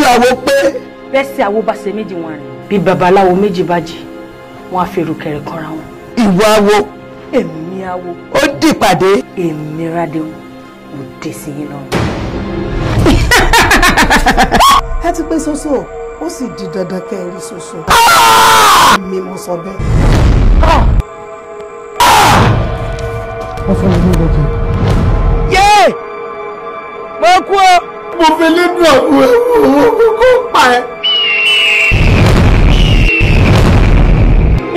ojú àwo pé. bẹ́sẹ̀ àwo bá ṣe méjì wọn rìn bí babaláwo méjì bá jì wọn á fèrò kẹrẹ kanra wọn. ìwọ awo. èmi awo. ó dìpàdé. èmi rádé mo dé sí yín lọ́rùn. ẹ ti pé soso ó sì di dandan kẹ́ ẹ rí soso. èmi mo sọ bẹ́ẹ̀. wọ́n fún mi ní ìbọn jẹ. yéé mo kú o mo fi lédùn ọ̀gbìn ẹ̀wọ̀n kó pa ẹ́.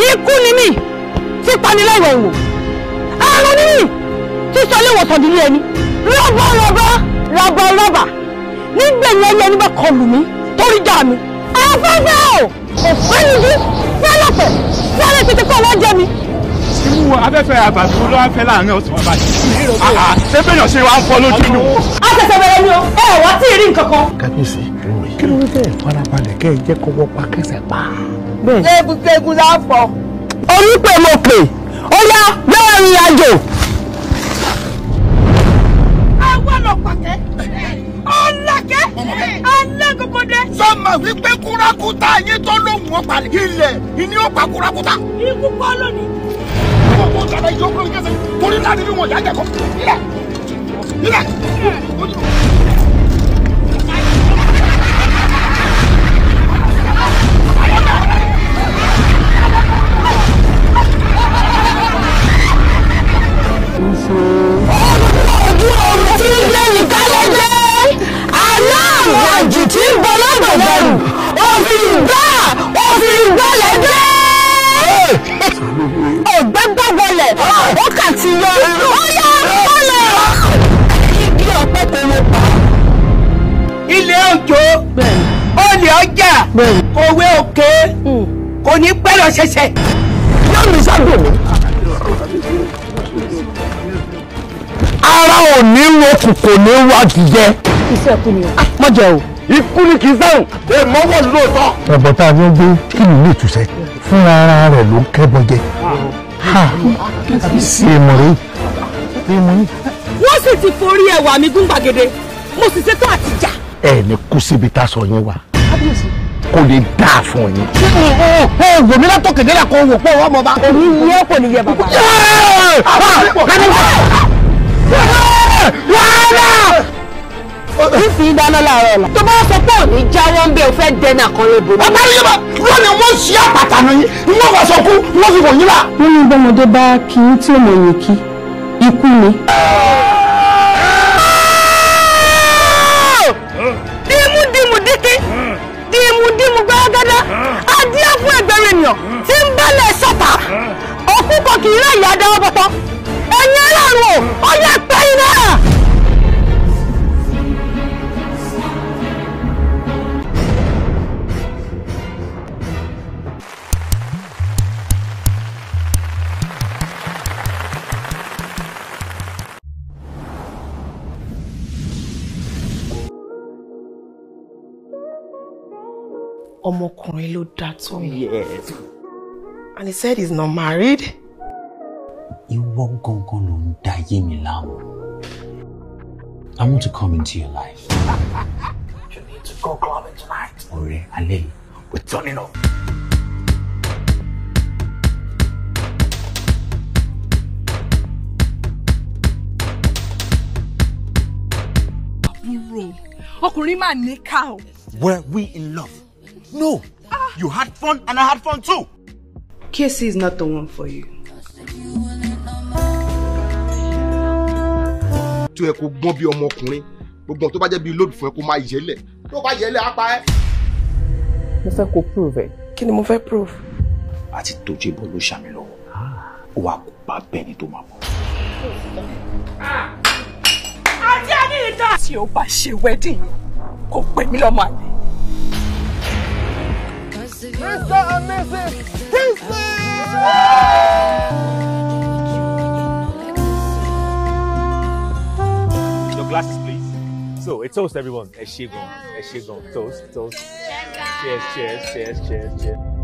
ikú ni mí ti panilẹ́wọ̀ ẹ̀wọ̀ ààrẹ ni mí ti sọ léwọ̀sàn ìdílé ẹni rọ́bà rọ́bà rọ́bà rọ́bà nígbẹ̀yìn ẹyẹ ẹni bá kọlù mí torí jà mí afẹ́fẹ́ ò kò fẹ́ níbi fẹ́lẹ́fẹ́ fẹ́lẹ́ tètè kọ́ ọlọ́jẹ́ mi wúwo abẹ́fẹ́ àbàtúwò ló wá fẹ́ láàrin ọ̀sùn wọn báyìí. Ah, ah, ṣé bẹ́ẹ̀ ṣe wá ń fọ́ lójú inú. a ṣẹ̀ṣẹ̀ bẹ̀rẹ̀ ni o ẹ wá tí ì rí nǹkan kan. kábíyèsí kí ló ń tẹ̀ farabalẹ̀ kẹ́ ẹ jẹ́ kọ́wọ́ pa kẹsẹ̀ pa. egungun la fọ. onípèmọ̀pè ó yá bẹ́ẹ̀ rìn àjò. àwọn ọ̀pàkẹ́ ọ̀làkẹ́ alágógódé. sọ́mà wípé kúrakúta yín tó lóhùn ọ̀pàlẹ̀ ilẹ̀ ìní ọ̀pà kúrakúta. ikú kọ́ lónìí wọn kò dára yóò kọ́ ní kẹsẹ̀ torí láti rí wọn yá jẹ̀ kọ́ ilẹ̀ ilẹ̀. kòwé òkè hmm. kò ní pẹ́lọ ṣẹṣẹ. yóò ní sábò mi. ara ò ní wo kòkò ní wá jíjẹ. iṣẹ́ kú ni o. Ah, má jẹ o. ikú ni kì í sẹ́wọ̀n èèmọ̀ wọ̀ lóòótọ́. ẹ̀bọ̀ tá a fi ń gbé kí ni ilé ìtúsẹ́ fúnra ara rẹ̀ ló ń kẹ́bọ jẹ. èèmọ̀ rẹ̀ èèmọ̀ rẹ̀. wọ́n sì ti forí ẹwà mi gún gbàgede mo sì ṣetán àti ẹ ní kú síbi tá a sọ yẹn wà kò lè dáa fún yín. ó wò mí látọ̀kẹ̀ délẹ̀ kó wò pé ọwọ́ ọmọ bá. èmi yẹ kò ní yẹ bàbá. Fífi ìdáná láàárọ̀ la. Tó bá sọ pé òní jáwọ́ ń bẹ̀ ò fẹ́ dẹ́nà kan lè bomi. Ọ̀pá yìí bá wọ́n ni wọ́n ṣí àpàtà nù yín. Wọ́n wá sọ wọ́n fi wọ̀nyí rà. Wọ́n ní gbọ́mọdé bá kí n tí ò mọ̀ yìí kí ikú ni. ènìyàn tí ń bẹ́lẹ̀ sọ̀tà òkú kò kì í ráyè àdáwọ́ bọ̀tọ̀ ẹ̀yin ẹlẹ́rù ó yẹ pé iná. ọmọkùnrin ló dá tó mi. yes. and he said he's not married. ìwọ gangan ló ń da ayé mi láwọn. I want to come into your life. you need to go clubbing tonight. ọ̀rẹ́ alẹ́ yìí we're turning up. àbúrò ọkùnrin máa ní ká o. were we in love. No. Ah. You had fun and I had fun too. KC is not the one for you. tó yẹ kó gbọ́n bí ọmọkùnrin gbogbo tó bá jẹ́ bí lóòdù fún ẹ kó máa yẹlẹ̀ tó bá yẹlẹ̀ á pa ẹ́. mo fẹ́ kó prove ẹ̀. kí ni mo fẹ́ prove. àti tójú ìbọn ló ṣàmì lọ́wọ́ ó wàá kó bá bẹ́ẹ̀ni tó máa bọ̀. àti ẹni ìta. tí o bá ṣe wedding kò pè mí lọ́mọ àlè. Mr. and Mrs. Hisley! Your glasses, please. So, a toast, everyone. A shigong, A shigong. Toast, toast. Cheers, cheers, cheers, cheers, cheers.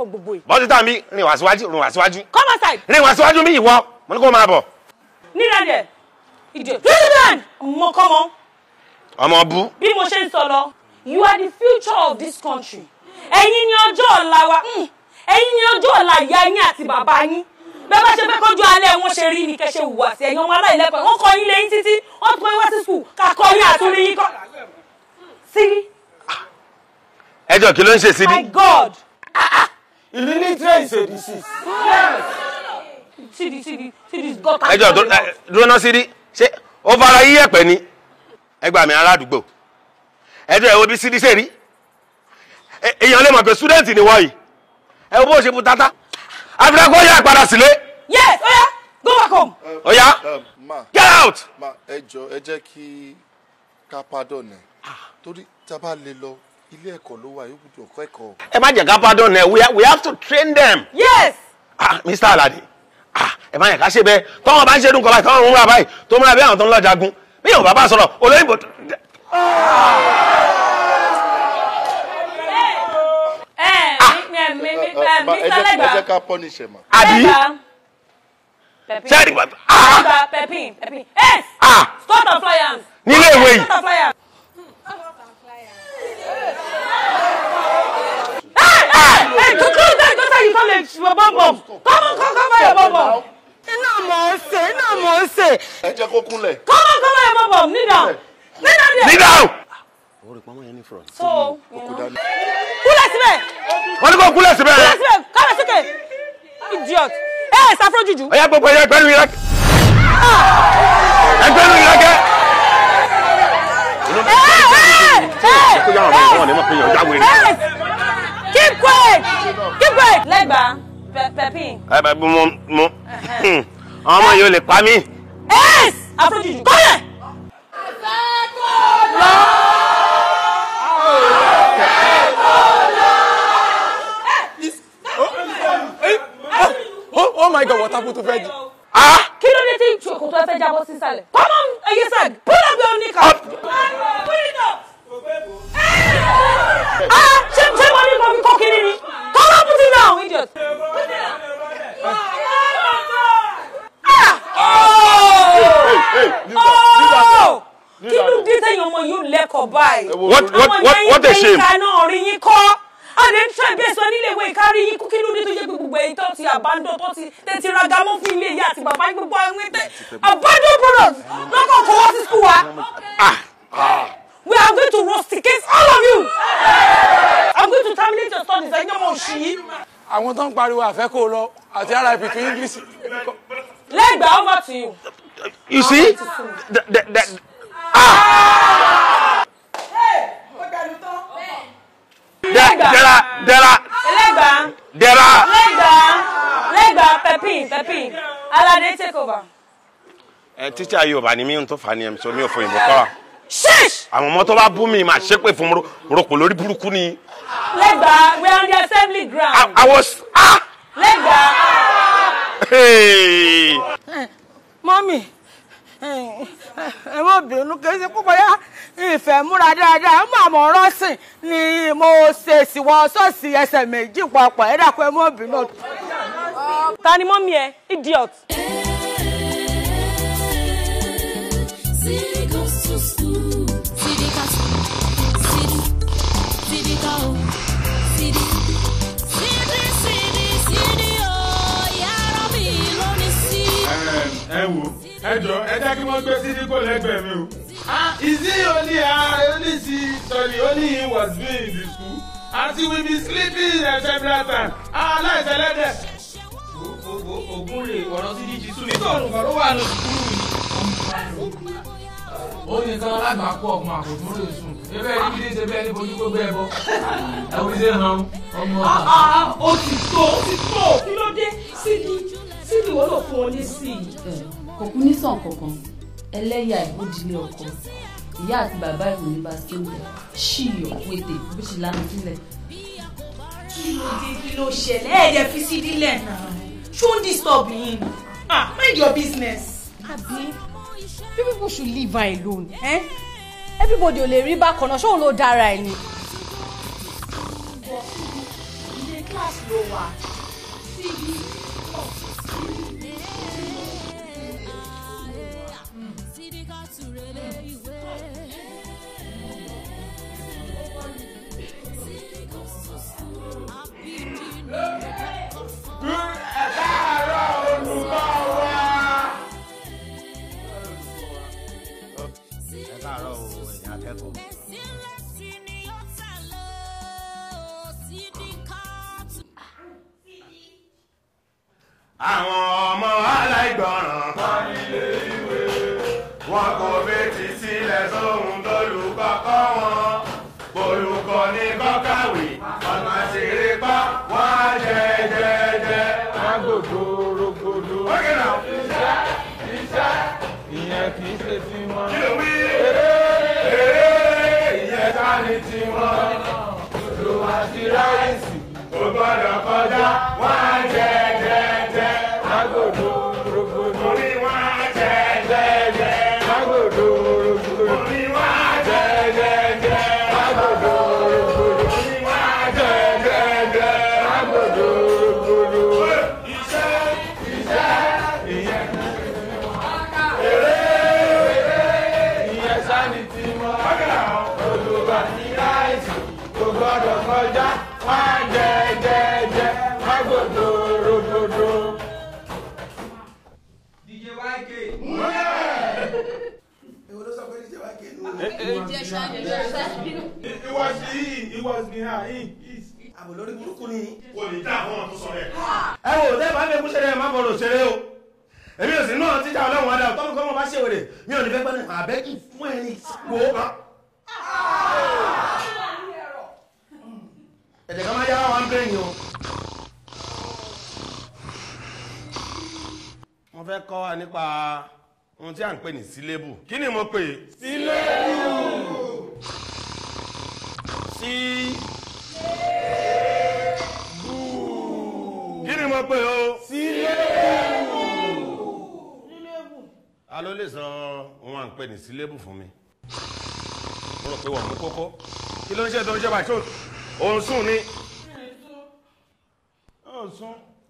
kó gbogbo yìí. bọ́sítà mi rìn wá síwájú rìn wá síwájú. come aside. rìn wá síwájú mi ìwọ mo ní kó máa bọ̀. nílẹ̀ dẹ̀ ìdè president mo kọ́ mọ́. ọmọ bú. bí mo ṣe ń sọ lọ you are the future of this country ẹ̀yin ni ọjọ́ ọ̀la wa hmm. ẹ̀yin ni ọjọ́ ọ̀la ìyá yín àti bàbá yín bẹ́ẹ̀ bá ṣe fẹ́ kọjú alẹ́ wọn ṣe rí ni kẹ́ ṣe hùwà sí ẹ̀yin ọmọ aláìlẹ́kọ̀ọ́ wọn kọ yín lẹ́yìn títí wọn tún wá sí skul kakọ yín àtúrí yín kọ́. síbí. Ah. ẹjọ́ kí ló ń ṣe síbí. my god illiterate is a disease. yes. sidi sidi sidi gọta. ẹ jọ dúró ná sídi ṣé ó fara yí ẹ̀pẹ́ ni ẹ gbà mí ará àdúgbò ẹ jọ ẹ wo bí sídi ṣe rí èèyàn lè mọ̀ pé student ni wọ́n yìí ẹ wo bó ṣe bu tata àfihàn kó yá padà sílé. yes oya go back home. oya um, get out. ma ẹ jọ ẹ jẹ́ kí ká pardon ẹ ah. torí tá a lè lọ ilé ẹ̀kọ́ ló wà yóò gbọ́dọ̀ kọ́ ẹ má jẹ́ ká pardon ẹ we have to train them. yes. ah mr Aladi. ah ẹ má yẹ ká ṣe bẹ́ẹ̀ tọ́wọ́n bá ń ṣe dúnkọ́ báyìí tọ́wọ́n ń múra báyìí tó múra bẹ́ẹ̀ àwọn tó ń lọ jagun bí yóò bàbá sọ̀rọ̀ olóyìnbó. ẹ jẹ́ ká pọ́nìṣẹ̀ mọ́. àbí sẹ́ẹ̀dì pẹ̀pín pẹ̀pín ẹ̀ stop the flyers. nílé ìwé yìí. Hey, come go, go, go, you come and your bum bum. Come on, come, come, your bum bum. Iná mò ń sè, iná mò ń sè. Ẹ jẹ́ kó kúnlẹ̀. Come on, come, your bum bum, kneel down. Kneel down there. Kneel down. Wọ́n rí pamọ́ yẹn come front. So, kúnlẹ̀ síbẹ̀. Wọ́n ní kó kúnlẹ̀ síbẹ̀. Kúnlẹ̀ síbẹ̀, kọ́lẹ̀ sókè. Idiot. Ẹ ẹ̀ sáfúró jùjú. Ẹ yá gbogbo ẹyẹ ẹgbẹ́rún yìí rẹ́kẹ̀. Ẹgbẹ́rún yìí rẹ́kẹ̀. Ẹ ẹ ẹ ẹ ẹ ẹ ẹ ẹ ẹ ẹ quick keep quick lẹ́gbàá pepin. ẹ bẹ bí mo mo ọmọ yìí ò lè pa mí. yes àfojúdi kọ́lẹ̀. ọ̀sẹ̀ oh, tó Oh, my god, what happened to Virgin? Ah! Kí ló dé tí ìṣòkòtò ẹ fẹ́ jábọ́ sísàlẹ̀? Come on, ẹyẹ sag, pull up your knicker. Ah! ah ṣé ṣé wọ́n ní kọ́kí kọ́kí? it down, idiot. kí ló dé sẹ́yìn ọmọ yìí lẹ́kọ̀ọ́ báyìí àwọn ẹ̀yìn kẹ́yìn kaná ọ̀rìn yín kọ́ àdé ń tẹ̀ bẹ́ẹ̀ sọ nílé ìwé ìkárí yín kí ló dé tó yẹ pé gbogbo èyí tó ti àbádọ́ tó ti tẹ̀tí ragamọ́ fún ilé ìyá àti bàbá yín gbogbo àwọn ẹ̀tẹ̀ àbádọ́ products lọ́kọ̀ọ́kọ́ wọ́n ti sùn wá we are going to rusticate all of you. I'm going to terminate your studies ẹ̀yin ọmọ òṣì yìí. àwọn tó ń pariwo àfẹ́ kò lọ àti rip to english. lẹ́gbà over to you. you see the the the ah. There, there are, there are, Legba. there are, Legba, Legba, Pepi, Pepi, Alade take over. Uh, teacher, you are an immune to Fanny, so me for him àwọn ọmọ tó bá bú mi mà ṣépè fún rògbò lórí burúkú ni. lẹ́gbàá we are on the assembly ground. I, I was. Ah! lẹ́gbàá. Hey. Eh, mọ́mì eh, eh, ẹ mọ̀ bínú kì í ṣe púpọ̀ yá ìfẹ́ múra dáadáa mọ̀ àmọ́ rọ́ọ̀sìn ni mo ṣe ìsìnwọ̀ ṣọ́ọ̀ṣì ẹsẹ̀ méjì papọ̀ ẹ dákun ẹ mọ̀ bínú. ta ni mọ́mì ẹ idiot. jẹ́ kí wọ́n gbé sí dípò lẹ́gbẹ̀ẹ́ mi o. ìsí òní ààrẹ oníṣì sọ̀rí òní he was being in the school àti we be sleeping at several times aláìsẹ̀lẹ́dẹ̀. ògùn rè ọ̀rọ̀ sí díjì sùn nítorí ọ̀rùn ló wà ní sùkúrù mi. ó ní tán alágbàpọ̀ ọ̀gbọ̀n àkótó rè sùn ebe ẹni bíi ṣe bẹ́ẹ̀ ní bojú gbogbo ẹ bọ ẹwùn ṣe hàn ọmọ. Ah, ah, ah, ó ti tó ó ti tó kí ló dé sídìí sídìí wọ́n lò fún ọ ní sí i kò kú nísàn kankan ẹlẹ́yà ìbúdílé ọkọ ìyá àti bàbá ìròyìn bá sílẹ̀ ṣì yọ̀ wètè bó ṣe lánàá sílẹ̀. kí ló dé kí ló ṣẹlẹ̀ ẹ̀ẹ́dẹ̀ fi sí dílẹ̀ náà ṣó ń disturb yín ah mind your business. àbí you people should leave her alone eh? everybody ò lè rí bákan náà ṣóun ló dára ẹ ni. ilé kíláàsì ló wà síbi. at all. àwọn ọmọ aláìgbọràn kan nílé ìwé wọn kò fetí sílẹ̀ sóhun tólùkọ́ kọ́ wọn olùkọ́ ní kọ́kàwé ọmọ ṣeré pa wọ́n á jẹ́ ní tiwọn. Dòdò àti ráìsì kò gbọ́dọ̀ kọjá, wọ́n á jẹ jẹ jẹ agbòdo. what's behind him àbò lórí burúkú ni. kò ní dá àwọn ọ̀tún sọ̀rọ̀ ẹ̀. ẹ wò lẹ́ẹ̀ bá fẹ́ kú ṣẹlẹ̀ má bọ̀rọ̀ ṣeré o èmi ò sí náà tíjà ọlọ́run adá tọ́mú kọ́mọ bá ṣèwèrè mi ò ní fẹ́ gbọ́dọ̀ àbẹ́kì fún ẹni wo. ẹ̀jẹ̀ kan máa yá wa ń bẹ̀yìn o. mo fẹ́ kọ́ wa nípa ohun tí à ń pè ní sílébù kí ni mo pè. sílébù sí. búù. kí ni mo pè o. sílébù. sílébù. a ló lè sọ wọn à ń pè ní sílébù fún mi. mo rò pé wọ́n mú kókó. kí ló ń ṣe tó ń ṣe bàtò òun sùn ni.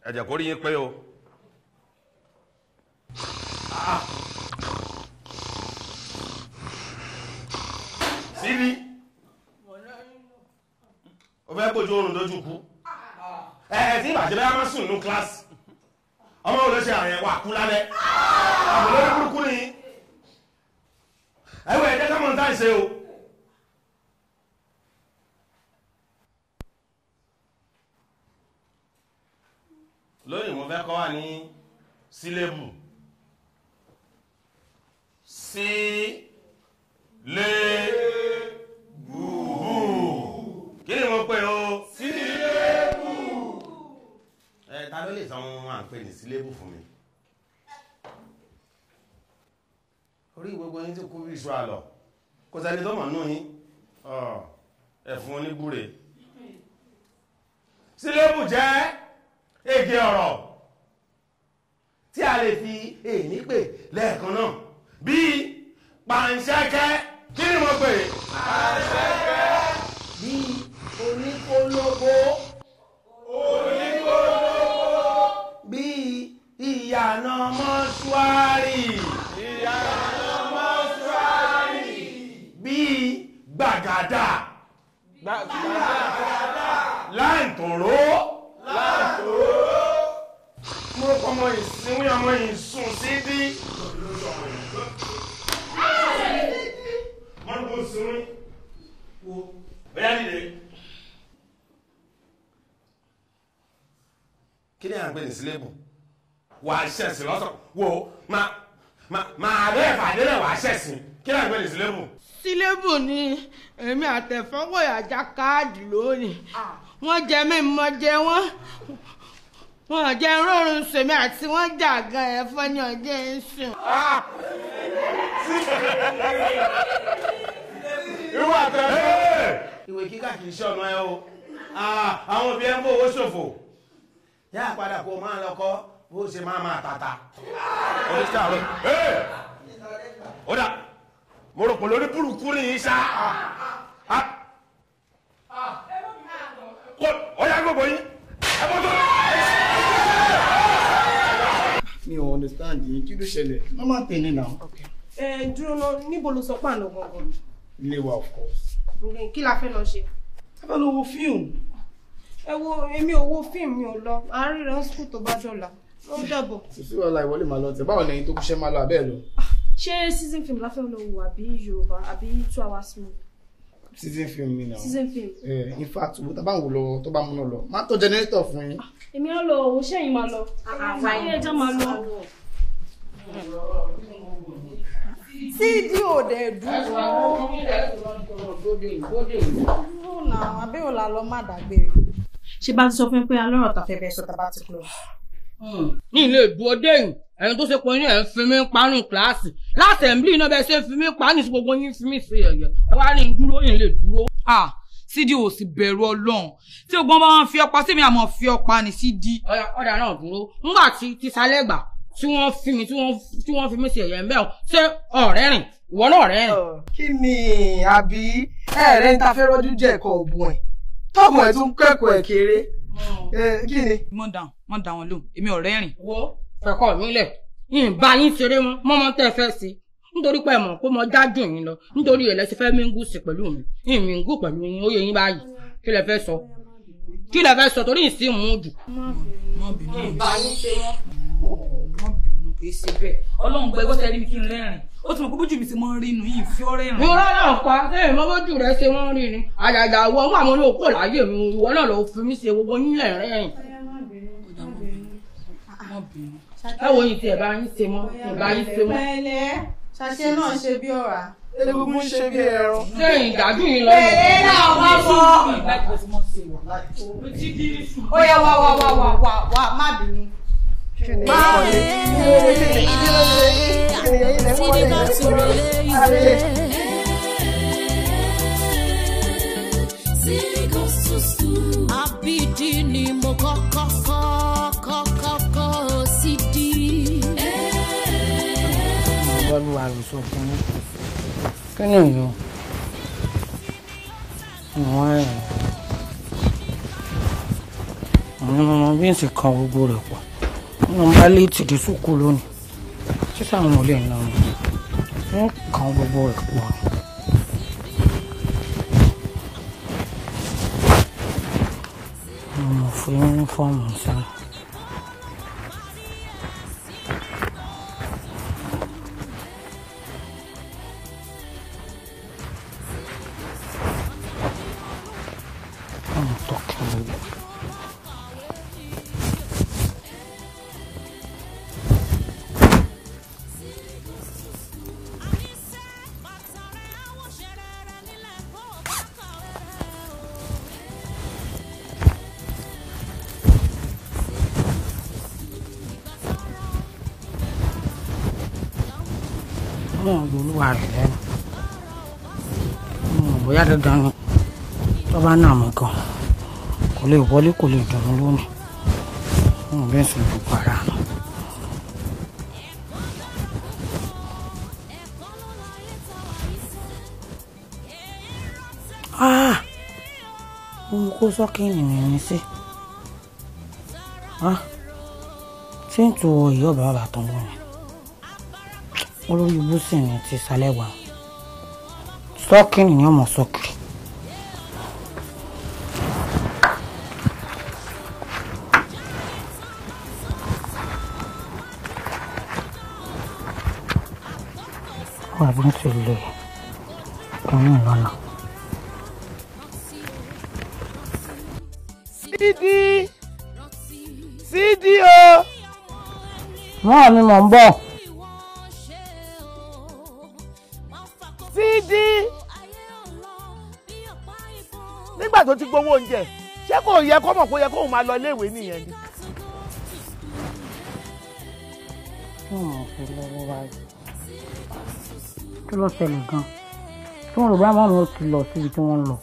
ẹ̀jẹ̀ kò rí yín pé o. Ah. ah. fẹ́ bójú oorun dojú kú ẹ̀ẹ́ tí ìbàjẹ́ bá má sùn nù kíláàsì ọmọ òun ló ṣe àyẹ̀ wà kú lálẹ́ àbúrò burúkú ni ẹ̀wọ̀ ẹ̀jẹ̀ ká ní táìsẹ̀ o. lóyìn mo fẹ́ kọ́ wà ní sílébù sí lé. lè tán wọn à ń pè ní sílébù fún mi orí gbogbo yín tí kú bí iṣu àlọ kò sẹ́ni tó mọ̀ nú yín ẹ̀fún onígbúre sílébù jẹ́ èdè ọ̀rọ̀ tí a lè fi èyí pè lẹ́ẹ̀kan náà bíi pàǹṣẹ́kẹ́ kí ni mo pè pàǹṣẹ́kẹ́ bíi oníkólóbó. gbàgàdà gbàgàdà mo kọ́ ọmọ ìsinmi ọmọ ìsun síbí. mọ́nù kò sinmi wo bẹ́ẹ̀ ni de. kí ni à ń pè ní sílébù wàá ṣẹ̀sìn lọ́sọ̀ wo máa máa bẹ́ẹ̀ fàdé wàá ṣẹ̀sìn kí láì gbẹ́lẹ̀ sílẹ̀bù. sílẹ̀bù ni èmi àtẹ̀fọ́wọ́yà já káàdì lónìí wọ́n jẹ mí mọ́ jẹ wọ́n wọ́n jẹ rọrùn sèmi àti wọ́n jà gan ẹ̀fọ́ ní ọjọ́ ìsìn. ìwé àtẹ̀fọ́. ìwé kíkà kì í ṣe ọ̀nà ẹ o àwọn òbí ẹ ń bọ̀ owó ṣòfò yá àpadà kó máa lọ kọ́ bó ṣe máa máa tàtà. ó dà mo rò pé lórí burúkú ni yín sá. Ah, ah. ó yá gbogbo yín ẹ bọ́ tó. mi ò understand yín kí ló ṣẹlẹ̀ wọ́n máa ń tẹ̀ ní náà. ẹ dúró náà níbo ló sọ pé àná gangan. ilé wa of course. kí la fẹ́ lọ ṣe. a fẹ́ lọ wo fíìmù. ẹ wo èmi ò wo fíìmù mi ò lọ àárín rẹ̀ ń sùn tó bá jọ̀la ó dàbọ̀. kò sí wàhálà ìwọlé màá lọ tẹ báwo lẹ́yìn tó kúṣẹ́ máa lọ abẹ́ lọ ṣé season film láfẹ́ lọ wò àbí yorùbá àbí two hours mo. season film mi na season film. ẹ eh, in fact wo tá a bá ń wò lọ tó bá mú náà lọ máa tọ generator fún yín. Ah, èmi á lọ òun sẹ́yìn máa lọ àyè ah, ah, ẹja máa lọ. sídìí ò dẹ̀ dúró. dúró náà àbẹ́wò la lọ má dàgbére. ṣé bá ti sọ fún mi pé alọ́rọ̀ tàfẹ́ bẹ́ẹ̀ sọ tàbá ti lọ. Hmm. mi lè bu ọdẹ ẹni tó ṣe pé ní ẹ̀ ń fi mí parun kíláàsì láti ẹ̀mílì náà bẹ́ẹ̀ ṣe ń fi mí pa ní gbogbo yín fi mí ṣe ẹ̀yẹ wá ní dúró yìí lè dúró. a sídi ò sì bẹ̀rù ọlọ́run tí ogun bá wọn fi ọpa sí mi àmọ́ fi ọpa ní sídi. ọ̀dà náà dúró ńgbà tí tìṣàlẹ̀ gbà tí wọ́n fi mi tí wọ́n fi mi ṣe ẹ̀yẹ ń bẹ́ẹ̀ ṣé ọ̀rẹ́ rìn ìwọ náà rẹ̀ rìn. kí ni àbí ẹ̀rẹ́ ń ta fẹ́ rọ́jú jẹ́ ẹ̀kọ́ ọ̀bùn ẹ̀ tọ́gbọ̀n ẹ̀ tún kẹ́kọ̀ọ́ ẹ̀ kéré hmm. kí ni. mọ̀ dàn mọ̀ dàn wọn lóhùn èmi ọ̀rẹ́ rìn. wo fẹkọ mi lẹ ìbá yín ṣeré mọ mọmọ tẹ fẹ ṣe nítorí pé ẹ mọ̀ pé mo dájú yín lọ nítorí ẹ lẹsẹ fẹ mingu sí pẹ̀lú mi ìmìngù pẹ̀lú yín ó yẹ yín báyìí kí lẹ fẹ́ sọ kí lẹ fẹ́ sọ torí ìsín mú jù. ìbá yín ṣe wọn kì í ṣe bẹ́ẹ̀ ọlọ́run gbẹ́gbọ́ tẹ́lẹ̀ mi kí n rẹ́rìn ó ti mọ̀ pé bójú mi ti mọ́ ń rí inú yìí fi ọ́rẹ́ rìn. ìrora náà pa lẹ́yìn mọ́ bójú rẹ ṣe wọ́n rí ni àjàjà wọ́n wà mọ́ ní òkú ọ̀láyé mi ìwọ náà lọ́ọ́ fi mí ṣe gbogbo yín lẹ̀ rẹ́rìn báwo yìí ti ẹ̀ bá yín ṣe mọ́ ẹ̀ bá yín ṣe mọ́. ṣàṣẹ náà ṣe bí ọ̀rá. egungun ṣe bí ẹran. ṣé ìgbádùn yìí lọ́nà. èyí náà wá bọ̀. ó yẹ wá wá wá wá wá wá má bínú. City goes to school. olúwa rò sọ fún mi kí ni yọ àwọn ẹ̀rọ àwọn ọmọ bí n sì kan gbogbo rẹ̀ pọ̀ wọn bá lè tìdí sùkúù lónìí títà àwọn olè ń lọ wọn kan gbogbo rẹ̀ pọ̀. mo fi yúnífọ́ọ̀mù fẹ́ dáná tó bá nà mí gan kò lè wọlé kò lè dùnú lónìí wọn bẹ́ẹ̀ sùn gbogbo ara nù. mo ah! kó sọ́kìnì mi ní sí ah! ṣé n tu ìyá ọ̀bà bàbà tó ń bọ̀ ni ní ti sálẹ̀ wà sọ́ọ̀kì nìyẹn mọ̀ sọ́ọ̀kì. wà bí n ti lè kínní lọ́nà. sídi sídi o. mọ́ mi mọ̀ ń bọ̀. sanwó oúnjẹ ṣé kò yẹ kó mọ̀ kó yẹ kóun máa lọ iléèwé nìyẹn ni. kí ló ṣẹlẹ̀ gan tí wọn ò bá mọ̀mọ́ ti lọ síbi tí wọ́n ń lọ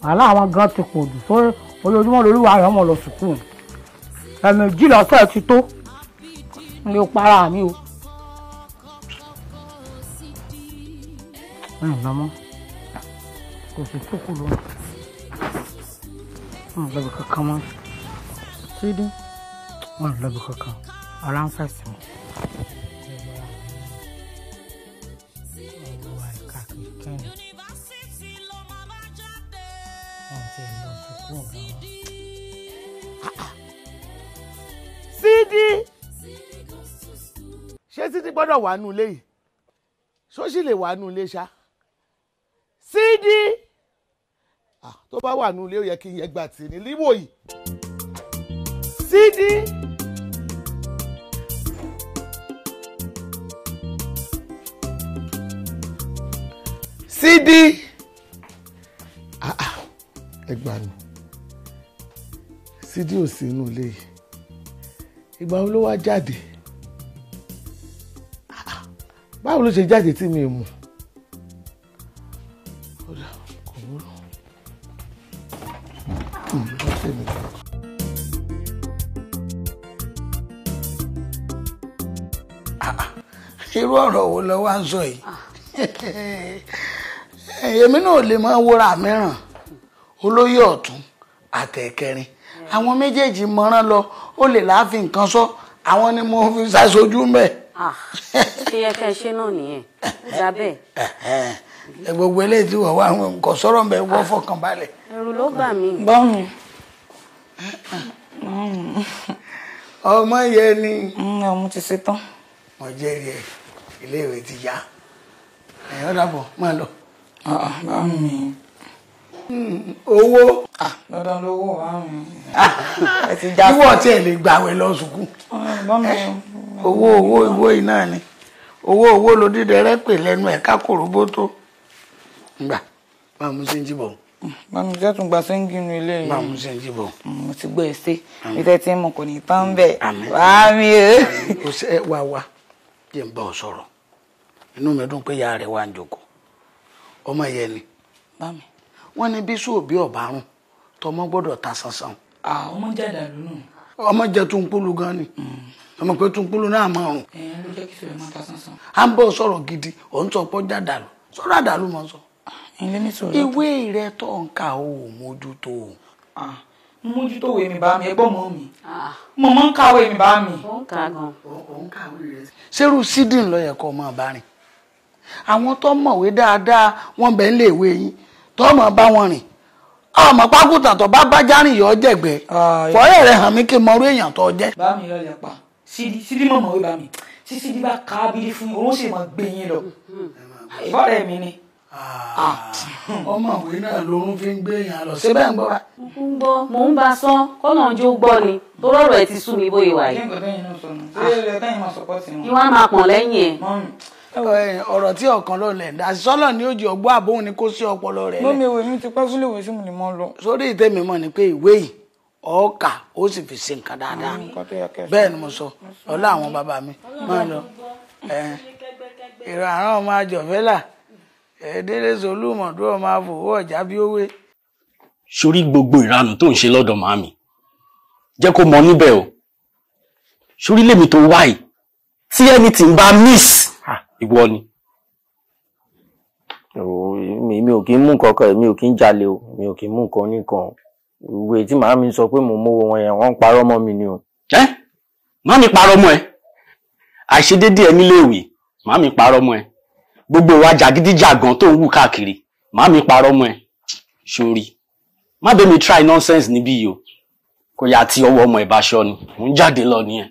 wàhálà àwọn gan ti pọ̀ jù sórí ojoojúmọ́ lórí wàhálà ọmọ lọ sùkúù ẹ̀mí jí lọ́sẹ̀ ti tó mi ò para mi o. ẹ̀ lọ́mọ kò sí tó kù lóhùn wọn lọ bí kankan mọ́ sídí wọn lọ bí kankan ọ̀la ń fẹ̀sìn mi. sídí ṣé títí gbọ́dọ̀ wà nù ilé ṣó sì lè wà nù ilé ṣá Ah, tó bá wà nínú ilé ó yẹ kí n yẹ gbà tì ní líwò yìí sídìí. sídìí ah, ah, ẹgbàá nù sídìí ò sí inú ilé yìí ìgbà wo ló wá jáde báwo ló ṣe jáde tí mi mú un. irú ọ̀rọ̀ wo lọ wá ń sọ yìí eh, èmi náà lè máa wúra mìíràn olóyè ọ̀tún àtẹ̀kẹrin àwọn méjèèjì mọ́rán lọ ó lè láàfin nǹkan sọ àwọn ni mo fi ṣàṣojú mẹ́. ṣé yẹ kẹ́ ẹ ṣe náà nìyẹn ìgbà bẹ́ẹ̀. gbogbo eléyìí tí wọ́n wá àwọn nǹkan sọ̀rọ̀ mẹ́ wọ́n fọkàn balẹ̀. ẹ̀rù ló bà mí. bọ́ọ̀nù ọmọ yẹn ni. ọmọ ti ṣetán. mo jẹ́rìí iléèwé ti yá ẹ̀yọ́ dàbọ̀ máa lọ. Ah, ah, bá mi. Hmm, owó. lọ́dọ̀ ah, lówó bá mi. ìwọ tí ẹ lè gbà wẹ̀ lọ sùkú. Eh, owó owó owó iná ni owó owó ló dídẹrẹ́ pè lẹ́nu ẹ̀ ká kòróbó tó. gbà máa mú sí ń jìbọn mami hmm, jẹ́ tún gba sẹ́ńgì inú ilé yìí. báwo ṣe ń jìbọ̀. Hmm, mo ti gbọ́ ẹsẹ̀ mi tẹ́ mo kò ní tán bẹ́ẹ̀. wá mi o. o wá wá jẹ́ n bá ọ sọ̀rọ̀ inú mi dùn pé ìyá rẹ̀ wà ń jòkó ọmọ yẹn ni wọ́n ní bí sóòbí ọ̀bárùn tọmọ gbọ́dọ̀ ta sansan. ọmọ jàdà lónìí. ọmọ jẹ tunkulu gan ni hmm. ọmọ pé tunkulu náà máa rùn. ẹ ló jẹ́ kí fèrè máa ta sansan. à ń bọ̀ sọ̀rọ̀ gidi ò ń sọ pé jàdà lọ sọ̀rọ̀ àdàlù mọ̀ sọ. ìwé rẹ tó ń kà ó mójútó mójútó òwe mi bá mi ẹgbọ́n mọ́ mi mo ń kàwé mi bá mi. ó ń kà gan. ṣerú sídìn ló yẹ kó máa àwọn tó mọ̀wé dáadáa wọ́n bẹ̀ ń lè wé yín tó mọ̀ bá wọn rìn àmọ́ pákútà tó bá bá járìn yọ jẹ̀gbẹ́ fọ́ọ̀rẹ́ rẹ̀ hàn mí kí n mọ orí èèyàn tó jẹ́. bá mi lọlẹ̀ pa sídi sídi mọ̀ mọ̀wé bá mi sídi sídi bá ká abiri fún oró sì mọ̀ gbé yín lọ ìfọ́ọ̀rẹ́ mi ni. Ah. ọmọ òwe náà lorún fi ń gbé èèyàn lọ síbẹ̀ ń gbọ́. ń gbọ́ mò ń bá sán kọ́nà jó gbọ́ ni tó rọ̀rọ̀ ẹ̀ ti sú mi bóyá wáyé. Ah. ìwà máa pọ̀n lẹ́yìn ẹ̀ ọ̀rọ̀ tí ọ̀kan ló lẹ̀ dá sọ́lọ̀ ní òjì ọgbọ́ àbóhun ni kó sí ọpọlọ rẹ̀. bómi ìwé mi ti pẹ́ fún ìwé sí mi ni mo lọ. sórí ìtẹ́mi mọ̀ ni pé ìwé yìí ọ̀ọ́kà ó sì fi ṣe nǹkan dáadáa bẹ́ẹ̀ ni mo sọ ọlá àwọn bàbá mi máa lọ. ìràrán ọmọ àjọ̀fẹ́là ẹ̀ẹ́dẹ́rẹ́ solúmọ̀dún ọmọ àfòwò ọ̀já bí ó wé. sórí gbogbo ìranù tó ń ṣe lọ́dọ̀ màmí jẹ́ kó mọ níbẹ̀ o sórí lèmi tó wáyé tí ẹni tí ń bá miss ìwọ ni. mi ò kí ń mú nǹkan kan mi ò kí ń jalè o mi ò kí ń mú nǹkan oníkan ìwé tí màá mi sọ pé mò ń mówó wọn yẹn wọ́n ń parọ́ mọ́ mi ni o. ẹ màá mi parọ́ mọ́ ẹ àìṣedéédéé ẹ níléèwé màá mi parọ́ mọ́ ẹ gbogbo wa jàgídíjàgan tó ń wù káàkiri màá mi parọ́ mọ́ ẹ sórí má bẹ́ẹ̀ mi try nonsense níbí yìí o kò yá àti ọwọ́ ọmọ ìbáṣọ ni mò ń jáde lọ nìyẹn.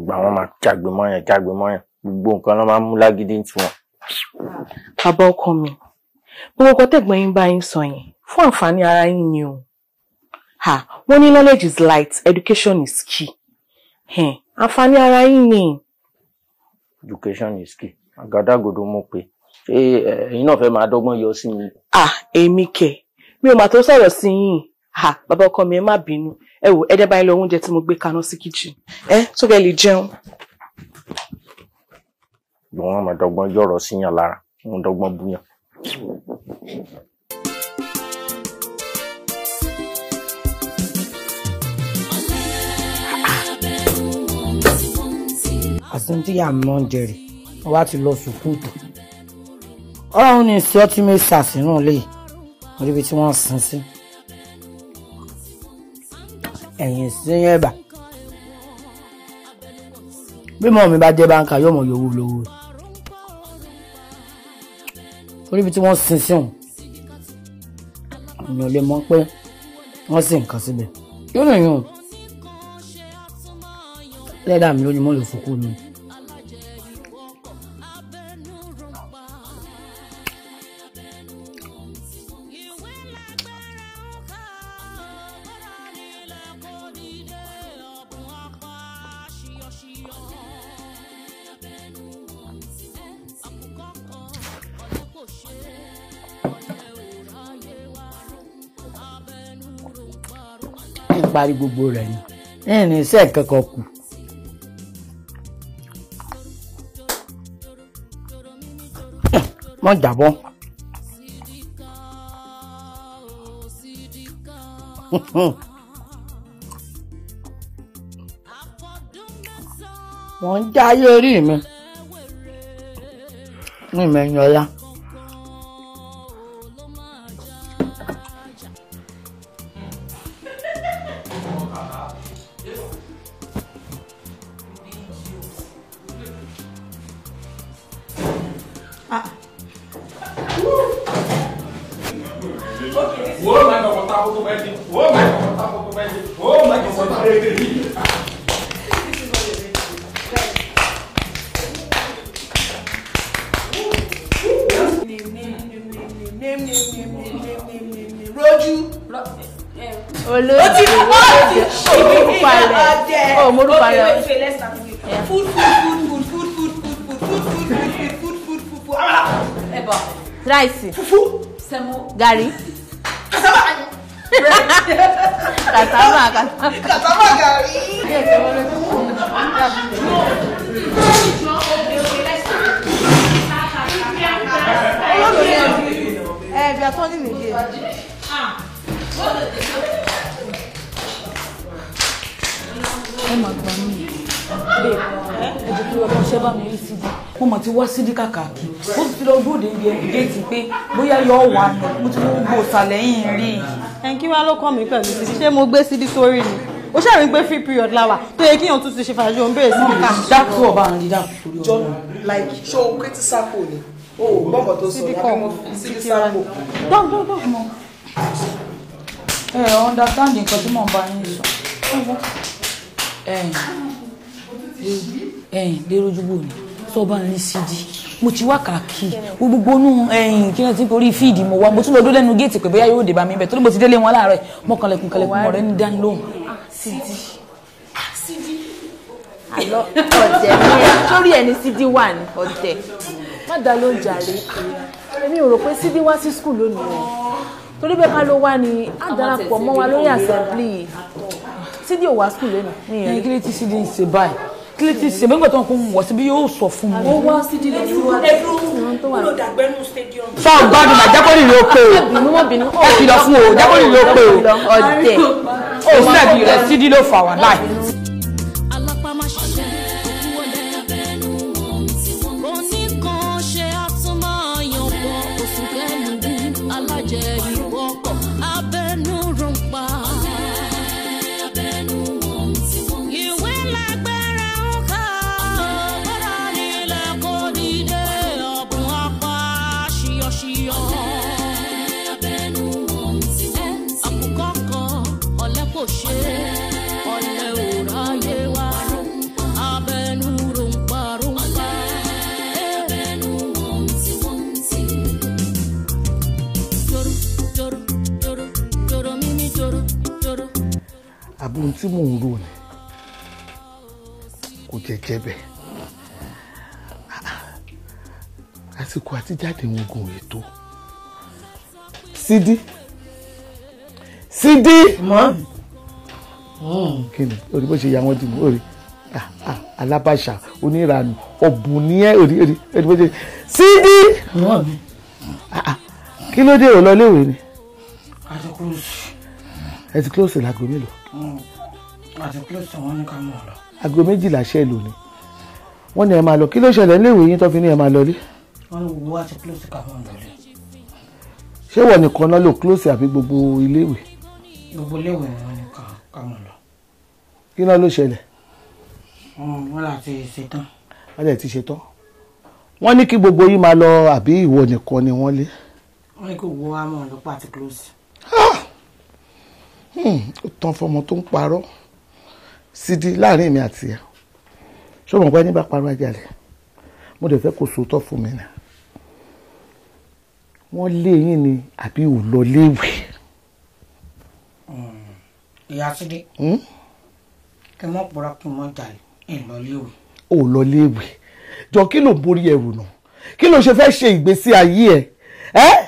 gbogbo àwọn máa jágbe mọ́yàn jágbe mọ́yàn gbogbo nǹkan ló máa ń mú lágídí tí wọn. bàbá ọkọ mi gbogbo ọkọ tẹ̀gbọ́n yín bá yín sọ yẹn fún àǹfààní ara yín ni o wọ́n ní knowledge is light education is key àǹfààní ara yín ni. education is key àgádágodo mo pé ṣé ẹ̀yin náà fẹ́ máa dọ́gbọ́n yọ sí mi. ah èmi kẹ mi ò mà tó sọ̀rọ̀ sí yín bàbá ọkọ mi ẹ má bínú ẹ wò ẹdẹ báyìí lọ oúnjẹ tí mo gbé kaná sí kitchen ẹ tó bẹ lè jẹun. ìwọ̀n àmọ́ dọ́gbọ́n yọ̀rọ̀ síyàn lára ń dọ́gbọ́n búyàn. àsìntìyà mọ jẹrè wá ti lọ sùkúù tó ọlọ́run ní ìsọtí mẹsà sínú ilé wọn níbi tí wọ́n sin sí. Si ẹ̀yìn sín ẹ̀bà bí mọ̀ mi bá jẹ́ báńkà yóò mọ̀ yòówó lówó torí ibi tí wọ́n sin sí òun èèyàn lè mọ̀ pé wọ́n sin nǹkan síbẹ̀ yóò lè yùn lẹ́dàá mi ló ni mo lè fòkú mi. parí gbogbo rẹ̀ ni ìrìn iṣẹ́ kankan kù. mọ̀ jàbọ́. wọ́n ń jáyé orí mi ní ìmẹ̀yìn ọ̀la. गाड़ी wá sídìí kàkàkì ó ti lọ gbòde ibi ẹbí déètì pé bóyá yọ wà nù mo ti gbogbo òsàlẹ́yìn rí i. kí wàá ló kọ́ mi pẹ̀lú sídìí ṣé mo gbé sídìí sórí ni ó ṣàrí pé free period la wà tó yẹ kíyàn tún ti ṣe fàájì òun bèrè sídìí ká. dákú ọba àrùn dídá torí ọjọ́ like ṣé o kẹ́tí sápò ni o gbọ́dọ̀ tó sọ lábẹ́ sídìí sápò. dọ́gbọ́dọ́ mọ ẹ understand nǹkan tí mò ń bá yín sọ ẹ̀yìn lérò jùgbò ni sọba ń ṣìdí mo ti wá kàkí gbogbo inú ẹyìn kí wọn ti borí fíìdì mo wá mo tún lọ dó lẹ́nu géètì pé bóyá yóò dé bá mi bẹ tó ní mo ti délé wọn láàárọ̀ mo kànlẹ̀kùn kànlẹ̀kùn ń dán lóhùn. ṣìdí ṣìdí. àlọ ọ̀jẹ̀ mi ẹ̀ sórí ẹni ṣìdí wà ní ọ̀jẹ̀ má dá ló ń jàre èmi ò rò pé ṣìdí wá sí skul lónìí o torí bẹ́ẹ̀ ká ló wá ní àdàràpọ̀ mọ́ wa lórí assembly ṣìdí ò wá skul lónìí. kí ni kí ni ti ṣìdí ṣe báyìí kílítì ṣe bẹ́ẹ̀ tó ń kún wọ̀ síbi yóò sọ fún mi. ó wá sí di lọ́wọ́ ẹ̀rú ló dàgbẹ́nu stadium. sọ gbádùn náà jákòrì ló pé o ẹ kìlọ̀ fún o jákòrì ló pé o ọ̀dẹ̀ o sílẹ̀ rẹ̀ sídìí ló fà wá láì. àbúrò tí mò ń rò ni kò jẹjẹ bẹ́ẹ̀ àsìkò àtijáde wọn gùn ètò sídí sídí mọ hmm. kí ni orí bó ṣe ya wọn dìbò orí ah, ah, alábàṣà onírànù ọ̀bùn ní ẹ orí orí bó ṣe sídí ah, kí ló dé òun lọ léèwé ni ẹ ti close láago mélòó àsìkò sàn wọn ní ká mọ̀ lọ. aago méjìlá ṣe lò ní wọn ní ẹ máa lọ kí ló ṣẹlẹ̀ níléèwé yín tó fi ní ẹ máa lọlé. wọn ní gbogbo wa ti close ká mọ̀ lọlé. ṣé wọn nìkan náà lò close àbí gbogbo iléèwé. gbogbo iléèwé ni wọn ní ká mọ̀ lọ. kí náà ló ṣẹlẹ̀. Hmm, wọn là ti ṣetán. wọn lè ti ṣetán. wọn ní kí gbogbo yín máa lọ àbí ìwọ nìkan ni wọn lé. wọn ní kí gbogbo wa mọ̀ lọ pàtí close. Ah! Hmm, ó tán fọmọ tó ń parọ́ sídi láàrin mi àti ẹ̀ ṣọmọ pé ní bá parọ́ ajalẹ̀ mo dẹ̀ fẹ́ kó sòótọ́ fún mi nà wọ́n lé yín ni àbí ò lọ léèwé. Hmm, ìyá sídé hmm? kí n mọ̀ pọ̀ra kí n mọ̀ jalè ẹ̀ lọ léèwé. ò lọ léèwé jọ kí ló ń borí ẹrù nù kí ló ṣe fẹ́ ṣe ìgbésí ayé ẹ ẹ́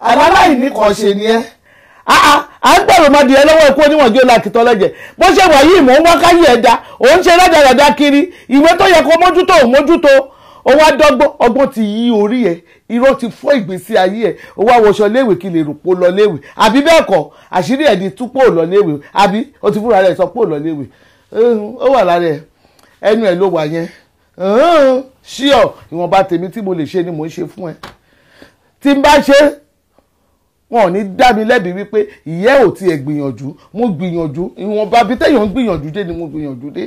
aláìní kan ṣe ni ẹ́ à ń bẹ̀rù ọmọdé yẹn lọ́wọ́ ikú oníwọ̀n jó làkìtọ́ lẹ́jẹ̀ bó ṣe wà yìí mò ń wá káyé ẹ̀dá òun ṣe rádaràdá kiri ìwé tó yẹ kó mójútó òun mójútó ó wá dọ́gbọ́n ọgbọ́n ti yí orí ẹ̀ irọ́ ti fọ́ ìgbésí ayé ẹ̀ ó wá wọṣọ léèwé kí lè rò pó lọ léèwé àbí bẹ́ẹ̀ kọ́ àṣírí ẹ̀ ni tú pò lọ léèwé àbí ó ti fúnra rẹ̀ sọ pò lọ léèwé ó wà lára ẹ̀ ẹnu ẹ̀ ló wà yẹn ṣíọ̀ ìwọ̀nba tèmi tí mo lè ṣe ni mò ń ṣe fún ẹ tí n bá ṣe wọn ò ní dá mi lẹ́bi wípé ìyẹ́ ò tiẹ̀ gbìyànjú mo gbìyànjú ìwọ̀nba bí téèyàn ń gbìyànjú dé ni mo gbìyànjú dé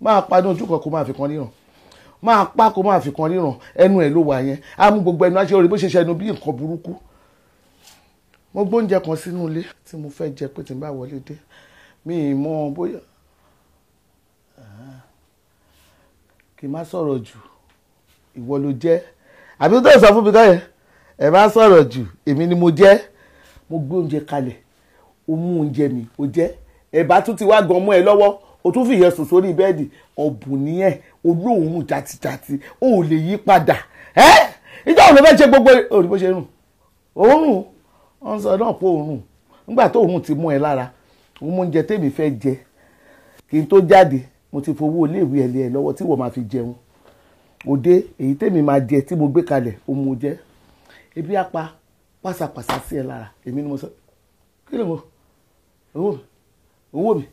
máa pa ní ojú kan kó máa fi kan ríran máa pa kó máa fi kan ríran ẹnu ẹ̀ ló wà yẹn a mú gbogbo ẹnu aṣọ rẹ̀ bó ṣe ṣe ẹnu bí nǹkan burúkú mo gbóúnjẹ kan sínú ilé tí mo fẹ́ jẹ pé tí n bá wọlé dé mi ì mọ bóyá kì í má sọ̀rọ̀ jù ìwọ ló jẹ́ àbí tó sọ fún mi káyẹn ẹ má sọ̀rọ̀ jù èmi ni mo jẹ́ mo gbé oúnjẹ kalẹ̀ o mú oúnjẹ mi o jẹ́ ẹ̀bá tún ti wá gan mọ́ ẹ lọ́wọ́ o tún fìyẹn sùn sórí bẹ́ẹ̀dì ọ̀bùn nìyẹn olóòórùn jàtìjàtì o ò lè yí padà ẹ́ ìjọ òun ló fẹ́ ṣe gbogbo òrì bó ṣe rùn òórùn wọn sọ náà pé òórùn nígbà tó òórùn ti mú ẹ lára òun mú oúnjẹ tèmi fẹ́ jẹ kí n tó jáde mo ti fowó iléèwé ẹ̀ lé ẹ lọ́wọ́ tí wọ́n máa fi jẹun òde èyí tèmi máa jẹ tí mo gbé kalẹ̀ ó mú jẹ́ ebi apá pàṣàpàṣà sí ẹ lára èmi ni mo sọ kí ló mọ owó mi owó mi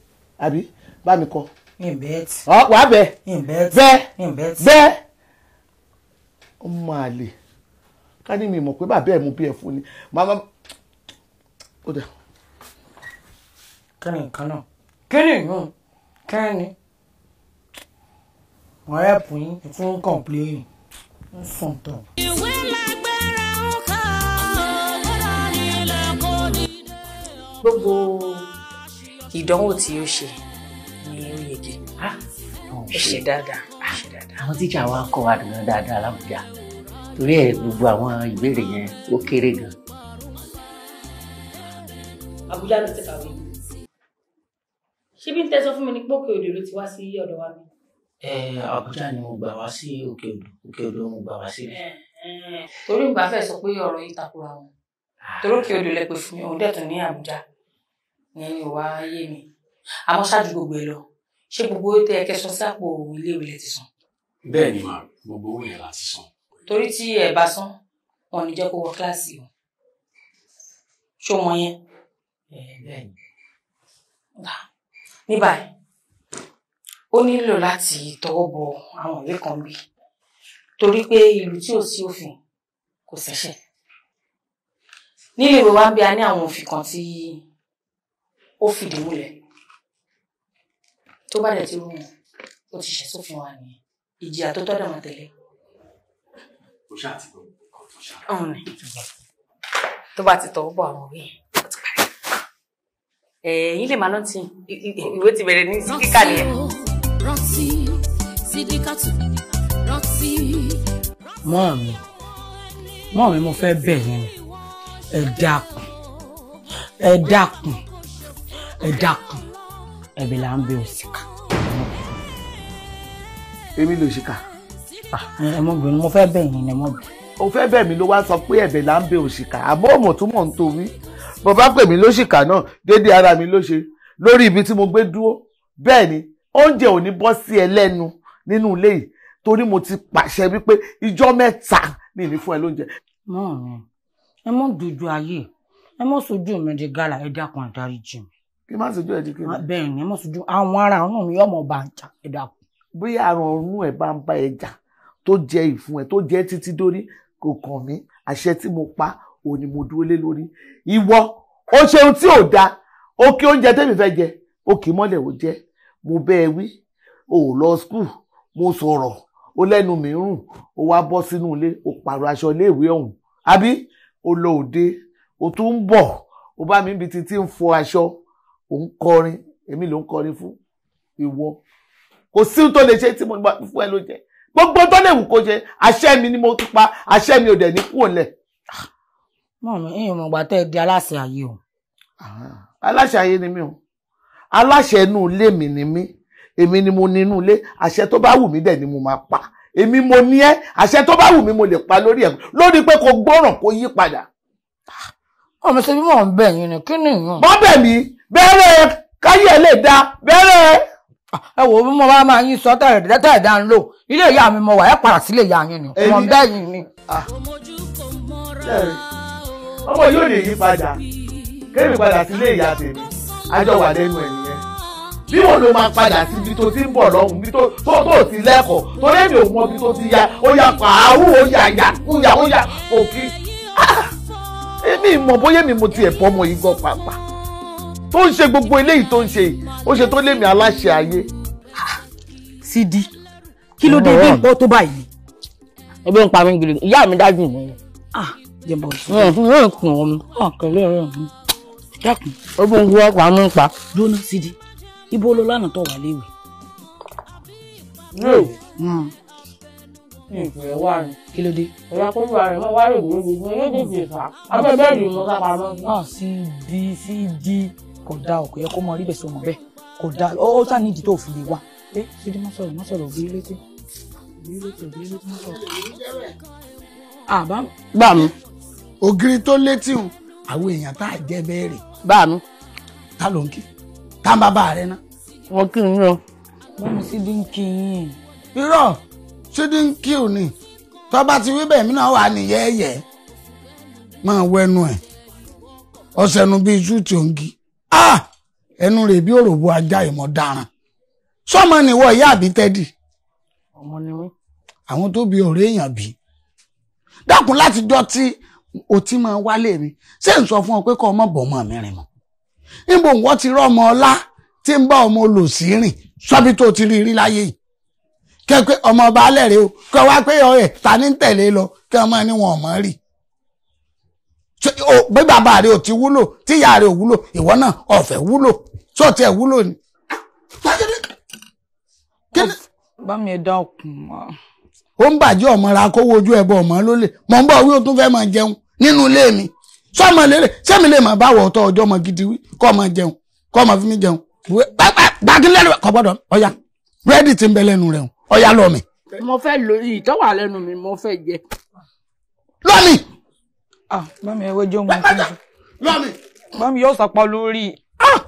àbí bá mi kọ. ìbẹ́ẹ̀tì. ọ wàá bẹ. ìbẹ́ẹ̀tì. bẹ. ìbẹ́ẹ̀tì. bẹ. ọmọ àlè ká ní mi mọ̀ pé bàbá ẹ̀ mú bí ẹ fún ni màmá ó dà. kí ni nǹkan náà kí ni ìyún kí ni wọ́n rẹ̀ pín ìtún kọ̀ǹpléyìn ń sùn ìwé náà. gbogbo ìdánwò tí ó ṣe ni ó yege ó ah, ṣe dáadáa ó ṣe dáadáa. àwọn tíjà wa kọ́ wa dùn dáadáa l'Àbújá torí ẹ gbogbo àwọn ìbéèrè yẹn ó kéré gan. Àbújá ló ti kàwé ṣé bí n tẹ́ sọ fún mi ní pòkè odò ló ti wá sí ọ̀dọ̀ wa mi. ẹ Àbújá ni mo gbà wá sí òkè odò òkè odò mo gbà wá sí. torí ìgbà fẹ́ sọ pé ọ̀rọ̀ yìí takora wọn ah. torí òkè odò lẹ pè fún mi òun dẹ̀ tún ní Àbújá ìyẹn ni ò wá yé mi àmọ́ ṣáájú gbogbo ẹ lọ ṣé gbogbo tẹ ẹ kẹsàn sí àpò iléèwé ti san. bẹ́ẹ̀ ni màá gbogbo owó yẹn láti san. torí tí ẹ bá san wọn ní jẹ́ kó wọ kíláàsì o ṣó wọn yẹn. bẹ́ẹ̀ ni. ní báyìí ó nílò láti tọwọ́ bọ àwọn ìwé kan bí torí pé ìlú tí ò sí òfin kò ṣẹ̀ṣẹ̀ nílé ìwé wa ń bí a ní àwọn òfin kan tí. Ti ó fìdí múlẹ̀ tó bá dẹ̀ ti rú wọn ó ti ṣẹ̀ sófin wa nìyẹn ìjìyà tó tọ́dọ̀ wọn tẹ̀lé. o ṣáà ti gbọ́ ọkọ tó ṣáà. ọ̀hún ni tó bá ti tọwọ́ bọ̀ àwọn òwe ó ti parí. ẹ̀yin lè máa rántí ìwé ti bẹ̀rẹ̀ ní kíkà nìyẹn. rántí sídìkàtù rántí. mọ́ mi mọ́ mi mo fẹ́ bẹ̀ yín ẹ dákun ẹ dákun ẹ̀dá kan ẹ̀bí là ń bẹ òṣìkà. èmi ló ṣìkà. ẹ mọ bẹ mo fẹ́ bẹ̀ yín ni mo o fẹ́ bẹ̀ mí ló wá sọ pé ẹ̀bẹ̀ là ń bẹ òṣìkà àmọ́ òmò tún mọ̀ ń torí bó bá pè mí lóṣìkà náà déédéé ara mi ló ṣe lórí ibi tí mo gbé dúró bẹ́ẹ̀ ni oúnjẹ ò ní bọ́ sí ẹ lẹ́nu nínú ilé yìí torí mo ti pàṣẹ wípé ìjọ mẹ́ta mi ní fún ẹ lóúnjẹ. mọ́ ọ̀run ẹ mọ́ dojú ayé ẹ mọ́ sojú mi di gàlà ẹ dákun àdáríjì mi kí má sojú ẹ di kí ni. Ah, bẹ́ẹ̀ ni mo sojú àwọn ara ọ̀run mi ọmọ ọba àjà ẹ̀dá. bóyá àrùn ọ̀run ẹ̀ bá ń bá ẹja tó jẹ ìfun ẹ̀ tó jẹ títí dórí kò kàn mí àṣẹ tí mo pa òun ni mo dúró lé lórí. ìwọ o ṣeun tí ò da ó kí oúnjẹ tẹ́mi fẹ́ jẹ ó kì í mọ́lẹ̀ ó jẹ́ mo bẹ́ ẹ wí ò lọ skul mo sọ̀rọ̀ ó lẹ́nu mi rùn ó wá bọ́ sínú ilé ó pààrọ̀ aṣọ iléèwé ọ̀hún àbí ó lọ òde ó tún bọ̀ ó bá mi ibi títí ń fọ aṣọ òun kọrin èmi ló ń kọrin fún ìwọ kò sí tó lè ṣe tí mo gbà fún ẹ ló jẹ gbogbo tó lè wù kó jẹ àṣẹ mi ni mo ti pa àṣẹ mi ò dẹ̀ ní kúrò lẹ̀. mọ mi ìyẹn mo gbà tẹ ẹ di aláṣẹ ayé o. Ah, aláṣẹ ayé ni mí o aláṣẹ inú ilé mi ni mí èmi ni mo ní inú ilé àṣẹ tó bá wù mí dẹ̀ ni mo máa pa èmi mo ní ẹ àṣẹ tó bá wù mí mo lè pa lórí ẹ lórí pé kò gbọ́ràn kó yí padà. ọmọ ah, ṣe bí mò ń bẹ̀ yín ni kí ni ìyún. bọ́ bẹ̀ mí bẹ́rẹ̀ káyẹ̀ lè da bẹ́rẹ̀. ẹ wo bí mo bá máa yín sọ tẹ̀rẹ̀ tẹ̀rẹ̀ dá ń lò ilé ìyá mi mo wà ẹ padà sílé ìyá yín ni wọn bẹ́ẹ̀ yìí ni. Ah. ọmọ yóò lè yí padà kémi padà sílé ìyá tèmi àjọ wà lẹ́nu ẹ̀ nìyẹn bí wọn ló máa padà síbi tó ti ń bọ̀ lọ́hùn bí tó tó ti lẹ́kọ̀ọ́ tó lẹ́mi ò mọ bí tó ti ya ó ya pàáwù ó ya ya ó ya ó ya òkè ah! èmi ìmọ̀ bóyá èmi mo tiẹ̀ bọ́ ọmọ yìí gan pàápàá tó ń ṣe gbogbo eléyìí tó ń ṣe ó ṣe tó lémi aláṣẹ ayé. Sidi kí ló dé bí nǹkan tó báyìí. ebi ń pa mí gidi ìyá mi dájú mọ. jẹ̀bọ̀ ìṣòro yóò kùn ọ́ mi àkàlẹ́ ah, rẹ̀ mi. dákun ebi ń gbọ́ pa mí pa. jóná Sidi ibo ló lánàá tó wà léwe. ìpìlẹ̀ wà ní. kí ló dé. ẹ̀yà kúrú rẹ̀ wọ́n wá lè gbé gbogbo yóò dé ìfà. abẹ́ bẹ́ẹ̀ ni mo ká pamọ́. Ah, Sidi Sidi kò dáa kò yẹ kó mọ rí bẹ́ẹ̀ sọmọ bẹ́ẹ̀ kò dáa ó sá nídìí tó fi lè wá ẹ ṣídí mọ́ sọ̀rọ̀ mọ́ sọ̀rọ̀ òbí létí òbí létí òbí létí mọ́ sọ̀rọ̀. àbá. bá ògiri tó létí o àwọn èèyàn tá a jẹ bẹ́ẹ̀rẹ̀. bá mi. ta ló ń kí tá n bá bá rẹ ná. wọn kì í yan. wọn mi ṣídí ń kí yín. irọ́ ṣídí ń kí ò ní tọ́ba ti wí bẹ́ẹ̀ mi náà wà ní yẹ́ẹ̀yẹ́ máa wẹnu ẹ̀ ọ̀sẹ̀ bíi iṣu tí ò ń kí ah ẹnu rẹ̀ bí òròbó ajá ìmọ̀ daran sọmọ nìwọ ìyá àbí tẹ́dì ọmọ ni wí àwọn tó Bi. ọ̀rẹ́ èèyàn bí dákun láti jọ tí o máa wálé mi ṣé n sọ fún ọ pé kọ́ ọmọ bọ̀ ọmọ mi rìn mọ́ níbo wọ́n ti rọ́ ọmọ ọlá tí ń bá ọmọ olòṣì rìn sọ́bí tó ti rí rí láyé yìí kẹ́ pé ọmọ ọba alẹ́ rẹ o kọ́ wá pé ọ̀rẹ́ ta ní tẹ̀lé lọ kí ọmọ ni wọn ò mọ̀ bí bàbá rẹ ò ti wúlò tí ìyá rẹ ò wúlò ìwọ náà ọ̀fẹ́ wúlò tí ò tiẹ̀ wúlò ni. bá mi dá ọkùn. ó ń bàjẹ́ ọmọ ra kówó ojú ẹ̀bọ ọmọ lólè mọ̀ ń bọ̀ wí o tún fẹ́ máa jẹun nínú ilé mi sọmọ lérè sẹ́mi lè máa báwọ̀ ọ̀tọ̀ ọjọ́ ọmọ gidi wí kọ́ ọmọ jẹun kọ́ ọmọ fi mi jẹun gbàgínlẹ́nu kọ́ gbọ́dọ̀ ọ̀ya rẹ́dì ti ń bẹ lẹ́nu rẹ̀ ọ̀ya lọ́mì. mo fẹ́ lo ìtọ́wà lẹ́nu mi mo fẹ́ jẹ. lọ́mì ah mami ẹ wẹjọ mọ nǹkan jù lọmi mami yóò sàpọ lórí. Ah!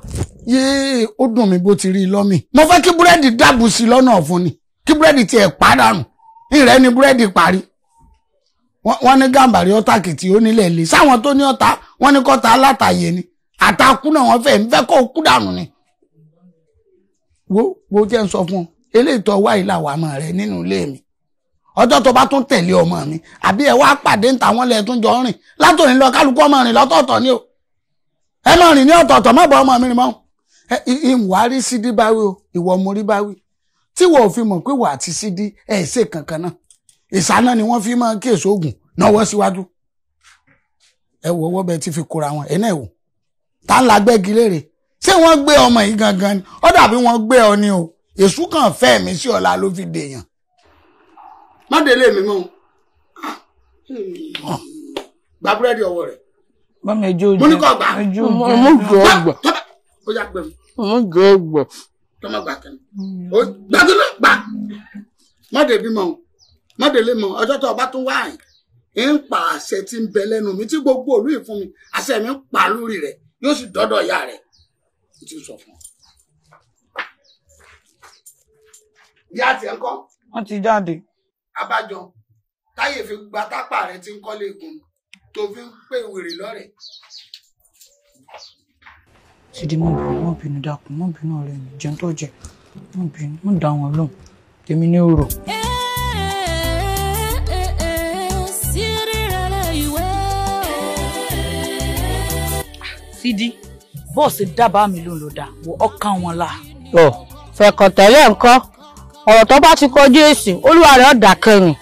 yéé ó dùn mí bó ti rí i lọ́mì mo fẹ́ kí búrẹ́dì dàbò sí lọ́nà ọ̀fun ni kí búrẹ́dì tiẹ̀ pàdánù ìrẹ́ ni búrẹ́dì parí wọ́n ní gàmbàrí ọ̀tá kìtì onílẹ̀ lè sáwọn tó ní ọ̀tá wọ́n ní kọ́ta alátàyè ni àtàkù náà wọ́n fẹ́ ń fẹ́ kó kú dànù ni. wo wo jẹ́ ń sọ fún ọ eléyìí tó wáyé làwọn àmọ́ rẹ nínú ilé mi ọjọ́ tó bá tún tẹ̀lé ọmọ mi àbí ẹ wá pàdé ń tàwọn lẹ tún jọ rìn látòrin lọ kálukú ọmọ rìn lọ́tọ̀ọ̀tọ̀ ni o ẹ máa rìn ní ọ̀tọ̀ọ̀tọ̀ má bọ ọmọ mi rìn mọ́ ẹ ìwà rí sídí báwí o ìwọ mo rí báwí tí wọn ò fi mọ̀ pé wà á ti sídí ẹ ṣe kankan náà ìsáná ni wọ́n fi máa kí èso oògùn náwó síwájú ẹ wò owó bẹ́ẹ̀ ti fi kóra wọn ẹ náà wò tá ń la gbẹ́gi léèrè ṣé wọ́n gbé ọmọ yìí gangan ni ó dàbí wọ́n gbé ọ ni o èṣù kan fẹ́ẹ̀mí sí ọ̀la ló fi dèèyàn má délé mi mọ́ ah. gba búrẹ́dì ọwọ́ rẹ̀. bámi ẹjọ́ ojú mo ní kọ́ gbà. ẹjọ́ ojú ọmọ gọ ọgbà. ó yà gbẹ mi. ọmọ gọ ọgbà. tọmọ gbà kẹ o gbàdúrà gbà má débi mọ́ má délé mọ́ ọjọ́ tó o bá tún wáyé ń pa àṣẹ tí ń bẹ lẹ́nu mi tí gbogbo òlú ìfún mi àṣẹ mi ń pa lórí rẹ̀ yóò sì dọ́dọ̀ ìyá rẹ̀ mo ti sọ fún ọ. ìyá tiẹ̀ ń kọ́. wọ́n ti jáde abájọ táyè fi gba tápà rẹ ti ń kọ́lé egun tó fi ń pè wèrè lọ́rẹ̀. sídi mọ bínú mọ bínú dákun mọ bínú ọ̀rẹ́ mi jẹun tó jẹ mọ bínú mọ dá wọn lóhùn tèmi ní òrò. Eh, eh, eh, sídi bọ́ọ̀sì dábàá mi ló ń lò dá wọ ọkàn wọn la. ọ fẹkọtẹlẹ nǹkan. ọ̀rọ̀ tó bá ti kọjú èsì olúwa rẹ̀ ọ̀dà kẹrìn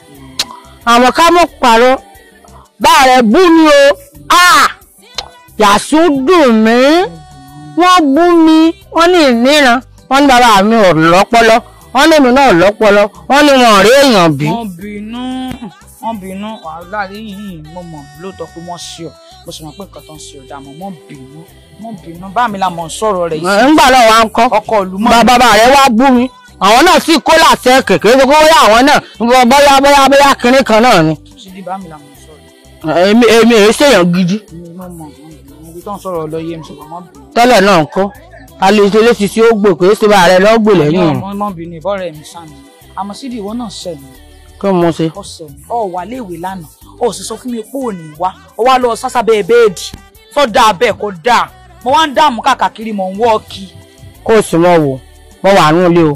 àwọn ká mọ̀ pààrọ̀ bá rẹ̀ o dùn mí wọ́n bú mi wọ́n ní ìníran wọ́n ní bàbá mi ò lọ́pọlọ wọ́n ní èmi náà lọ́pọlọ wọ́n ní wọn rí èèyàn bí. wọ́n bínú wọ́n bínú wàhálà yìí mo pé wọ́n ṣe ọ́ mo sì ń ṣe dààmú wọ́n bínú wọ́n bínú àwọn náà sì kó làṣẹ kẹ̀kẹ́ tó kó bóyá àwọn náà bóyá bóyá bóyá kinní kan náà ni. èmi èmi èyí ṣèyàn gidi. tọ́lẹ̀ náà ń kọ́ alèṣe ló sì sí ó gbò pé ó ṣe bá rẹ lọ́gbò lẹ́yìn. àmọ́ sidi ìwọ náà ṣẹ̀yìn kí mo ṣe. ọsẹ ọ wà léèwé lánàá ọ sì sọ fún mi pé ò ní wá ọ wá lọ sásá bẹẹ bẹẹdì sọ mo wà nù ilé o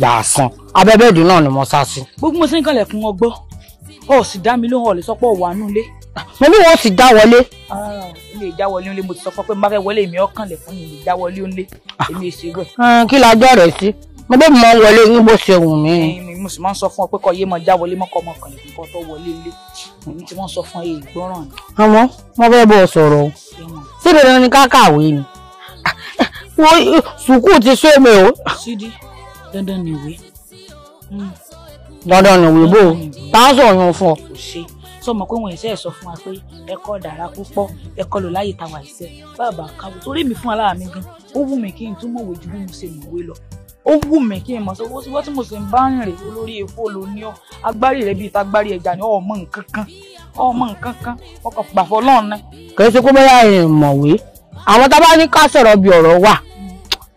yàásán abẹ́bẹ́ẹ̀dì náà ni mo sá sí. gbogbo mo ṣe ń kànlẹ̀ fún ọgbọ́ ọ sì dá mi lóhùn ọ lè sọ pé ọwọ́ àánú lé. mo ní wọn sì dá wọlé. Ah, ilé ìjáwọlé ńlẹ mo ti sọ pé n bá fẹ́ wọlé mi ọkànlẹ̀ fún ilé ìjáwọlé ńlẹ èmi èsì rẹ. kí la jọ rẹ sí mo bẹ́ẹ̀ mọ wọlé yín bó ṣe wù mí. mo sì máa ń sọ fún ọ pé kò yé mọ jáwọlé mọ́kọ́ mọ́kànlẹ̀ fún bọ́tọ̀ wọlé ńlẹ èmi ti máa ń sọ fún ẹ ìgbọ́ràn ni. àmọ́ mo fẹ́ bọ̀ o síbi ni ká kàwé ni ah, sùkúù ti o. sídìí dandan nìwé. Hmm. dandan nìwé bò ó táwọn sọ̀rọ̀ yẹn fún ọ. kò ṣe sọ mọ pé wọn ẹsẹ sọ fún wa pé ẹ̀kọ́ dára púpọ̀ ẹ̀kọ́ lò láyè tàwa ìṣe bàbá káwọ torí mi fún alára mi gan ó wù mí kí n tún mọ̀wé ju bí mo ṣe mọ̀wé lọ ó wù mí kí n mọ̀ sọ́wọ́ tí wọ́n tí mo sì ń bá ń rìn olórí èfó ló ní ọ́ agbárí rẹ̀ bíi tagbárí ẹja ni ọmọ nǹkan kan ọmọ nǹkan kan ọkọ̀ pàfọ́ lọ́ọ̀nà. kì í ṣe pé bóyá ẹ̀ mọ̀wé àwọn tá a bá ní ká sọ̀rọ̀ bí ọ̀rọ̀ wà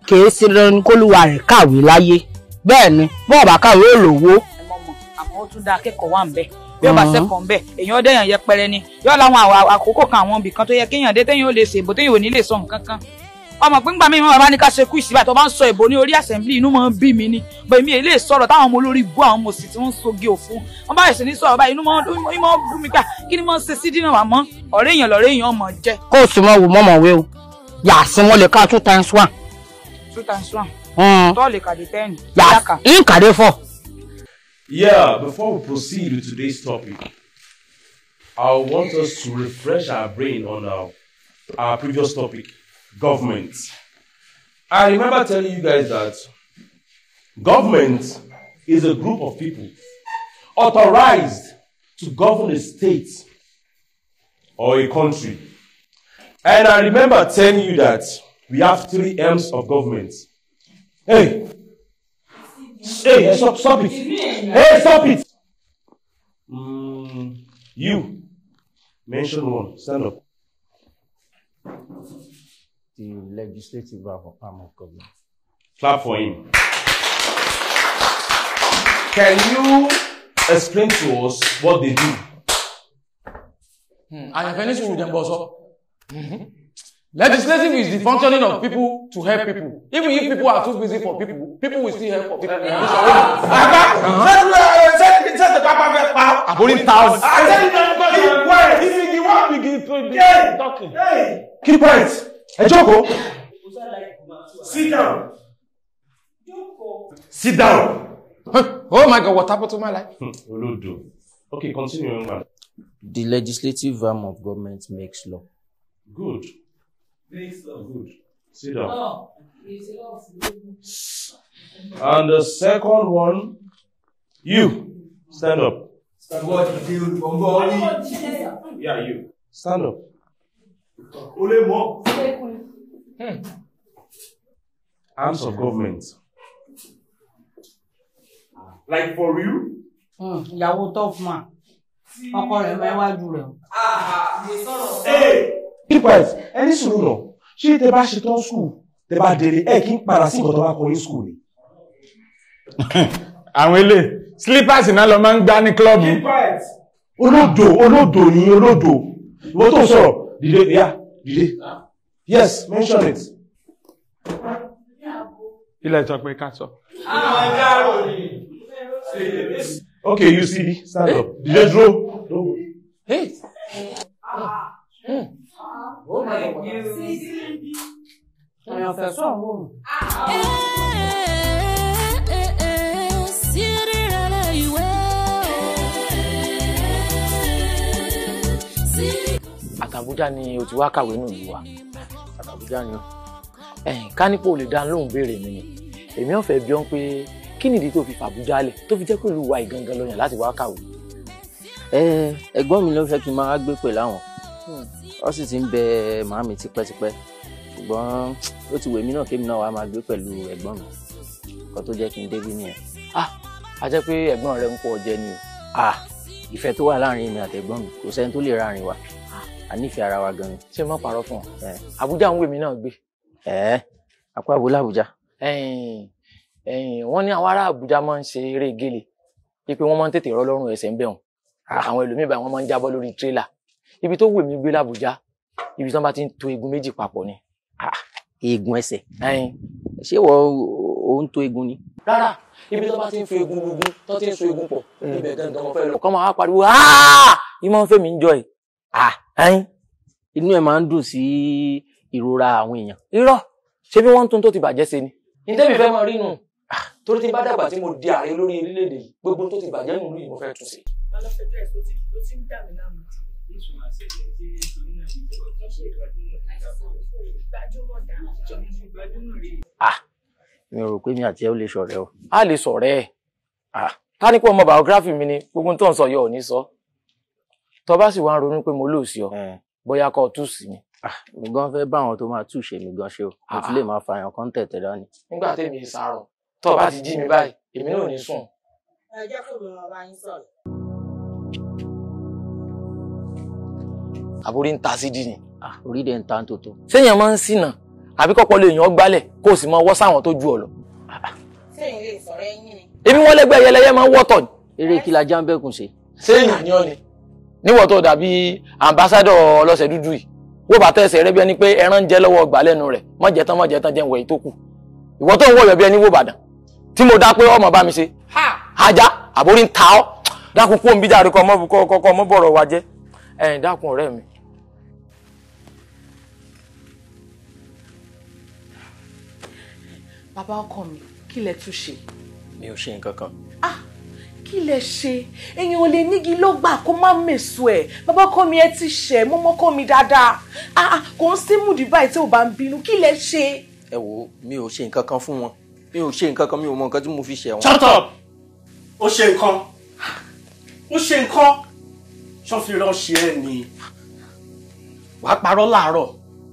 kìí ṣe dandan kólúwa rẹ̀ kàwé láyé bẹ́ẹ̀ ni bọ́ọ̀ bá kàwé ò lówó. ẹ mọ̀ mọ̀ àmọ́ ó tún da akẹ́kọ̀ọ́ wà ń bẹ̀ bí ọba sẹ́kọ̀ọ́ ń bẹ̀ èèyàn dẹ̀yàn yẹpẹrẹ ni yọ láwọn àkókò kan àwọn ibì kan tó yẹ kéèyàn dé téèyàn ò lè ṣèbò téèyàn ò ní lè sọ nǹkan kan ọmọ pé ńgbà míì bàbá ní ká ṣe kú ìsìbà tó bá ń sọ èbò ní orí assembly inú mọ́ ń bí mi ni bẹ́ẹ̀ mi èlé sọ̀rọ̀ táwọn ọmọ olórí bú àwọn ọmọ òsì tí wọ́n ń soge òfun wọ́n bá ẹ̀sìn ní sọ̀rọ̀ báyìí inú mọ́ ń bú mi gbà kí ni mọ́ ń ṣe sí dínà wà mọ́ ọ̀rẹ́ èèyàn lọ́rẹ́ èèyàn ọmọ jẹ́. kóòsì mọ̀ wò mọ̀mọ̀wé o yàá sí wọn lè ká two times one Hmm. Yeah, before we proceed with today's topic, I want us to refresh our brain on our, our previous topic, government. I remember telling you guys that government is a group of people authorized to govern a state or a country. And I remember telling you that we have three arms of government. Hey, hey, stop, stop it. Hey, stop it. Mm, you, mention one. Stand up. The legislative arm of government. Clap for him. Can you explain to us what they do? Hmm. I have finished with them, boss. Mm-hmm. Legislative is the functioning of people to help people. Even if people are too busy for people, people will still help for people. Bàbá sẹ́tùlẹ̀ sẹ́tùlẹ̀ sẹ́tùlẹ̀ pápá fẹ́ pa. Àbórí ń ta ọ. Àtẹ̀yìnbá ń gbọ́dọ̀ ìwọ ẹ̀ ibi igi wọ́n bí igi tó di talking. Kí ni point? Ẹ jókòó. Sit down. Sit down. Oh my God, what happened to my life? Hmm, Olodo. Okay, continue, man. The legislative arm of government makes law. Good. Makes love. Good. Sit down. and the second one, you stand up. Stand up. Yeah, you stand up. Hmm. Arms of government. Like for real? Hmm. Ìyàwó tough man. Ọkọ rẹ̀ mẹ́wájú rẹ̀. Ẹ pípẹ́t ẹni sùúrù nà ṣé tẹ bá ṣetán skul tẹ bá délé ẹ kí n padà sí nǹkan tó bá kọ ní skul ni. àwọn ilé slippers náà lọ máa ń gbá ní klọ́ọ̀bù. olódo olódo ni olódo ìwọ tó sọ̀rọ̀ dìde ya dìde yes mention it. ilé ìtọ́ pé ká sọ. àwọn ajá rò ní. Okay, you see, stand up. Did you draw? Hey èèyàn àtàbújá ni o ti wá kàwé nù yìí wa àtàbújá ni o ká nípò lè dá lóhùn béèrè mi ni èmi ò fẹ́ bi ọ́n pé kí nìdí tó fi fàbújá lẹ̀ tó fi jẹ́ pé wa ìgangan lọ́yàn láti wá kàwé. ẹ̀gbọ́n mi ló fẹ́ kí n máa gbé pẹ̀lú àwọn hmm ó sì ti ń bẹ màámi tipẹ́tipẹ́ ṣùgbọ́n ó ti wèmí náà kémi náà wàá máa gbé pẹ̀lú ẹ̀gbọ́n mi nǹkan tó jẹ́ kí n débí nìyẹn. ah a jẹ́ pé ẹ̀gbọ́n rẹ ń pọ̀ jẹ ni o ah ìfẹ́ tó wà láàrin mi àtẹ̀gbọ́n mi kò sẹ́ni tó lè ráàrin wa ah, a nífẹ̀ẹ́ ara wa gan-an. ṣé mo parọ́ fún ọ Àbújá eh. ń wèmí náà gbé. ẹ ẹ àpò àbúlá Àbújá. wọ́n ní àwọn ará Àbújá máa ń ṣe eré gèlè pé wọ́n máa ń tètè rọ́ lọ́rùn ẹ̀sẹ̀ ń bẹ̀ wọ́n ah. àwọn ẹlòmíì báyìí wọ́n máa ń jábọ́ lórí tírélà ibi tó wù mí gbé làbújá ibi tí wọ́n bá ti ń to eegun méjì papọ̀ ni. eegun ah, ẹsẹ̀ ṣé wọ òun tó eegun ni. rárá ibi tí wọ́n bá ti ń fi eegun lugun tó ti ń so eegun pọ̀ ibẹ̀ gangan wọ́n fẹ́ lọ. ọkọ máa wá pariwo ìmọ̀ ah! ń fẹ́ mi ń jọ ẹ̀. Ah, inú ẹ̀ máa ń dùn sí ìrora àwọn èèyàn. irọ́ ṣé bí wọ́n ń tún tó ti bàjẹ́ ṣe ni. ìdẹ́bí fẹ́ mọ rí nù torí tí n bá dàgbà tí mo di ààrẹ lórí orílẹ̀-èdè yìí gbogbo tó ti bàjẹ́ nù lù mo fẹ́ tún sí. ọlọ́pẹ́ bẹ́ẹ̀ ló ti ń dà mí láàmú Ah, mi ò rò pé mi àti ẹ ó lè ṣọ̀rẹ́ o. a lè ṣọ̀rẹ́ ẹ ah, ta ni pé ọmọ biography mi ni gbogbo tó ń sọ yọ ò ní sọ tó bá sì wá ń ronú pé mo lòsì ọ eh. bóyá kó tú sí mi. mi gan fẹ́ bá àwọn tó máa tú ṣe mi gan ṣe o mo ah, ti lè máa fa àyàn kan tẹ̀tẹ̀ dání. nígbà tèmi ìsàrọ̀ tó bá ti jí mi báyìí èmi náà ò ní sùn. ẹ jẹ́ kó mi ọba yín sọ̀rọ̀. àbórí ń ta sídìí ni. Ah, orí dẹ̀ ń ta tòótọ́. séèyàn máa ń ṣìnà àbí kọ́pọ̀ lè yàn gbálẹ̀ kó o sì máa wọ́ sáwọn tó ju ọ lọ. séèyàn ah, ah. lè sọ̀rọ̀ ẹyin ni. ebi wọn lẹgbẹ ẹyẹlẹyẹ máa ń wọ́tọ̀ ni. eré kí la jáǹbẹ̀kùn ṣe. séèyàn ni ọ ni níwọ̀ tó dàbí ambassadọ̀ ọlọ́sẹ̀ dúdú yìí wó bá tẹ̀sẹ̀ rẹ bí ẹni pé ẹran jẹ́ lọ́wọ́ ọgbà lẹ́nu rẹ̀ má jẹ tán má jẹ tán jẹ́ ìwẹ̀ ìtókù ìwọ tó ń wọ̀yọ̀ bí ẹni wó bàdàn tí mo dá pé ọmọ bá mi ṣe ajá àbórí ń ta ọ́ dákun kó ń bí kọ́ ọmọ bọ̀rọ̀ wa jẹ́ ẹ̀yìn dákun ọ̀rẹ́ mi bàbá ọkọ mi kí lẹ tún ṣe. mi ò ṣe nǹkan kan. ah kí lẹ ṣe èèyàn ò lè nígi ló gbà kó má mèso ẹ bàbá ọkọ mi ẹ ti ṣẹ mọmọkọ mi dáadáa ah, ah kò ń sí mùdí báyìí tí ò bá ń bínú kí lẹ ṣe. ẹ wo mi ò ṣe nǹkan kan fún wọn mi ò ṣe nǹkan kan mi ò mọ nǹkan tí mo fi ṣẹ wọn. shut up ó ṣe nǹkan ó ṣe nǹkan ṣọ́fìrán ṣe ẹ ni. wàá parọ́ láàárọ̀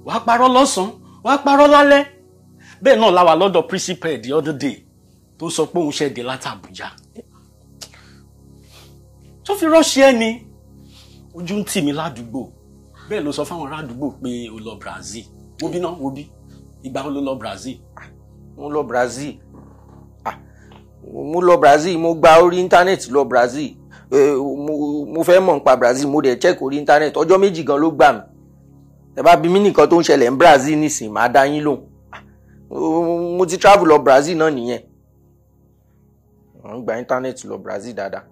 wàá parọ́ lọ́sàn-án wàá parọ́ lálẹ́ bẹ́ẹ̀ náà láwa lọ́dọ̀ principal the other day tó sọ pé òun ṣẹ̀dẹ̀ láti Àbújá tó fi rọ́ọ̀ṣì ẹni ojú ń tì mí ládùúgbò bẹ́ẹ̀ ló sọ fáwọn ará pé o lọ Brazil wo bí náà wo bí ìgbà wo ló lọ Brazil. mo lọ Brazil mo lọ Brazil mo gba orí íńtánẹ́ẹ̀tì lọ Brazil mo fẹ́ mọ̀ nípa Brazil mo dẹ̀ check orí íńtánẹ́ẹ̀tì ọjọ́ méjì gan ló gbà mí ẹ bá bi mí nìkan tó ń ṣẹlẹ̀ ní Brazil nísìnyí màá dá yín lóhùn mo ti travel lọ Brazil náà nìyẹn mo ń gba íńtánẹ́ẹ̀tì lọ Brazil dáadáa.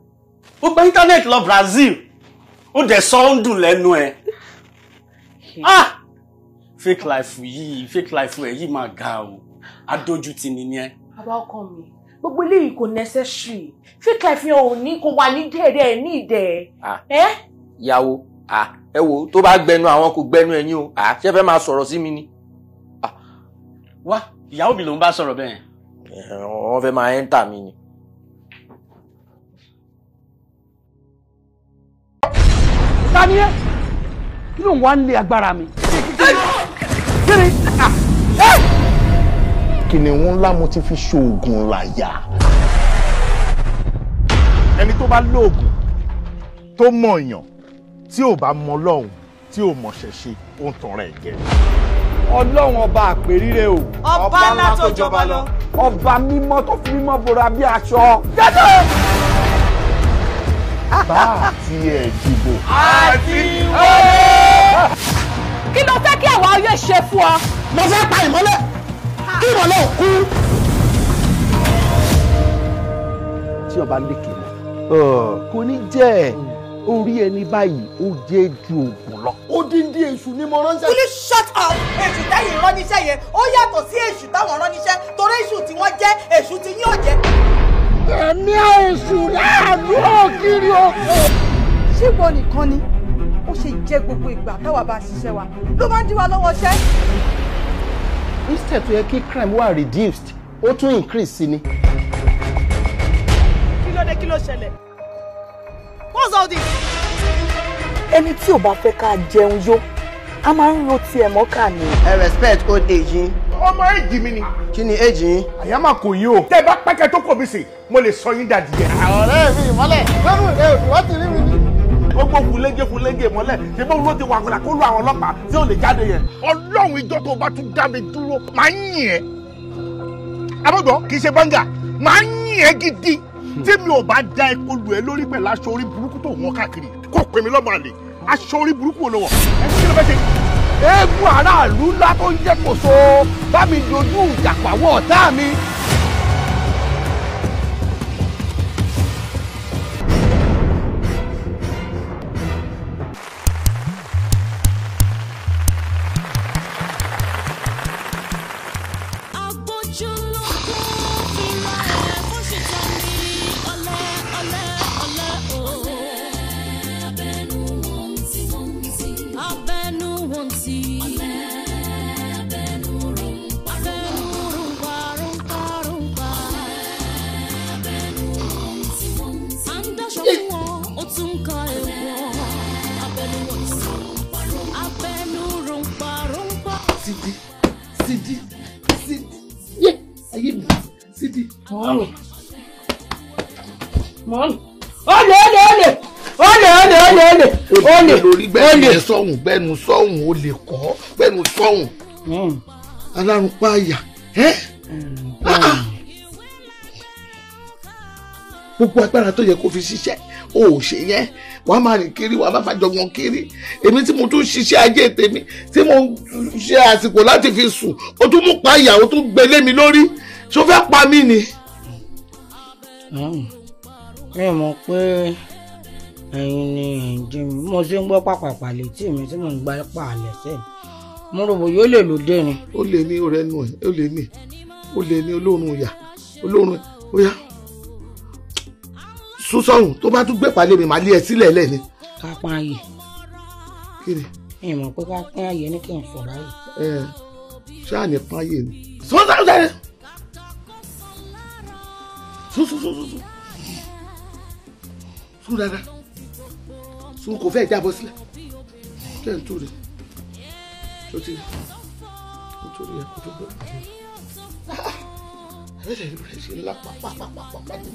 ó gba íńtánẹ́ẹ̀tì lọ Brazil ó dẹ̀ sọ ó ń dùn lẹ́nu ẹ̀ ah fake life yìí fake life ẹ̀ yìí máa ga o adójútì nìyẹn. bàbá ọkọ mi gbogbo eléyìí kò necessary fake life yẹn ò ní kò wà ní dẹ́ẹ̀dẹ́ ní ìdẹ́ ẹ̀. ìyàwó ẹ wo tó bá gbẹnu àwọn kò gbẹnu ẹ̀yin o ṣé fẹ́ máa sọ̀rọ̀ sí mi ni wá ìyàwó mi ló ń bá sọ̀rọ̀ bẹ́ẹ̀. wọ́n fẹ́ máa ẹ́ńtà mi ni. ta ni ẹ kí ló ń wá nílé agbára mi. kìnìún ńlá mo ti fi ṣoògùn làyà ẹni tó bá lóògùn tó mọ̀ọ̀yàn tí ò bá mọ lọ́hùn tí ò mọ̀ṣẹ̀ ṣe ó ń tanra ẹ̀ jẹ ọlọ́run ọba àpèrire o. ọba ńlá tó jọba lọ. ọba mímọ́ tó fi mímọ́ bora bí aṣọ. jẹ́jẹ́. bá a ti ẹ̀ dìbò. àti wọlé. kí ló fẹ́ kí àwa oyè ṣe fún ọ. mo fẹ́ pa ìmọ́lẹ̀ kí ìmọ́lẹ̀ ò kú. tí ọba lékè mọ́ kò ní jẹ́ orí ẹni báyìí ó jẹ́ ju òbí lọ. odindi èṣù ni mo ránṣẹ́. will you shut up èṣù tẹ́yìn ránníṣẹ́ yẹn ó yàtọ̀ sí èṣù táwọn ránníṣẹ́ torí èṣù tí wọ́n jẹ́ èṣù tí yóò jẹ́. ẹ̀mí èṣù láàánú ògiri òkè. ṣé ìwọ nìkan ni ó ṣe jẹ gbogbo ìgbà táwa bá ṣiṣẹ́ wa ló máa ń dí wa lọ́wọ́ ṣẹ́. instead tó yẹ kí crime wà reduced ó tún increase sí ni. kí ló dé kí ló ṣẹlẹ̀ what's all this ẹni tí ò bá fẹ́ ká jẹun yó a máa ń ro tiẹ̀ mọ́kà ni. ẹ respect old age yín. ọmọ èjì mi ni. kí ni èjì yín. àyà máa kò yí o. tẹ́ ẹ bá pẹ́kẹ́ tó kò mí sè mo lè sọ yín dàdí yẹn. àwọn ọ̀rẹ́ mi ìmọ́lẹ̀ lọ́rùn rẹ òdì wọ́n ti rí mi ní. gbogbo fúlẹ́gẹ fúlẹ́gẹ mọ́lẹ̀ ṣé bó ló ti wà kúrò kó lu àwọn ọlọ́pàá tí ò lè jáde yẹn. ọlọ́run ìjọ tó bá tún dá mi dúró máa ń yìn ẹ́. abọ́dọ̀ kì í ṣe báńgà máa ń yìn ẹ́ gidi tí mi ò bá da epo lù ẹ́ lórí kò pè mí lọ́mọ àlè aṣọ orí burúkú ò lọ wọ̀ ẹ kí ló fẹ́ ṣe. eégún aráàlú ńlá tó ń jẹ́ kòso bá mi dojú ìjàpá wọ̀ ọ̀tá mi. lè lórí gbẹ̀nu yẹn sọ̀hún gbẹ̀nu sọ̀hún ó lè kọ́ gbẹ̀nu sọ̀hún hmm. alárùn páàyà hmm. ah, ah. gbogbo agbára tó yẹ kó fi ṣiṣẹ́ o ò ṣe yẹn wàá máa rìn kiri wàá máa fa jọgbọ́n kiri èmi tí mo tún ṣiṣẹ́ ajé tèmi tí mo ṣe àsìkò láti fi sùn o tún mú pa ìyàwó tún gbélé mi lórí ṣó fẹ́ pa mí ni. ẹ hmm. mọ̀ pé ẹ̀yin ni ẹ̀ǹdí mi mo ṣe ń gbọ́ pàpàpà létí mi tí mo ń gbá pààlẹ̀ sẹ́yìn mo rò bò yóò lè lò dé ni. ó lè ní ọ̀rẹ́ nù ẹ ó lè ní ó lè ní olóòórùn ìyà olóòórùn ó yá tó bá tún gbé pàlẹ́ mi màá lé ẹ sílẹ̀ lẹ́ni. ká pa ayè. kí ni. ìmọ̀ pé ká pín ayè ní kí n sọ̀rọ̀ ayè. ẹ ṣáà ní pín ayè ni. sọ́sọ́sọ́ sẹ́yìn sùn sùn sùn sùn kò fẹ́ jábọ́ sílẹ̀ jẹ́ ń túre tó ti nítorí ẹ̀ kó tó gbọ́. Ah, ẹ̀rẹ́ rẹ̀ ṣe ńlá pàpàpàpàpà ni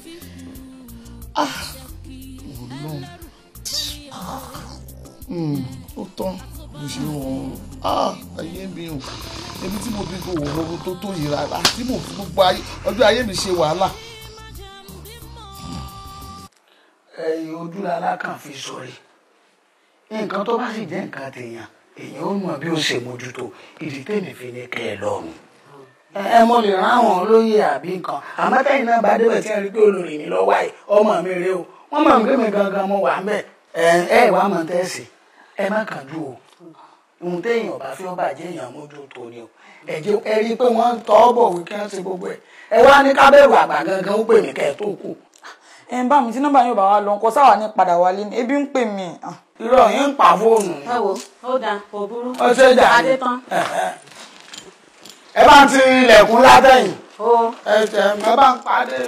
ọlọ́run ah, hmm, ó tán mo ṣe wọn ah, ayé mi o ebi tí mo bí kò wò lọ́wọ́ tó tó yìí rárá tí mo fi gbogbo ọjọ́ ayé mi ṣe wàhálà. ẹ̀yin ojú la lákàn fi sọ̀rọ̀ nǹkan tó bá sì jẹ́ nǹkan tèèyàn èèyàn ó mọ bí ó ṣe mójútó ìdí tèmi fi ní kẹ́ ẹ lọ́rùn. ẹ mo lè rán àwọn olóyè àbí nǹkan àmọ́ tẹ́yìn náà bá débẹ̀ tí a rí pé olórí mi lọ́wọ́ àì ọmọ mi rèé o wọ́n mọ̀ pé mi gangan mo wà ń bẹ̀ ẹ wàá mọ̀ tẹ́sì ẹ má kánjú o ohun téèyàn bá fi ọba jẹ èèyàn mójútó ni o ẹjẹ ẹ rí i pé wọ́n ń tọ ọ bọ wí kí wọ́n ṣe gbogbo ẹ ẹ wá ní kábẹ̀rù àgbà gangan ó pè mí kẹ́ ẹ tó kù. ẹ ń bá mi tí nọ́mbà yóò bá wa lọ kó sáwà ní padà wálé ni ebi ń pè mí irọ́ yín ń pa fóònù. ẹ wo ó da kò burú. ó ṣe dà ní ẹ bá ń ti ilẹ̀kùn látẹ̀yìn. ó ẹ jẹ́ ẹ bá ń padé.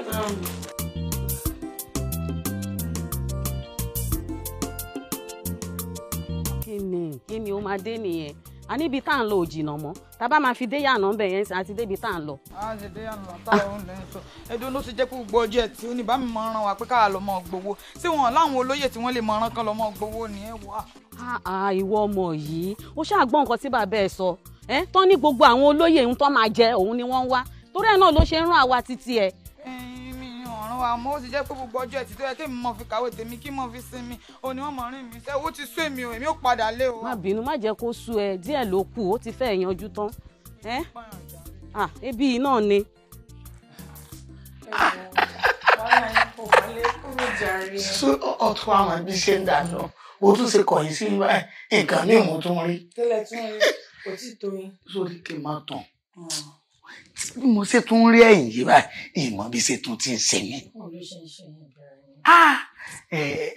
kí ni kí ni ó máa dé nìyẹn a níbi tá à ń lọ ò jìnnà mọ́ tá a bá máa fi dé yànnà ń bẹ̀ yẹn sí àti débi tá à ń lọ. a ṣe dé yànnà táwọn ò lè sọ ẹdun ló ti jẹ́ pé gbogbo ọjọ́ ẹtì oníbàámu máa ń ran wa pé káà lọ mọ gbowó sí wọn láwọn olóyè tí wọ́n lè mọ ọ̀ràn kan lọ mọ gbowó ni ẹ wà. ìwọ ọmọ yìí ó ṣáà gbọ́ nǹkan tí bàbá ẹ sọ ẹ tán ní gbogbo àwọn olóyè ń tán máa jẹ òun ni wọ́n ń wá torí ẹ náà ló ṣe ń rán àwa títí ẹ àmọ́ ó ti jẹ́ pé gbogbo ọjọ́ ẹtì tó yẹ kémi mọ̀ fi kàwé tèmi kí mọ̀ fi sinmi òní wọ́n mọ̀ rìn mí sẹ́ ó ti sú èmi o èmi ò padà lé o. má bínú má jẹ́ kó sú ẹ díẹ̀ ló kù ó ti fẹ́ yanjú tán ẹ́ ah ebi yìí náà ni. ọ̀tún àwọn ẹbí ṣe ń dáná o tún ṣe kọ̀yìn sí nǹkan ní ìmọ̀ tó ń rí. tẹ́lẹ̀ tún rí òtítọ́ yín. sórí kí n má tàn. Hmm bí mo ṣe tún rí ẹ̀yìn yìí báyìí ìmọ̀ bí ṣe tún ti ń ṣe mí.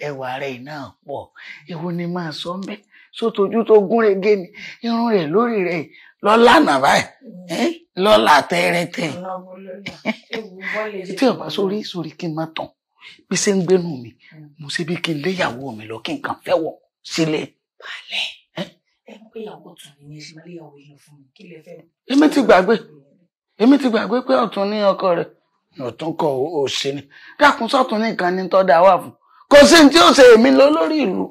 ẹwà rẹ̀ náà pọ̀ èwo ni máa sọ mẹ́ sótójú tó gún régé ni irun rẹ̀ lórí rẹ̀ lọ́la náà báyìí lọ́la tẹ́rẹ́tẹ́. tí ọba sórí sórí kí n má tàn bí ṣe ń gbénu mi hmm. mo ṣe bí kí n léyàwó mi lọ kí n kàn fẹ́ wọ̀ sílẹ̀. baálẹ̀ ẹ ń pè yàgò tún ní ìṣẹ̀lẹ̀ ìyàwó yìí fún mi kí lè fẹ́. èmi ti gbàgbé èmi ti gbàgbé pé ọ̀tún ní ọkọ rẹ̀ ọ̀tún kọ òṣè ni dákun sọ́tún ní nǹkan ní tọ́da wà fún kò sí ní tí ó ṣe èmi lọ lórí ìlú.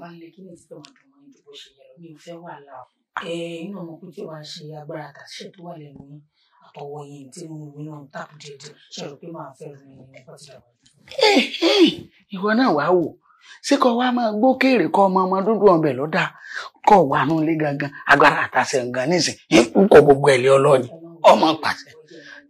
inú ọmọ kúkú wa ń ṣe agbára àtàṣe tó wà lẹ́nu yín àtọwọ́ ìwọ náà wàá wò ṣé kọ wá máa gbókèrè kọ ọmọ ọmọ dúdú ọbẹ lọdà kọ wà nù gangan agbára àtàṣe ǹgan nísìnyí ń gbogbo ẹ̀ lé ọlọ́ọ̀ni ọmọ pàṣẹ.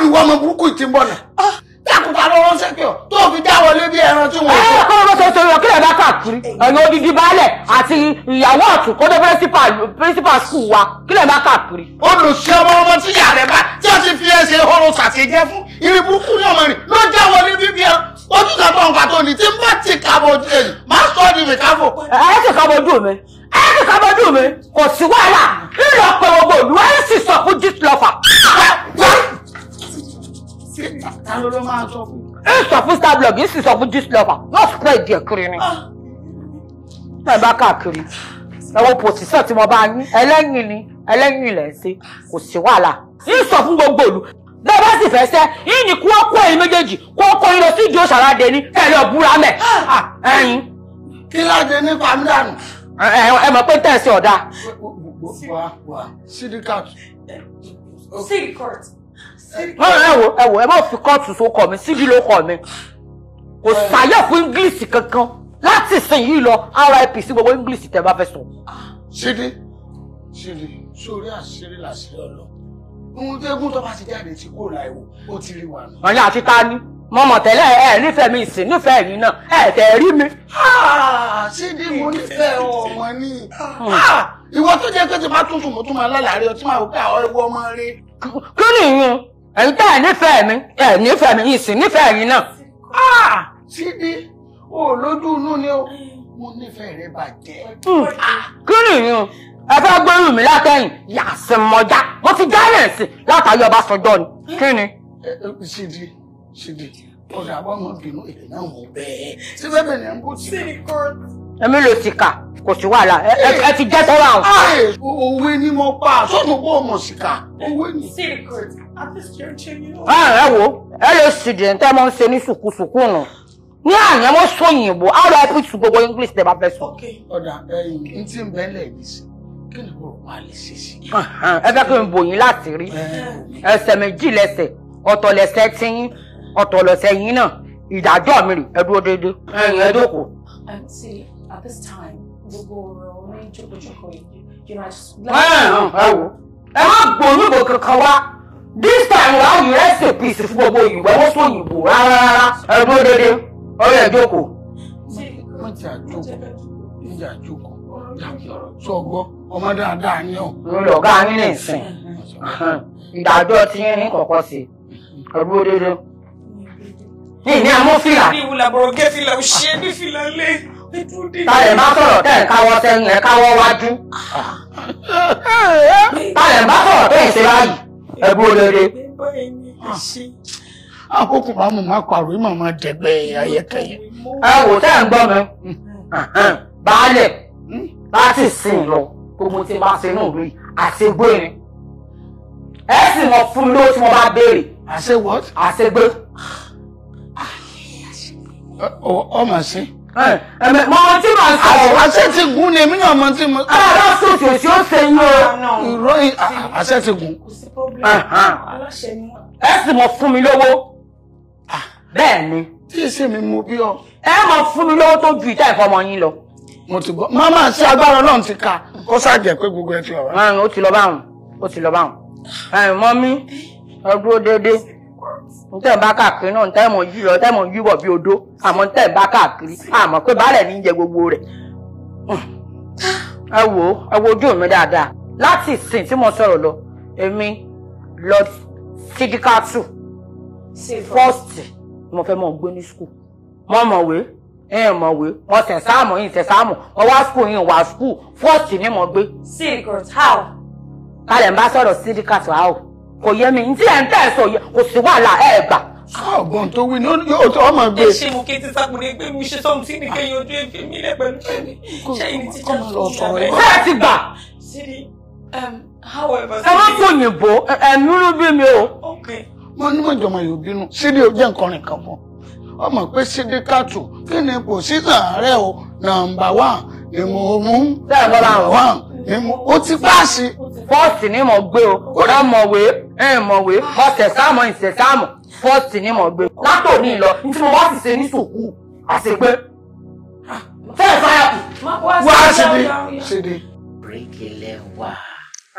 olùwọ ọmọ burúkú ti ń bọ̀ nà. dákùtà ló ránṣẹ́ pé ọ tó fi dá wọlé bí ẹran tí wọ́n. ẹ kọ́ ló sọ sọ kílẹ̀ bá káàkiri ẹ̀yin odidi baálẹ̀ àti ìyàwó ọ̀tún kó dé pírísípà skul wa kílẹ̀ bá káàkiri. olùsí ọmọ ọmọ tí ìyá rẹ̀ bá tí ó ti fi ẹsẹ̀ ọrùn sàṣejẹ́ fún ìrìn burúkú ní ọmọ rẹ̀ ló já wọlé bíbí ẹran ojú kan tó ń pàtó ni tí n bá ti kàbọ̀ ojú ẹ̀yìn máa sọ ọ́ ní mi káfò. ẹ eh, ẹ ti kàbọ̀ ojú mi ẹ ti kàbọ̀ ojú mi kò sí wàhálà ńlọ pé gbogbo olùwárí sì sọ fún jíṣ lọ́fà. àná ló máa sọ fún. ẹ sọ fún star blog yìí sì sọ fún gist lover yóò spread díẹ̀ kiri ni. náà ah. bá káàkiri ẹwọ pòsíṣàn tí mo bá yín ẹlẹ́yìn ni ẹlẹ́yìn ilẹ̀ ń ṣe kò sí wàhálà. yín sọ fún gbogbo òlu bó bá sì fẹ́ sẹ́ yín ni kó kó ẹ̀yin méjèèjì kó kó yín lọ sí ìdí òṣàládé ní kẹlẹ́ ọ̀búra mẹ́ ah. Ah, ẹ̀yin. kí láde ní pàmílànù. ẹ mọ̀ pé tẹ̀sí ọ̀dà. sídìkàt. sídìkàt ẹ wò ẹ wò ẹ má fi kóòtù so kọ mi síbi ló kọ mi kò sáyẹ̀ fún english kankan láti ìsìn yìí lọ rip sí gbogbo english tẹ bá fẹ́ sọ. ṣídì ṣídì sórí àṣírí làṣírí ọlọ ohun tẹ́gùn tó bá ti jáde ti kó ra ìwò ó ti rí wa nù. ọ̀yìn àti ta ni mo mọ̀ tẹ́lẹ̀ ẹ nífẹ̀ẹ́ mi ìsìn nífẹ̀ẹ́ yìí náà ẹ tẹ̀ rí mi. ṣídì mo nífẹ̀ẹ́ ọmọ ni hmm. ìwọ tó jẹ́ pé tí máa tún sùn mo tún máa lálàá rí ọtí máa wò pé àwọn ẹwọ ọmọ rí. kí ni ìyẹn ẹ̀yin tẹ́ ẹ̀ nífẹ̀ẹ́ mi ẹ̀ nífẹ̀ẹ́ mi ìsìn nífẹ̀ẹ́ yín náà. Ah, síbi o lójú inú ni o mo nífẹ̀ẹ́ rẹ bàjẹ́. Hmm. Ah. kí nìyí o ẹ fẹ́ gbóyún mi látẹ̀yìn yàsìn mọ́já mo ti jálẹ̀ sí látàrí Ọbásanjọ́ ni kí ni. síbi síbi ọ̀dà àbọ̀mọ̀bìnú èdè náà wò bẹ́ẹ̀ síbẹ̀ bẹ̀rẹ̀ ń bó ti èmi ló ti kà kò sí wàhálà ẹ ti jẹ́ tọ́ra ah, eh, o. òwe ni mo pa sọ́nù bọ́ọ̀mù síkà òwe ni. Ah, ẹ wo ẹ lè ṣùdìrín tẹ́ mọ́ ń ṣe ní sùkúsùkú nù ní àná wọn sọ òyìnbó àwọn ẹbí tún gbogbo english tẹ́ bá fẹ́ sọ. ọ̀dà ẹyin tí ń bẹ́lẹ̀ yìí sí kí ni mo wà lè ṣe sí. ẹ fẹ́ kí n bò yín láti rí ẹsẹ̀ méjì lẹ́sẹ̀ ọ̀tọ̀ lẹ́sẹ̀ tí yín ọ̀tọ̀ lẹ́sẹ̀ yín náà ìdájọ́ mi rè ẹ dúró déédéé ẹ̀yin ẹ jókòó. àǹtí um, at this time gbogbo ọ̀rọ̀ orí jókòó jókòó yìí you know i just. ẹ wo ẹ má gbòòrò ìbò kankan wá. this time round you rest in peace gbogbo ìwé wọ́n rárá rárá ẹgbẹ́ òdòdó ọ̀rẹ́ ìjókòó. wọ́n ti àjókòó níjà àjókòó sọ gbọ́ ọmọ dáadáa ti yín ní kọ̀kọ́ sí ẹgbẹ́ òdòdó. ni ìní amófìlà. ní ìwúlà se ẹbú rere àkókò bá máa pàrọ̀ ìmọ̀ máa dẹ̀gbẹ́ ayẹkẹyẹ. ẹ wò tẹ́ ń gbọ́ mi baálẹ̀ láti hmm? sìn lọ gbogbo tí bá ṣe náà lóyún àṣegbé ni ẹ sì mọ fún mi lówó tí mo bá béèrè. what. àṣegbé. ọ ọ mà ṣe mọ̀mọ́ tí mà á sọ. àṣẹ ti gún ni èmi náà mọ̀ tí mo. ara sòtì òsì ó ṣe yín o. ìró ah, àṣẹ ah, ti gún. ẹ sì mọ̀ fún mi lówó. Ah, bẹ́ẹ̀ ni. tí èsì mi mú bí ọ. ẹ mọ̀ fún mi lówó tó ju ìta ìfọmọ yín lọ. mo ti gbọ́ màmá sí agbára náà ti ka kó ṣàjẹ́ pé gbogbo ẹ ti lọ bá. ó ti lọ báwọn ó ti lọ báwọn. mọ́mí ẹ dúró déédéé ntẹ́ ń bá káàkiri náà ntẹ́ mọ̀ yí lọ ntẹ́ mọ̀ yí bọ̀ bí odó àmọ́ ntẹ́ ń bá káàkiri àmọ́ pé baálẹ̀ ní jẹ gbogbo rẹ̀ ẹ wo ẹ wo ojú mi dáadáa láti ìsìn tí mo sọ̀rọ̀ lọ èmi lord sidikatu first mo fẹ́ mọ̀ gbé ní school mo mọ̀ wé ẹ mọ̀ wé wọ́n sẹ̀ sáàmù yìí sẹ̀ sáàmù wọ́n wá school yìí wá school first ni mo gbé. sidikatu how. kálẹ̀ ń bá sọ̀rọ̀ sidikatu how kò yẹ mi tí ẹ ń tẹ̀ sọ yẹ kò sí wàhálà ẹ gbà. ọgbọ́n tó wí yóò tó ọmọ gbé. ẹ ṣe mo kí ti sápòlẹ̀ pé mi ṣe sọ́hun tí nìkan yóò dún èfè mi lẹ́ pẹ̀lú pẹ̀lú ṣẹ́yìn tí jẹ́ fún mi. ṣé ti gbà. Um, ẹ má kò yìnbó ẹ̀mí ló bí mi o. mo ní mọ̀jọ̀ mọ̀ yóò bínú sídìí ó jẹ́ nǹkan rìn kan fún ọmọ pé sídìí kàtó kí ni kò sí o ti fáàsì. fọ́ọ̀sì ni mo gbé o ọ̀rọ̀ mọ̀wé ẹ̀ mọ̀wé ọ̀sẹ̀sámọ̀ ìṣẹ̀sámọ̀ fọ́ọ̀sì ni mo gbé. látòní lọ tí mo bá sì ṣe ní sùkúù àṣepé fẹ́ẹ̀ fáyà kù wá ṣèdè ṣèdè. bíríkìlẹ̀ wà.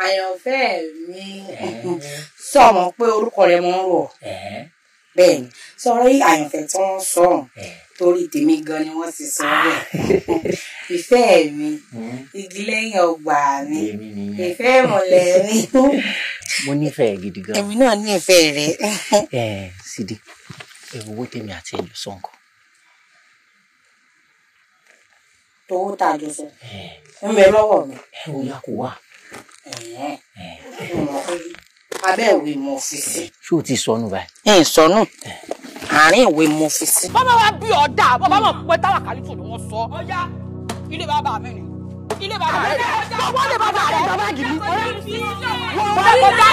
àyànfẹ́ mi sọ̀mọ́ pé orúkọ rẹ̀ mọ́ ń rọ̀ bẹ́ẹ̀ ni sọ̀rọ̀ yìí àyànfẹ́ tí wọ́n sọ̀rọ̀ torí tèmi gan ni wọ́n ti sọ bẹ́ẹ̀ ah. ìfẹ́ mi hmm. igi lẹ́yìn ọgbà mi ìfẹ́ ìmọ́lẹ̀ mi. mo nífẹ̀ẹ́ gidi gan. èmi náà ní ìfẹ́ rẹ. ẹ ẹ Sidi owó tèmi àti ẹjọ sọ nǹkan. towó tá a jọ sọ eh. ń bẹ lọ́wọ́ mi. ẹ ò yà kó wà. ẹ ẹ ẹ ẹ abẹ́ ìwé mo fi sí. ṣé o ti sọnù báyìí. ẹ ẹ sọnù àárín ìwé mo fi sí. bàbá wa bí ọ̀dà bàbá mọ̀ pé táwa kàlífò ni wọ́n sọ. ọ̀ya ilé bàbá mi ni ilé bàbá rẹ wọ́n lè bàbá rẹ bàbá gidi wọ́n lè kọjá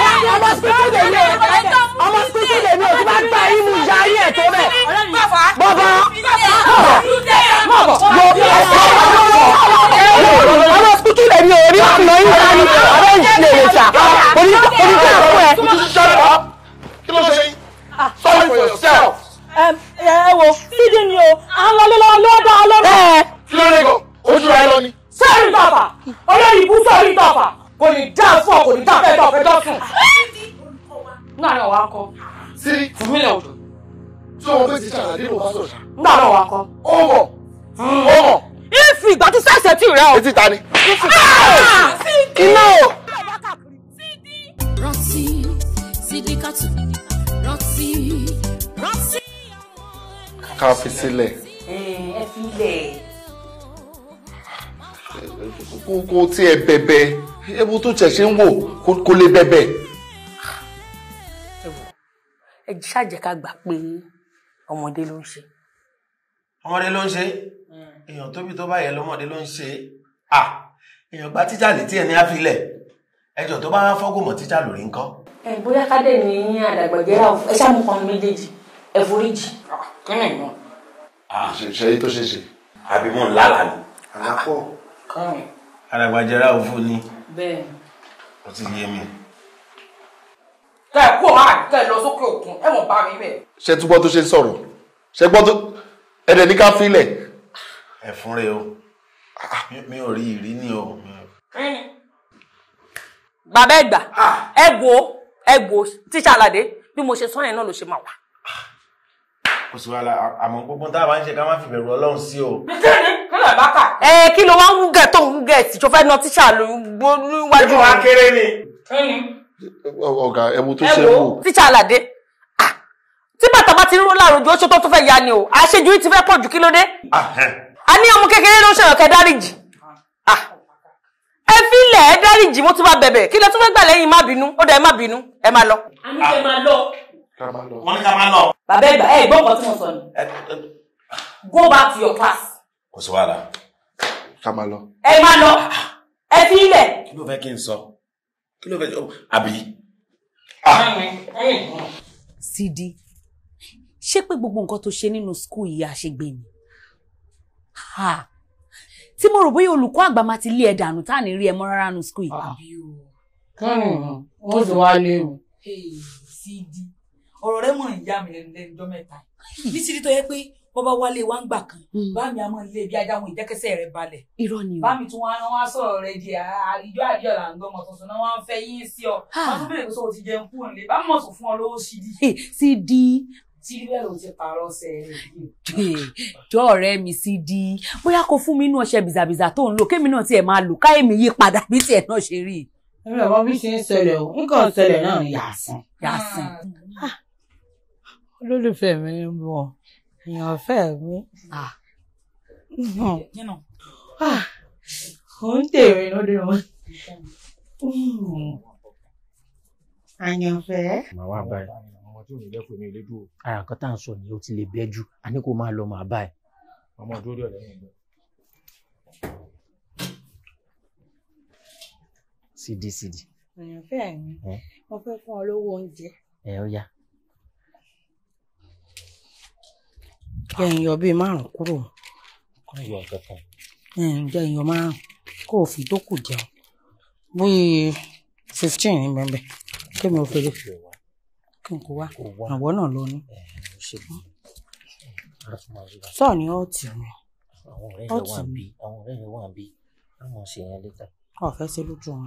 ọmọ sùkúrú lè ẹ. sorry for yourself. ẹ ẹ wo fídíò ni o à ń lọ lọ́wọ́ lọ́wọ́ dá ọ lọ́wọ́. ojú ẹ lọ ni sẹ́rìn tọ̀fà olórí ibú sọ̀rí tọ̀fà kò ní dá fún ọ kò ní dá fẹ́ tọ̀fẹ́ dọ́sùn. náà ni ọ̀wá kọ́. sírí fúnmílẹ̀ odò. tí wọn bẹ ti ṣàlàyé ló bá sọ̀rọ̀. náà ni ọ̀wá kọ́. ó mọ̀ hmm. ó mọ̀. ìfì ìgbà tí sẹ́sẹ̀ tì rẹ o. etí ta ni. iná ah! o. rántí sídìkàtù rántí rántí. ká fi sílẹ̀. ẹ ẹ fi lẹ̀ kò tiẹ̀ bẹ̀bẹ̀ ewu tó ṣẹ̀ṣẹ̀ ń wò kò lè bẹ̀bẹ̀. ẹ wò ẹ ṣàjẹ́ ká gbà pé ọmọdé ló ń ṣe. ọmọdé ló ń ṣe hmm. èèyàn tóbi tó báyẹn lọmọdé ló ń ṣe à èèyàn gba tíjà létí ẹ ní àfilẹ ẹjọ tó bá fọgùn mọ tíjà lórí nǹkan. ẹ bóyá kádé ní àdàgbàjẹ ẹ ṣàmù kan méjèèjì ẹ foríjì. kí ni ìwọ. àṣẹ tó ṣe ṣe àbí mò ń lálàá ni. àlàpọ̀ kọ́rin àràgbàjẹrà òfò ni. bẹ́ẹ̀. ó ti yé mi. kẹ ẹ kó máa kẹ ẹ lọ sókè òkun ẹ mọ bá mi bẹ. ṣé túbọ̀ tó ṣe ń sọ̀rọ̀ ṣé gbọ́ tó ẹ̀dẹ̀ ní ká filẹ̀. ẹ fún rẹ o mi ò rí ìrí ni o. bàbá ẹ gbà ah! ẹ wo ẹ wo tíṣà àlàdé bí mo ṣe sọ yẹn náà ló ṣe máa wà. kò sí wàhálà àmọ́ gbogbo tá a bá ń ṣe ká má fi bẹ̀rù Ọlọ́run sí o. bẹ́ẹ̀ ni làbákà. ẹ kí ló wá ń wúgẹ tó ń wúgẹ tí tó fẹ́ na tíṣà ló gbó níwájú. ṣé wọn kéré ni. ọ̀gá ẹmu tó ṣe wù. tíṣà àlàdé tí bàtà bá ti ń ró láàrúdú oṣù tó tún fẹ́ ya ni o àṣejù ti fẹ́ pọ̀ jù kí ló dé. Ah, a ní ọmọ kékeré ló ń ṣèrànkẹ dáríjì ẹ fi ilẹ̀ ẹ dáríjì mo tún bá bẹ̀bẹ̀ kí lẹ tún fẹ́ gbà lẹ́yìn má bínú ó dà ẹ má bínú ẹ má lọ. a ní kẹ́ máa lọ wọ́n ní ká máa lọ. bàbá ẹ gbọ́ ọkọ tí mo sọ ni. go back to your class kò sí wàhálà. ká máa lọ. ẹ máa lọ ẹ fi ilẹ̀. kí ló fẹ́ kí n sọ kí ló fẹ́ àbí. Ah. Sidi ṣé pé gbogbo nǹkan tó ṣe nínú skul yìí àṣegbè ni tí mo rò bóyá olùkọ́ àgbà máa ti lé ẹ dànù tá à ní rí ẹ mọ́ rárá nu skul yìí. kánì wọn sì wá léwu. Sidi ọ̀rọ̀ rẹ mọ̀ ń mi lẹ́nu lẹ́nu jọ́ ní Sidi tó yẹ pé bọ́bá wálé wá ń gbà kan hmm. bá àmọ́ ilé ibi ajá wọn ìjẹ́kẹsẹ̀ rẹ̀ balẹ̀. irọ́ ni o wá sọ̀rọ̀ rẹ di àjọ ah, àjọ ń gbọ́ tuntun náà wá fẹ́ yín sí ọ ah. wọ́n tún bèrè pé sọ ti jẹun kúrò nílé bá mọ̀ sọ fún ọ lówó sídi. sídi tí bẹ́ẹ̀ ló ti pààrọ̀ ṣe é. jọ ọ̀rẹ́ mi sí di bóyá kó fún mi inú ọṣẹ bìzàbìzà tó ń lò kémi náà tiẹ̀ máa lò káyémi yí padà bí tiẹ̀ náà ṣe rí. Ah, olólùfẹ́ mi ń bọ̀ èèyàn fẹ́ mi ò ń tèrè lóde wọn. Hmm. àyànfẹ́. màá wá báyìí ọmọ tí ò ní lẹ́kùn ní ilé o ara nǹkan tá à ń sọ nìyẹn ó ti lè bẹ́ jù a ní kó máa lọ màá báyìí. ọmọ dúró rẹ lẹ́yìn ìgbà. sídìsídì. àyànfẹ́ mi mo fẹ́ fún ọ lówó oúnjẹ. ẹ ó yá. jẹ́ ń yọ bíi márùn-ún kúrò. kọ́ ìyọ̀ kankan. jẹ́ ń yọ márùn-ún kó o fi dókù jẹun bóyá fifteen ní bẹ́ẹ̀ kémi ò fèrè kí n kó wá àwọ̀ náà ló ní. sọ́ọ̀ ni ọ̀tì mi ọ̀tì mi àwọn ọ̀rẹ́ mi wà ń bí àwọn ṣe yẹn létà. ọ̀fẹ́ ṣe lójú wọn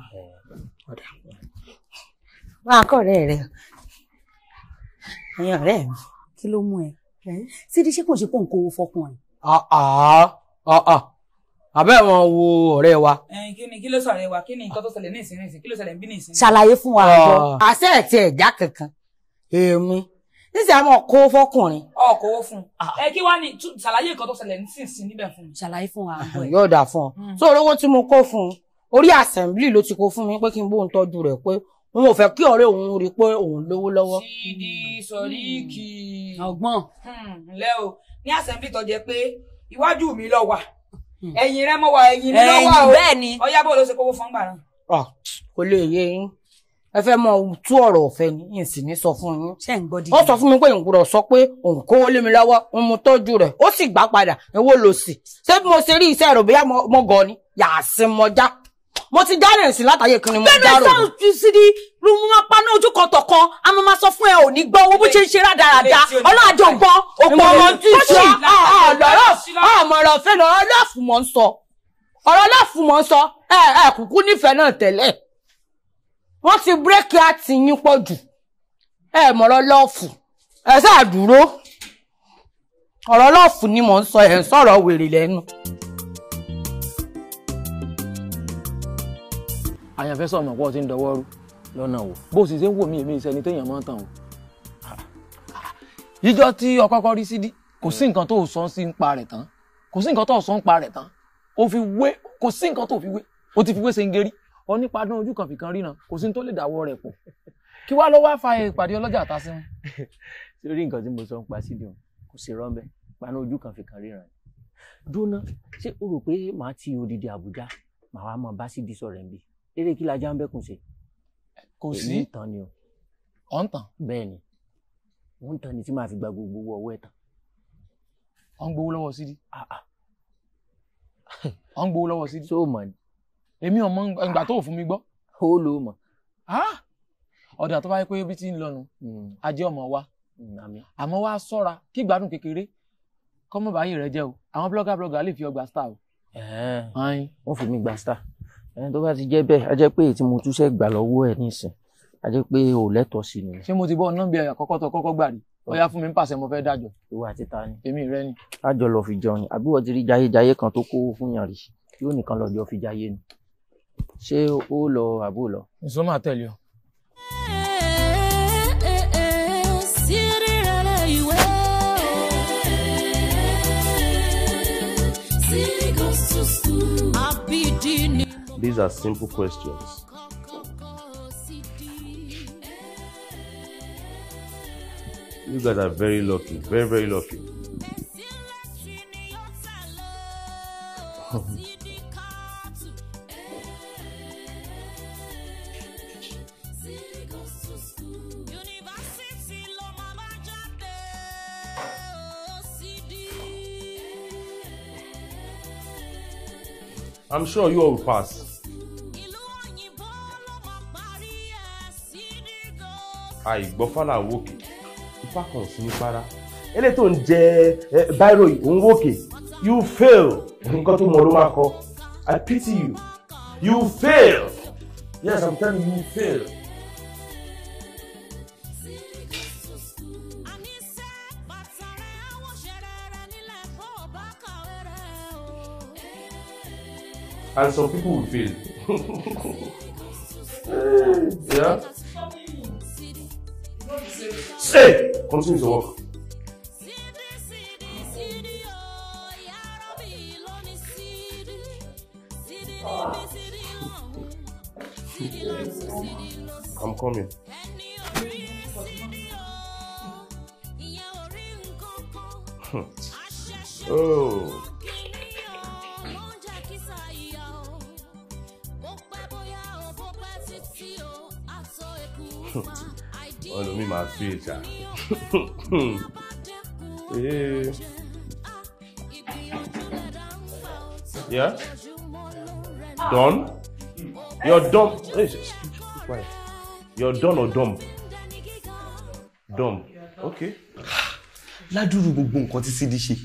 ọ̀dà wá akọ̀rẹ́ rẹ̀ ẹ̀yin ọ̀rẹ́ mi kí ló mú ẹ sídi ṣé kò ṣe pọ̀ ń kówó fọkùnrin. àbẹ́ wọn wo ọ̀rẹ́ wa. kí ni kí ló sọ ọ̀rẹ́ wa kí ni nǹkan tó ṣẹlẹ̀ ní ìsinmi ìsìn kí ló ṣẹlẹ̀ ń bí ní ìsinmi. ṣàlàyé fún wa àjọ àṣẹ ah. ẹ̀tì ẹ̀já kankan èmi níṣẹ́ àwọn kówó fọkùnrin. ọ kówó fún ah. ẹ kí wàá ní ṣàlàyé nǹkan tó ṣẹlẹ̀ nísinsìnyí níbẹ̀ fún mi. ṣàlàyé fún wa àjọ ẹ. yóò dà fún ọ. Hmm. sọ olówó tí mo kó fún un orí assembly ló ti kó fún mi pé kí n bóun tọ́jú rẹ̀ pé n ò fẹ́ kí ọ̀rẹ́ òun rí pé òun lówó lọ́wọ́. ṣídì sọríkì. Hmm, ọgbọ́n. Hmm, ǹlẹ́ o ní assembly tó jẹ́ pé iwájú mi ló wà hmm. ẹ̀yìn rẹ mọ́ wà ẹ̀yìn mi ló wà o ẹ̀yìn bẹ́ẹ̀ ni. ọyá bó ló ṣe kówó fún gbàrán. kò lè yé yín ẹ fẹ́ mọ tú ọ̀rọ̀ ọ̀fẹ́ ni yín sì ní sọ fún yín. ṣé ń gbọ́dí. ó sọ fún mi pé ìgbúrọ̀ sọ pé òun kówó lé mi lọ́wọ́ òun mo tọ́jú rẹ̀ ó sì gbà padà ẹ wó lọ sí. ṣé mo ṣe rí iṣẹ́ rẹ̀ bóyá mo gọ̀ ni yàá sí mọ́já mo ti dárẹ̀ sí látàyè kí ni mo dárò. bẹ́ẹ̀ni sáà ju sí ni ló ojú kan tọ̀kan a máa ma sọ fún ẹ ò ní gbọ́ owó bó ṣe ń ṣe rádaràda ọlọ́run àjọ gbọ́ òpó ọmọ tí ì sọ ọ̀lọ́rọ̀ ọ̀mọ̀rọ̀ fẹ́ lọ ọ̀rọ̀ láàfù mọ́ ń sọ ọ̀rọ̀ láàfù mọ́ ń sọ ẹ ẹ kúkú nífẹ̀ẹ́ náà tẹ́lẹ̀ wọ́n ti bírèkì àti yín pọ̀ jù ẹ mọ̀rọ̀ lọ́ọ̀fù ẹ sáà dúró ọ̀rọ̀ lọ́ọ̀fù ni mò ń sọ ẹ̀ ń sọ̀rọ̀ wèrè lẹ́nu. àyànfẹ́ sọ̀mọ̀ pọ̀ ti ń dọwọ́ rú lọ́nà wò bó sì ṣe ń wò mí èmi ìṣẹ́ni téèyàn máa ń tàn o. yíjọ́ tí ọkọ kọ́ rí sídí kò sí nǹkan tó sọ sí ń pa rẹ̀ tán kò sí nǹkan tó sọ ń pa rẹ̀ tán ó fi wé kò sí nǹkan tó fi wé ó ti fi wé ṣèǹgẹ̀rì ó nípa dán ojú kan fìkan ríran kò sí ní tó lè dáwọ́ rẹ̀ pọ̀ kí wá ló wá fa ìpàdé ọlọ́jà àtàsí wọn. lórí nǹkan tí mo sọ ń pa sídìí o kò sí rọ́ńbẹ́ paná ojú kan fìkan ríran dúró ná ṣé o rò pé màá ti odidi Àbújá màá wá mọ bá sídìí sọ̀rọ̀ ẹ̀ bíi eré kí la já ń bẹ́kùn ṣe kò sí ìtàn ni o. ọ̀ ń tàn. bẹ́ẹ̀ ni wọ́n ń tàn ni tí màá fi gba gbogbo ọwọ́ ẹ̀ tán. ọ̀ ń gbowó lọ́wọ́ Sidi. ọ̀ ah, ah. ń gbowó lọ́wọ́ Sidi. tó o mọ̀ ni. èmi ò mọ ìgbà tó fún mi gbọ́. ó lò ó mọ̀. Ah! ọ̀dà tó bá yẹ pé bí ti ń lọ́nu hmm. ajé ọmọ wa hmm, àmọ́ wá sọ́ra kí gbádùn kékeré kọ́mọ̀báyé rẹ jẹ́ o àwọn blogger blogger lè fi ọgbà star o. wọ́n fi mi gba star ẹni tó bá ti jẹ́ bẹ́ẹ̀ a jẹ́ pé èyí tí mo túṣẹ́ gbà lọ́wọ́ ẹ̀ nísìn a jẹ́ pé ò lẹ́tọ̀ọ́ sí ni. ṣé mo ti bọ́ nọ́ọ̀bì àkọ́kọ́ tó kọ́kọ́ gbà rí bóyá fún mi ń pàṣẹ mo fẹ́ dájọ́. ìwà àti ta ni. èmi rẹ ni. a jọ lọ fi jọyìn àbí wọ́n ti rí jayéjayé kan tó kówó fún yàn rí yóò nìkan lọ jọ fi jayé ni ṣé ó lọ àbó lọ. ǹsọ́ máa tẹ̀lé ọ. Abidini. These are simple questions. You guys are very lucky, very, very lucky. I'm sure you all will pass. àìgbọ́fàlà ń wòkè ifá kan sí ní para eléyìí tó ń jẹ báírò ń wòkè you fail nǹkan tó mọ ló máa kọ i pity you you fail yes i'm telling you you fail. and some people will fail. yeah. Hey, continue to ah. work. I'm coming. Hmm. oh. wọn lomi máa fi ìjà eh. yeah done you're dumb hey, quiet you're done or dumb dumb okay. ládùúrú gbogbo nǹkan tí Sidi ṣe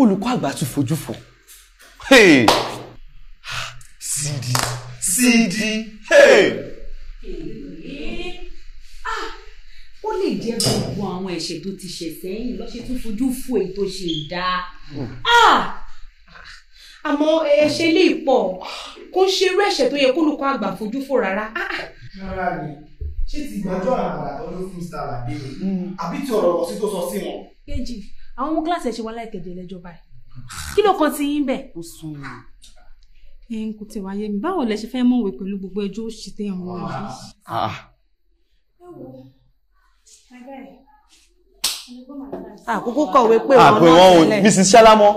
olùkọ́ àgbà tún fojú fò. CD, CD. Hey! jẹ́ gbogbo àwọn ẹ̀ṣẹ̀ tó ti ṣẹ̀ sẹ́yìn lọ́sẹ̀ tún fojú fò èyí tó ṣe dá hmm. ah! àmọ́ ẹ̀ṣẹ̀ lè pọ̀ kó ń ṣerú ẹ̀ṣẹ̀ tó yẹ kó lùkọ́ àgbà fojú fò rárá. Ah! rárá ni ṣé ti gbàjọ́ àgbà tó ló fún mr alábí ni hmm. àbí ti ọ̀rọ̀ ọ̀sìn tó sọ sí wọn. kejì àwọn ọmọ kíláàsì ẹ̀ ṣe wá láìkẹ̀dẹ̀ lẹ́jọ́ báyìí kí ló kan ti yín bẹ̀. ó sùn wọn ẹn kò tẹ̀ wáyé mi báwo lẹ ṣe fẹ́ mọ̀wé pẹ̀lú gbogbo ẹjọ́ òṣì tẹ̀ ah! ẹ wo àkókò kọ̀wé pé wọ́n náà tẹ́lẹ̀ Mrs. Ṣálámọ́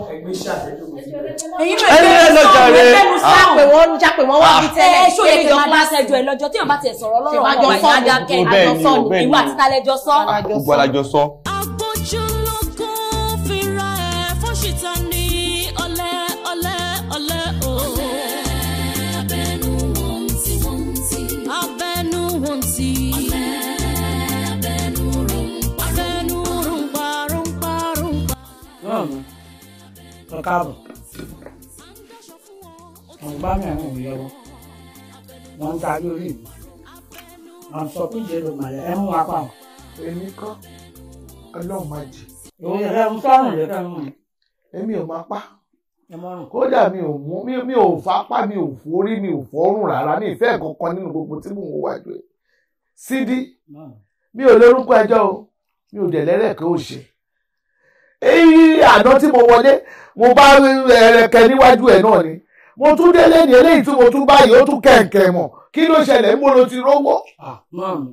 ẹ̀yin náà lọ́jọ́ rẹ̀ pé wọ́n ń já pé wọ́n wá bí tẹ́lẹ̀ ṣó yẹ kí wọ́n bá ṣẹjọ́ ẹ lọ́jọ́ tí wọ́n bá tiẹ̀ sọ̀rọ̀ lọ́rọ̀ ọ̀rọ̀ ìyá dákẹ́ àjọsọ́ ìwà àtìtàlẹ́jọ́ sọ́. gbogbo alájọsọ́. sọ káàbọ̀ wọn gbá mi àwọn òun lọ́wọ́ wọn ń ta lórí mi wọn sọ pé ìjẹ ló màlẹ ẹ mú wa pa wọn. èmi kọ́ ọlọ́run máa jì. òun yẹn lẹ́nu sọ́run rẹ̀ fẹ́ mú mi. èmi ò máa pa kódà mi ò mú mi ò fapá mi ò forí mi ò fọ́rùn rárá mi ìfẹ́ kankan nínú gbogbo tí mò ń wájú ẹ̀ sídìí mi ò lórúkọ ẹjọ́ o mi ò dẹ̀ lẹ́rẹ̀kẹ́ òṣè àná tí mo wọlé mo bá ẹrẹkẹ níwájú ẹ náà ni mo tún délé ní eléyìí tí mo tún báyìí ó tún kẹ̀kẹ́ mọ̀ kí ló ṣẹlẹ̀ ń bolo ti rówó. Ah, mọ́ọ̀mù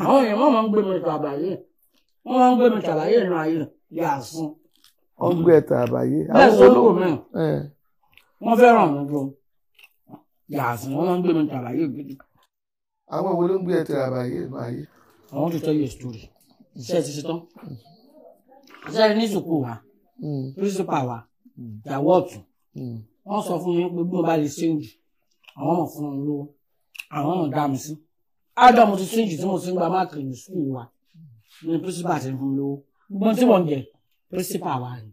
àwọn èèyàn wọ́n máa ń gbé mi tàbáyé wọ́n máa ń gbé mi tàbáyé ìran ayé yàásùn. wọ́n gbé tàbáyé. bẹ́ẹ̀ sọ́dọ̀ mi wọ́n fẹ́ràn mi jù yàásùn wọ́n máa ń gbé mi tàbáyé gidi. àwọn wo ló ń gbé tàbáyé ìran ayé. I want to tell you a story iṣẹ́ ti ṣe tán sẹ́yìn ní sùkúù wa mm. principal wa mm. ìyàwó ọ̀tún mm. wọ́n sọ fún mi pé bí mo bá lè ṣéǹjì àwọn ọmọ fún mi lówó àwọn ọmọ dá mi sí ádọ́ mo ti ṣéǹjì tí mo ti ń gba máàkì ní sùkúù wa ní principal ti fún mi lówó gbogbo tí wọ́n ń jẹ principal wa ni.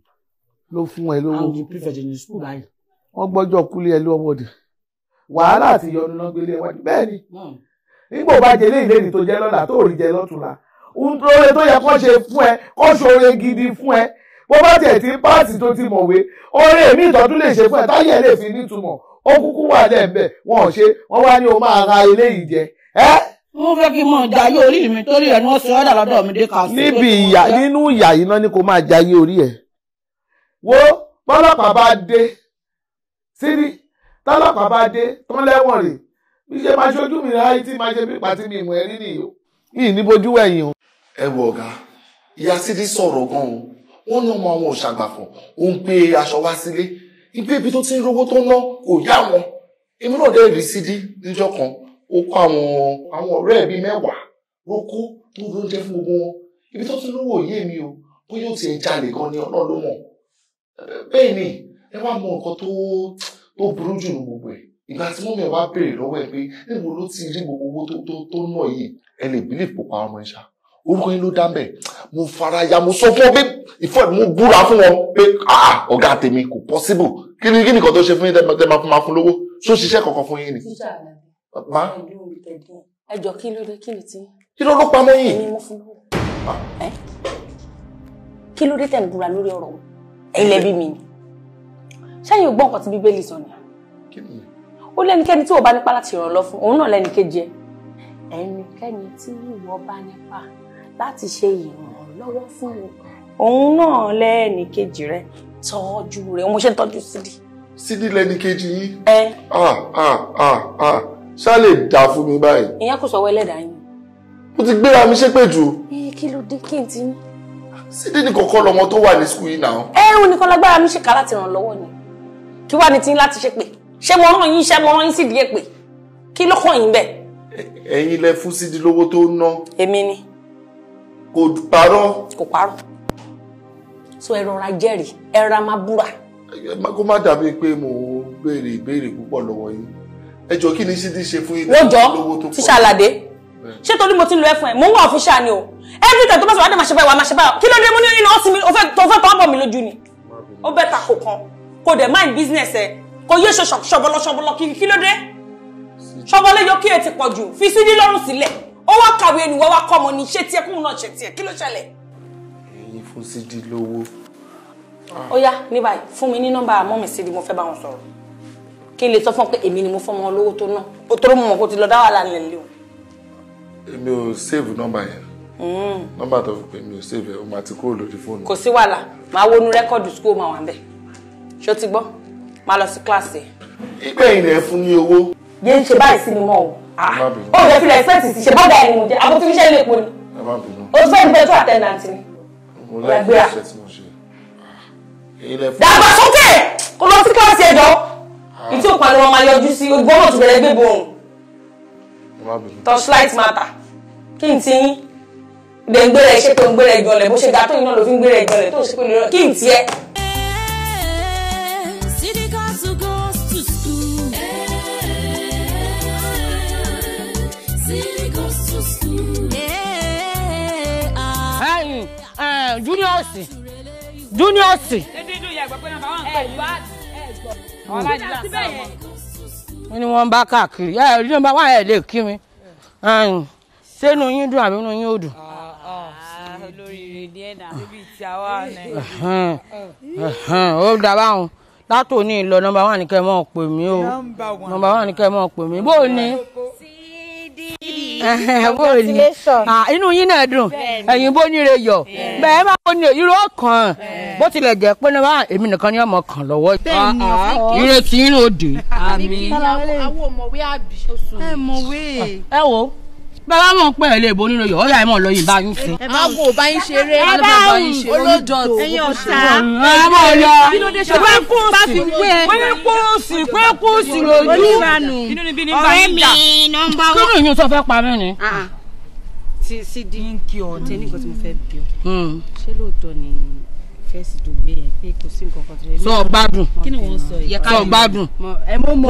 ló fún ẹ lówó àwọn prefect ní sùkúù báyìí. wọ́n gbọ́jọ́ kúlé ẹ lọ́wọ́dì wàhálà àtìyọnu náà gbélé wájú bẹ́ẹ̀ ni hmm. nígbà ò bá jẹ ilé ìlérí tó jẹ lọ́la tó rí jẹ lọ́tùnla ń lóore tó yẹ kó ṣe fún ẹ kó ṣoore gidi fún ẹ bó bá tiẹ̀ ti páàsì tó ti mọ̀wé oore mi ìtọ́jú lè ṣe fún ẹ táyẹ̀ lè fi nítumọ̀ ó kúkú wà lẹ́ẹ̀mbẹ̀ wọn ò ṣe wọn wá ní o máa ra eléyìí jẹ ẹ́ wọ́n fẹ́ kí n mọ̀ jayé orí mi torí ẹ̀ ni wọ́n sọ ọ́dà lọ́dọ̀ mi dé kàṣù. níbi ìyà nínú ìyà yìí náà ni kò máa jayé orí ẹ̀. wo tọ́lọ́pàá bá dé síbi tọ́lọ́pàá bá dé tán lẹ́wọ̀n rè bí ṣe máa ṣojú mi láyé tí máa ṣe bí pàtí mi ìmọ̀ ẹ̀rí nìyó yìí ní bójú ẹ̀yìn o ẹ wọ ọ̀gá ìyá sídí sọ̀rọ̀ gan-an wọ́n ní ọmọ àwọn òṣàgbàfọ̀ ó ń pe aṣọ wá sílé ibi ibi tó ti ń rówó tó ń ná kò yá wọn èmi náà dẹ́ rí sídí níjọ́ kan ó kó àwọn àwọn ọ̀rẹ́ ẹ̀bí mẹ́wàá ló kó tó ló ń jẹ́ fún gbogbo wọn ibi tó ti lówó yé mi o bóyá ó ti ẹ̀ jalè gan ni ọ̀nà ló mọ̀ bẹ́ẹ̀ ni ẹ wá mọ nǹkan tó tó burú jù nù gbogbo ẹ̀ ìgbà tí mọ́mí ẹ̀ wá béèrè lọ́wọ́ ẹ̀ pé níbo ló ti rí gbogbo owó tó ná yìí ẹ lè bílíìpù pa ọmọ ẹ̀ ṣáà orúkọ yín ló dá mbẹ mo fara ya mo sọ fún ọ pé ìfọ mo búra fún wọn pé ah ọgá tèmi kò pọsibù kí ni kí nìkan tó ṣe fún yín tẹ máa fún máa fún lówó tó ṣiṣẹ́ kankan fún yín ni. ma ẹ jọ kí ló dé kí ni tí. kí ló ló pa mẹ́yìn. ẹni mo fún lówó. kí ló dé tẹ̀ ń búra lórí ọ̀rọ̀ ẹ̀yin lẹ́bí mi ni ṣẹ́yìn ògbọ́n kan ti bíbélì sọ ni ó lẹ́nikẹ́ni tí wọ́n bá nípa láti ràn lọ fún òun náà lẹ́nikẹ́jẹ ẹnikẹ́ni tí ìwọ bá nípa láti ṣe ìrànlọ́wọ́ fún o òun náà lẹ́ẹ̀ni kejì rẹ tọ́jú rẹ mo ṣe ń tọ́jú sídi. sídi lẹ́ni kejì yín. ẹ. ah ah ah ah ṣá lè dà fún mi báyìí. ìyẹn kò sọ wọ ẹlẹ́dàá yín. mo ti gbéra mi ṣépè jù. ẹ kí ló dé kí n ti ní. sídi ni kọ̀ọ̀kan lọmọ tó wà ní skul yìí náà. ẹ òun nìkan lágbára mi ṣe kà láti ràn lọ́wọ́ ni kí wàá ní tí ń láti ṣépè ṣé mo rán yín ṣé mo rán yín sídìí èpè kí ló kàn yín bẹ́ẹ̀. ẹ̀yin lẹ fún sídi lówó tó ń ná. èmi ni kò parọ́. kò parọ́ so ẹ rọra jẹ́rìí ẹ rọra máa búra. kó má dàbí pé mo béèrè ìbéèrè púpọ̀ lọ́wọ́ yín ẹ jọ kí ni sídìí ṣe fún yín. wọ́n jọ tíṣà àlàdé ṣé torí mo ti lo ẹfun ẹ mò ń wà fún ṣáà ni o everything tó bá sọ wà á dé máa ṣe báyìí wà á máa báyìí kí ló dé mo ní inú ọ̀sìn mi ò fẹ́ tó fẹ́ tó ń bọ̀ mí lójú ni ó bẹ́ ta kò kan kò dẹ̀ mind business ẹ kò yé ṣe ṣọ̀bọ̀lọ̀ ṣọ̀bọ̀lọ̀ kí ló dé ṣọ̀bọ̀lọ̀ yọ kí ẹ ti pọ̀ jù fi sídìí lọ́rùn sílẹ̀ ó wá kàwé ẹnu wá wá kọ́ ọmọ ní ṣé tiẹ̀ kóun náà ṣe tiẹ̀ kí ló ṣẹlẹ̀. ẹyin fún Sídì lówó. ó yá ní báyìí fún mi ní nọ́mbà mọ́mì Sídì mo fẹ́ bá wọn sọ̀rọ̀ kí n lè sọ fún ọ pé èmi ni mo fọmọ olówó tó ná o tó mọ̀ kó ti lọ dá wàhálà nílẹ̀ lé o. èmi ò save nọ́mbà yẹn hmm. nọ́mbà tó fi pè mí ò save ẹ o máa ti kúrò lórí fóònù. kò sí wàhálà máa wọnú rẹ́kọ̀dù school máa wà ń bẹ̀ ṣó ti gbọ́ máa lọ sí Ah. ó lè fi respect sí ṣe bọ́dà ẹni mo jẹ àbótú iṣẹ́ ilé epo ni o fẹ́ ní pẹ̀tù attendant ni ọ̀làgbéra dàgbà sókè kó lọ sí kíláàsì ẹ̀dọ́ ah. ìtí òpàdé wọn máa yọjú sí ojú ọmọ tó bẹ̀rẹ̀ gbé bòun torchlight matter kí n ti yín ìdẹ̀ ń gbéra ẹ̀ ṣe tó ń gbéra ẹ̀ jọlẹ̀ bó ṣe ga tó yín náà ló fi ń gbéra ẹ̀ jọlẹ̀ tó ń ṣe pé kí n tiẹ̀. èèyàn júniọ̀sì júniọ̀sì. wọ́n ní wọ́n bá káàkiri ẹ rí nọ́mbà wọn lè kí mi sẹ́nu yín dùn àbí yín ò dùn. Ah, ah, ah, ó dábàá òun látòní ìlọ nọ́mbà wọn ni kẹ́ ẹ pè mí o nọ́mbà wọn ni kẹ́ ẹ pè mí bó o ní. Eh, eh, eh, ah, inú yín náà dùn ẹ̀yin bó ní re yọ bẹ́ẹ̀ máa bó ní irú ọkàn bó tilẹ̀ jẹ́ pé náà èmi nìkan ni ọmọ kan lọ́wọ́ ah, ah. ìrètí inú òde. àmín. ẹ mọ̀wé àbí. ẹ mọ̀wé. ẹ wo bàbá mọ̀ pé ẹ̀ lè bo nínú yọ̀ ọ́yà ẹ̀ mọ̀ lọ yìnbá yín fún. ẹ bá wò bá yín ṣeré ẹ bá wù olójọ ẹyin ọ̀tá ẹ mọ̀ lọ pé kú sí pé kú sí pé kú sí lójú ọ̀rẹ́ mi nọ́mbà wọn. kí ni ìyún sọ fẹ́ pa mí ni. sí ah, ah. di kí ọ tẹ nígbà tí mo fẹ́ bí ọ hmm. ṣé lóòótọ́ ni fẹ́ẹ̀sì tó gbé yẹn pé kò sí nǹkan kan tó lè. sọ gbádùn kí ni wọ́n sọ yìí. sọ gbádùn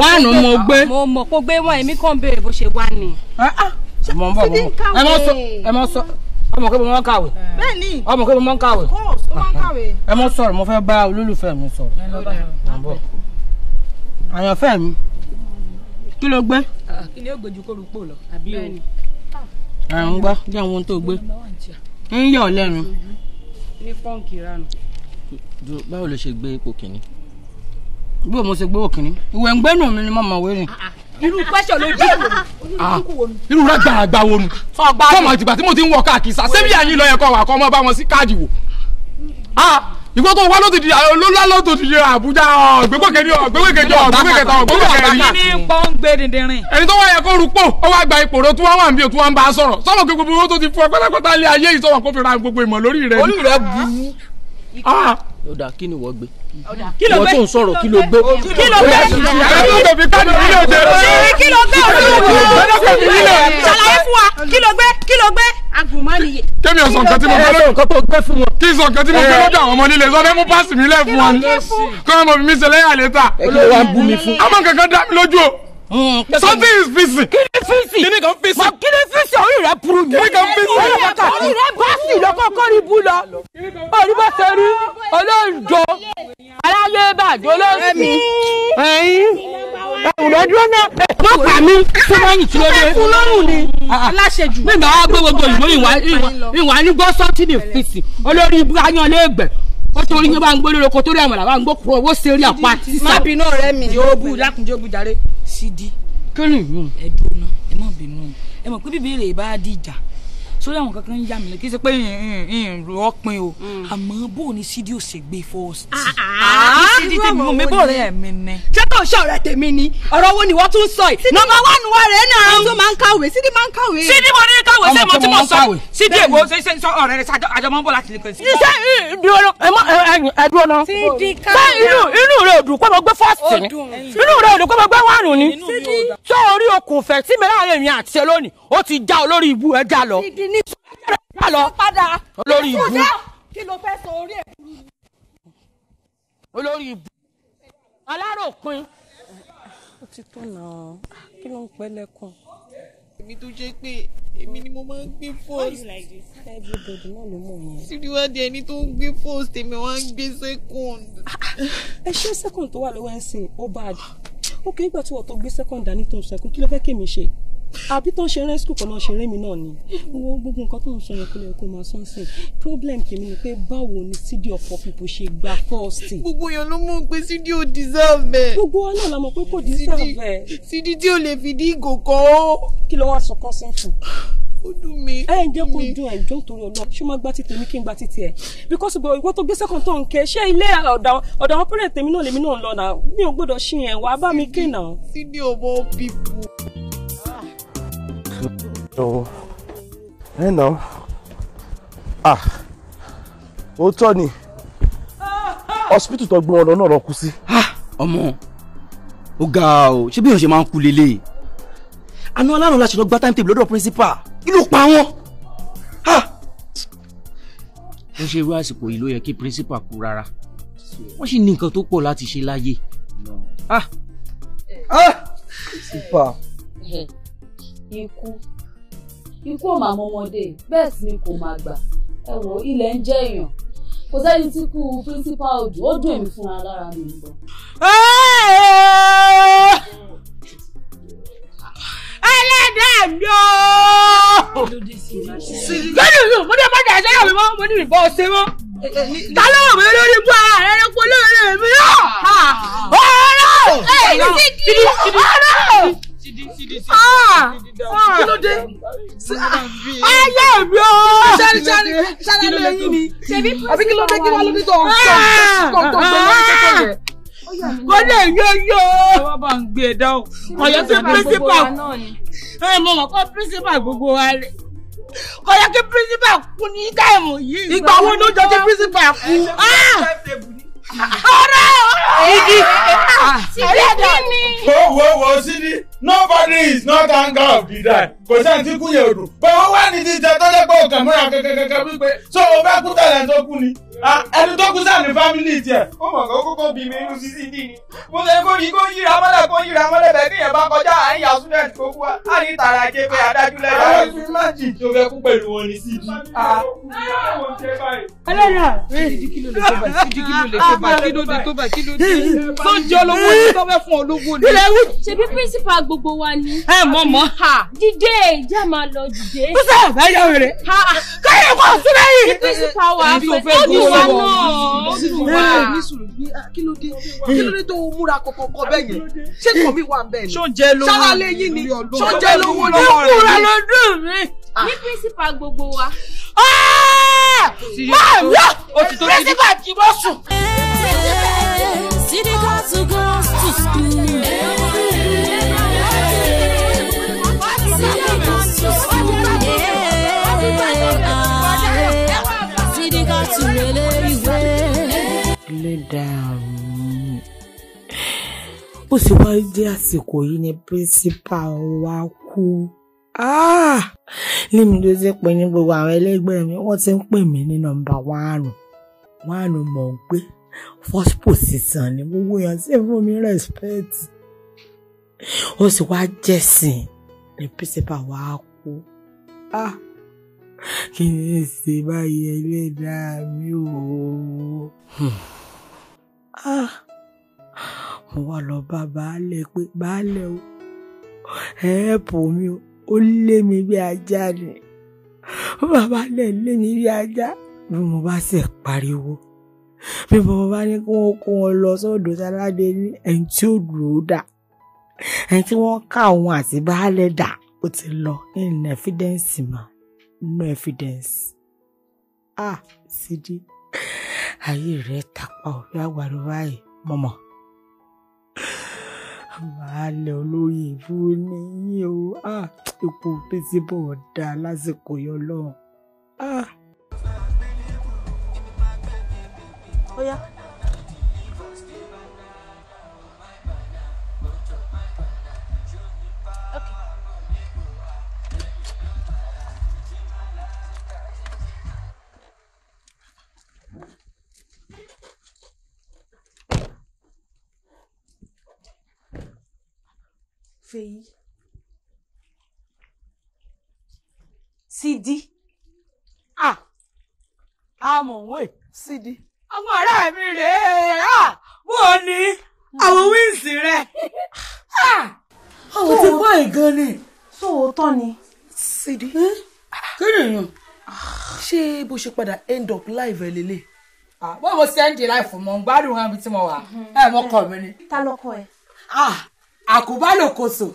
wánù mo gbé. mo mọ̀ pé gbé wọn èmi kàn ń béèrè bó ṣe wá ni. Ah, mọ̀ ń bọ̀ mọ̀ ẹ mọ̀ sọ ẹ mọ̀ sọ ọmọ kébù mọ̀ ń kàwé bẹ́ẹ̀ni ọmọ kébù mọ̀ ń kàwé ẹ mọ̀ sọ̀rọ̀ mo fẹ́ bá olólùfẹ́ mi sọ̀rọ̀ àyànfẹ́ mi kí ló gbé. kí ni yóò gbé ju kóru pò lọ. bẹ́ẹ̀ni. ẹ̀ ń gbá jẹ́ ohun tó gbé ń yọ̀ lẹ́nu. Mm-hmm. ní pọ́ǹkì ránu. báwo ló ṣe gbé ipò kìíní. bí o mo ṣe gbé ipò kìíní ìwé ń gbénu mi ni mo mọ̀ wé rìn irú pẹ́sọ̀ ló jẹ́ ah, wò ni. irú rẹ gbàgbà wo nu fọmọ ìtìgbà tí mo ti ń wọ káàkiri sa ṣebí àyín lọ yẹ kọ wà kọ ọmọ bá wọn sí káàdì wò. Ah, ìwọ tó wá ló ti di olólá ah, ló tó ti di Àbújá ọ̀gbẹ́gbẹ́kẹ́ ní ọ̀gbẹ́gbẹ́kẹ́ rí. kí ni pọ́ ń gbé dindinrin. ẹni tó wá yẹ kó rúpò ó wá gba ipò rẹ tí wọ́n wà bí o tí wọ́n bá a sọ̀rọ̀ sọ̀rọ̀ pé gbogbo owó tó ti fún ọ pátápátá ilé ayé ìsọ̀rọ̀ kó ó dà kí ni wọ́n gbé wọ́n tó ń sọ̀rọ̀ kí ló gbé. kí ló gbé ẹni tó fi káàdì nílé òde rẹ. ṣírí kí ló gbé òde rẹ ṣàlàyé fún wa kí ló gbé kí ló gbé. agùnmọ́nìyẹ. kémi ọ̀sán kan tí mo fẹ́ lọ́dọ̀ tó gbé fún wọn. kí ìsàn kan tí mo fẹ́ lọ́dọ̀ àwọn ọmọ nílé sọ fẹ́ mú páàsì mi lẹ̀ fún wọn. kọ́ ọmọ mi ṣẹlẹ̀ yà lẹ́ta. ẹ kí ló wá ń bú mi fún. àmọ́ kankan dá mi lójú o something is fisi. kini fisi kini kan fisi. mo kini fisi orí rẹ puru ni. kini kan fisi. orí rẹ kà orí rẹ bọ́ọ̀sì lọ́kọ̀ọ́kọ́ rí bú lọ. orí bá ṣe rí olóńjọ aláyé bàjẹ́ olóńjì. ẹyin ẹwùn lọ dúró náà. no. kà mí tí wọ́n yìn tí ló dé. ẹkùn lọ́rùn ni aláṣejù. Ah, ah. nígbà wàá gbé gbogbo ìlú ìwà ìwà ní gbọ́sọ́tì ní fisi olórí ibú ayọ̀lẹ́gbẹ̀ẹ́ ó torí yín bá ń gbó lórí torí àmàlà bá ń gbó kúrò owó ṣe rí àpá tí sá. má bínú ọ̀rẹ́ mi. yóò bú lákùnjẹ́ ògùjàre. sídi. kí ni ẹ dúró náà ẹ má bínú ẹ mọ̀ pé bíbélì bá dìjà sórí àwọn kankan yà mí lẹ kí n ṣe pé ìrọpin o mm. àmọ́ bó o ní sídìí ò ṣe gbé fọọsì. Ah, ah, ah, sídìí tèmi mo mi bò rẹ mi ni. ṣé ṣe ọ̀rẹ́ tèmi ni ọ̀rọ̀ wo ni wọ́n tún sọ yìí. nọ́mbà wà nù wa rẹ̀ náà. wọ́n tún máa ń kàwé sídìí máa ń kàwé. sídìí mo ní kàwé ṣé mo sọ sídìí èwo ṣe ṣe sọ ọ̀rẹ́ rẹ̀ ṣe àjọmọ́ bọ̀ láti lè kàn sí. iṣẹ́ ìdúró ó ti já olórí ìbú ẹ já lọ. ìdí ní sọ já lọ olórí ìbú. kí ló fẹ́ sọ orí ẹ̀ olórí ìbú aláròpin. ó ti tó náà kí ló ń pẹ́ lẹ́kùn. èmi tó jẹ́ pé èmi ni mo máa ń gbé fóòsì. everybody náà ló mọ̀ yẹn. síwájú ẹni tó ń gbé fóòsì tèmi wá ń gbé second. ẹ ṣé second tó wà lọ́wọ́ ẹ̀ sìn ó bá a dì ó kì í gbà tí wọ́n tó gbé second dání tó ń sẹ́kùn kí ló fẹ́ kí mi ṣe àbí tó ṣe rescue kan náà ṣe rémi náà ni wo gbogbo nǹkan tó ń sọ yẹn kó lè kó máa sọ sí problem kìíní ni pé báwo ni studio for people ṣe gba first. gbogbo èèyàn ló mọ̀ pé studio deserve ẹ̀. gbogbo wa náà la mọ̀ pé kò deserve ẹ̀. sídi tí o lè fi dí ìgò kan ó. kí ló wá sọ kọ́ sẹ́fù ó dùn mí. ẹ ǹjẹ́ kó dùn ẹ̀ jọ́ torí ọlọ́ ṣé máa gba títì mi kí n gba títì ẹ̀ because bọ̀ ìwọ tó gbé sẹ́kọ̀n tó ń kẹ́ ṣé ilé ọ̀dà àwọn tèmi náà lèmi náà ń lọ nà mi ò gbọ́dọ̀ ṣí o now, ah, oh Tony, hospital tó gbọ́n ọ̀nà náà lọ kú sí. ọmọ ó ga ọ ṣé bí èèyàn ṣe máa ń kú lélẹ̀ àná alárùn láti lọ time table lọ́dọ̀ principal kí look pa Ah, ó she irú àsìkò yìí ló yẹ kí principal kú she wọ́n to ní nǹkan tó pọ̀ láti Ah, ah, principal ikú ikú ò máa mọmọdé bẹ́ẹ̀ sì ni kò máa gbà ẹ wò ilẹ̀ ń jẹ́ èèyàn kò sẹ́ni tí kú principal odò ó dùn èmi fúnra lára mi nìkan. ẹlẹ́dàá mi ooo. lónìí mi ò mọ̀ ní ọmọ ìjà ìṣẹ́yà mi mọ́ mo ní ìbọn ọ̀sẹ̀ mọ́. ta ló wà mí lórí bú ààrẹ rẹ pọ̀ lórí mi náà. ọ̀rọ̀ ọ̀rọ̀ ọ̀rọ̀ kí ló dé ayé mi o sari sari sari lè yín ni àbí kí ló dé kí wàá lóde tó tó tó tó lórí kẹkẹ rẹ ó lè yọ yọ. ọwọ́ bá ń gbé e dáhùn ọ̀yọ́ sí pírísípà ẹ mọ̀ mọ̀ kọ́ pírísípà gbogbo wa rẹ̀ kò yẹ kí pírísípà kú ní táìmù yìí. ìgbà wo ló jọ kí pírísípà kú. ọ̀rẹ́ ọ̀rẹ́ ìdí ìdí ni. wo wo wo sí ni nobody is not anger of the die kò sẹ́ni tí kú yẹn odò bẹ́ẹ̀ wọ́n wá ní jíjẹ tọ́jọ́ pé òkè múra kẹ̀kẹ́kẹ́ wípé so o fẹ́ kú tẹ̀lé tó kú ni ẹni tó kú sáà ní fámìlì tiẹ̀. ó mọ̀ kó kókó bí mi inú sísí dì ní. mo sọ kó ní kó yíra mọ́lẹ̀ kó yíra mọ́lẹ̀ bẹ́ẹ̀ kéèyàn bá kọjá àárín yà súnẹ̀ tó kú wa á ní tààrà jẹ pé adájú lẹ́yìn. àwọn ẹni má jì tó fẹ́ kú pẹ̀lú wọn ní sídìí. ẹlẹ́yà sídìí kí ló lè tó bá sídìí kí ló lè tó bá kí ló lè tó bá kí ló lè tó bá. sọ́njọ́ lówó ni tó fẹ́ fún olówó ni. ṣèbí pírísìpà gbogbo wa ni. ẹ mọ mọ. dídé ìjà máa lọ dídé. bísí àbáyọ rẹ. káyọ̀ kọ́ sílẹ̀ yìí. bísí pàwọ́ àfẹ́ ọdún wa náà ọdún wa. Ah, kí ló dé kí ló dé tó múra kọ̀kọ̀kọ̀ bẹ́ẹ̀ yẹn ṣé kàn mí wà bẹ́ẹ̀ ni. ṣóúnjẹ lówó ṣára lẹ́yìn ni ṣóúnjẹ lówó lọ́wọ́ rẹ. ó kúra lọ́dún mi. ní pírísìpà gbogbo wa. máa yọ pírísìpà kì í bọ́ sùn. Eh, eh, eh, city girls to girls to school bó ṣe wá dé àsìkò yìí ni pírísípà wa kú ah! lími ló ti pè ní gbogbo àwọn ẹlẹgbẹ́ mi wọ́n ti ń pè mí ní nọ́mbà wánù wánù mọ̀ gbé first position ni gbogbo èèyàn sì fún mi respect ó sì wá jẹ̀sìn ni principal wa kú ah kí ni ṣe báyìí ẹlẹ́dàá mi ò ah mo wá lọ bá baálẹ̀ pé baálẹ̀ o ẹ̀ẹ́pù mi ó lé mi bí ajá ni bàbá lẹ̀ lé mi bí ajá bí mo bá sì pariwo bí mo bá ní kí wọ́n kó wọn lọ sọ́dọ̀ sáládé ní ẹni tí dà ẹni tí wọ́n ká òun àti baálẹ̀ dà ó ti lọ nínú evidence, mà No evidence. Ah, Sidi ayé rẹ̀ tàpá ọ̀rẹ́ àwàrò báyìí mọ̀mọ́ baálẹ̀ olóyè ìbúrú nìyí o Ah, ipò bísíbò ọ̀dà lásìkò yọ lọ́hùn a. Ah. ó yá. Oh, yeah. Fèyí. Sidi. Ah! Amọ̀wé Sidi. Ọmọ ọ̀rẹ́ mi rèé. Ah! Wo ni? Àwọn wíǹsì rẹ̀. Ah! Àwọn ti bá ìgan ni. Sóòótọ́ ni. Sidi. Kí ni èèyàn? Ṣé bó ṣe padà end up live ẹ̀ Ah, Bọ́ọ̀ mo ṣe end life mọ̀ ń gbádùn wọn bí tí mo wà. Mhm. Ẹ mọ̀ kọ̀ mi ni. Ta lọkọ ẹ? Ah! àkóbá lòkòso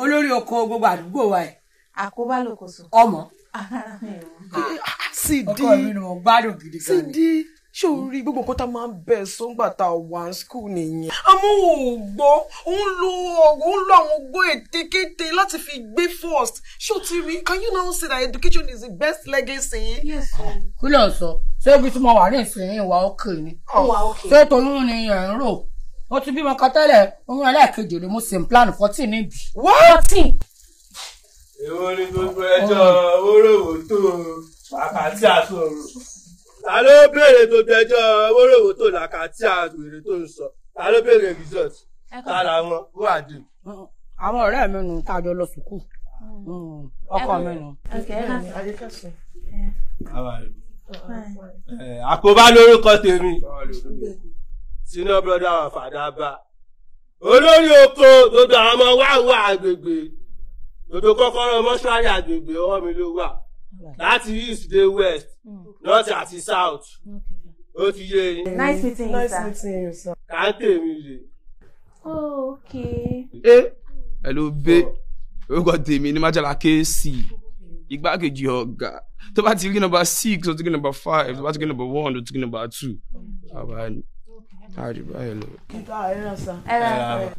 olórí oko gbogbo àdúgbò wa ẹ. àkóbá lòkòso. ọmọ. sì ah, di ọkọ mi gidi gan ni. sì di ṣé o rí gbogbo nǹkan tá a máa ń bẹ̀ sọ́ngbà tá a wà ní skul nìyẹn. àmọ́ ò gbọ́ òun lo òun lo àwọn ogbó ètekéte láti fi gbé first ṣé o ti rí can you now say that education is the best legacy. yes o. kí ló ń sọ ṣé ibi tí mo wà ní ìsinyìí wà ókè ni ṣé tolú ni ẹ̀ ń rò ó tún bímọ kan tẹ́lẹ̀ oyún ẹlẹ́ẹ̀kejì ló mú simplan fourteen níbi. fourteen. èwo ni gbogbo ẹjọ́ wórówó tó wákàtí àtòrò ta ló béèrè gbogbo ẹjọ́ wórówó tó làkàtí àgbèrè tó ń sọ ta ló béèrè result ta làwọn wà dé. àwọn ọ̀rẹ́ mi nù tá a jọ lọ sùkúù mm. Mm. ọkọ mi nù. Eh, àkóbá lórúkọ tèmi senior brother wa fàdábà olórí oko gbogbo àwọn ọmọ wa wà gbogbo kọ́kọ́rọ́ mọ́ṣúárì àgbègbè ọwọ́ mi ló wà láti east dé west hmm. north àti south ó ti yé yín. nice meeting you sir. nice meeting you sir. kàńté mi rè. ok. ẹ ẹ ló bẹ orúkọ tèmi ní májàlá kéésì igbákejì ọ̀gá tó bá ti rí nọ́mbà six tó ti rí nọ́mbà five tó bá ti rí nọ́mbà one tó ti rí nọ́mbà two àdìbò ẹ lò.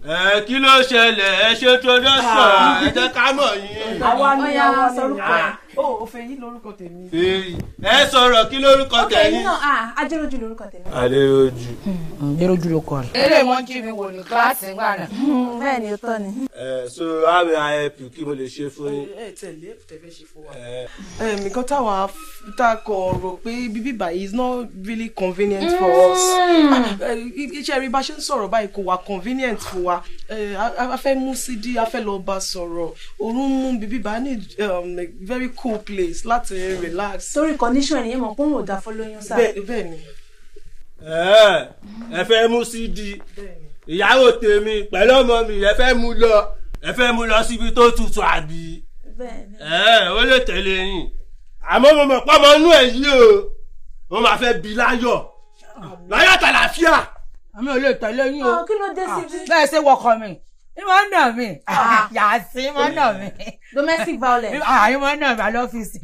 ẹ kí ló ṣẹlẹ̀ ẹ ṣe tó dọ́sọ̀ ah. ẹ jẹ́ ká mọ̀ yín. àwa ni àwa sọrúkọ ẹ o òfin yìí lórúkọ tèmi. Eh, ẹ sọ̀rọ̀ kí lórúkọ tèmi. òfin yìí ah, náà ajẹ́rọ̀jù lórúkọ tèmi. ajẹ́rọ̀jù. Hmm, ajẹ́rọ̀jù ló kọ́ ọ. eré wọn jí mi wò ní kíláàsì ńgbà náà. Hmm, bẹ́ẹ̀ ni o tọ́ ni. ẹ eh, so how may you kí mo lè ṣe fún yín. ẹ eh, tẹ̀lé tẹ̀fẹ́ ṣe fún wa. ẹ nǹkan táwa tá a kọ̀ rò pé bíbí báyìí is not really convenient for us. Hmm. Ah, iṣẹ́ rí bá ṣe ń sọ̀rọ̀ báyìí kò wà convenient fún wa a fẹ́ mú sídí a fẹ́ lọ bá sọ̀rọ̀ òórùn mú bíbí bá ní um, very cool place láti relax. torí condition yẹn mọ̀ pé òun ò dá fọlọ́yún sáà. bẹ́ẹ̀ ni. ẹ fẹ́ mú sídí ìyàwó tèmi pẹ̀lú ọmọ mi ẹ fẹ́ mú lọ ẹ fẹ́ mú lọ síbi tó tutù àbí. ẹ ó lè tẹ̀lé yín àmọ́ mo mọ̀ pé ọmọ inú ẹ̀ yí o mo máa fẹ́ bi láyọ̀ ah. láyọ̀ tàlàfíà àmì ò lè tẹ̀lé yín o ah, kí ló dé síbi. Ah, bẹ́ẹ̀ ṣe wọkọ mi ní máa ń nà mí ah. yàtí máa ń nà mí. domestic violence. àyè máa ń nà mí àlọ́ ọ́fíìsì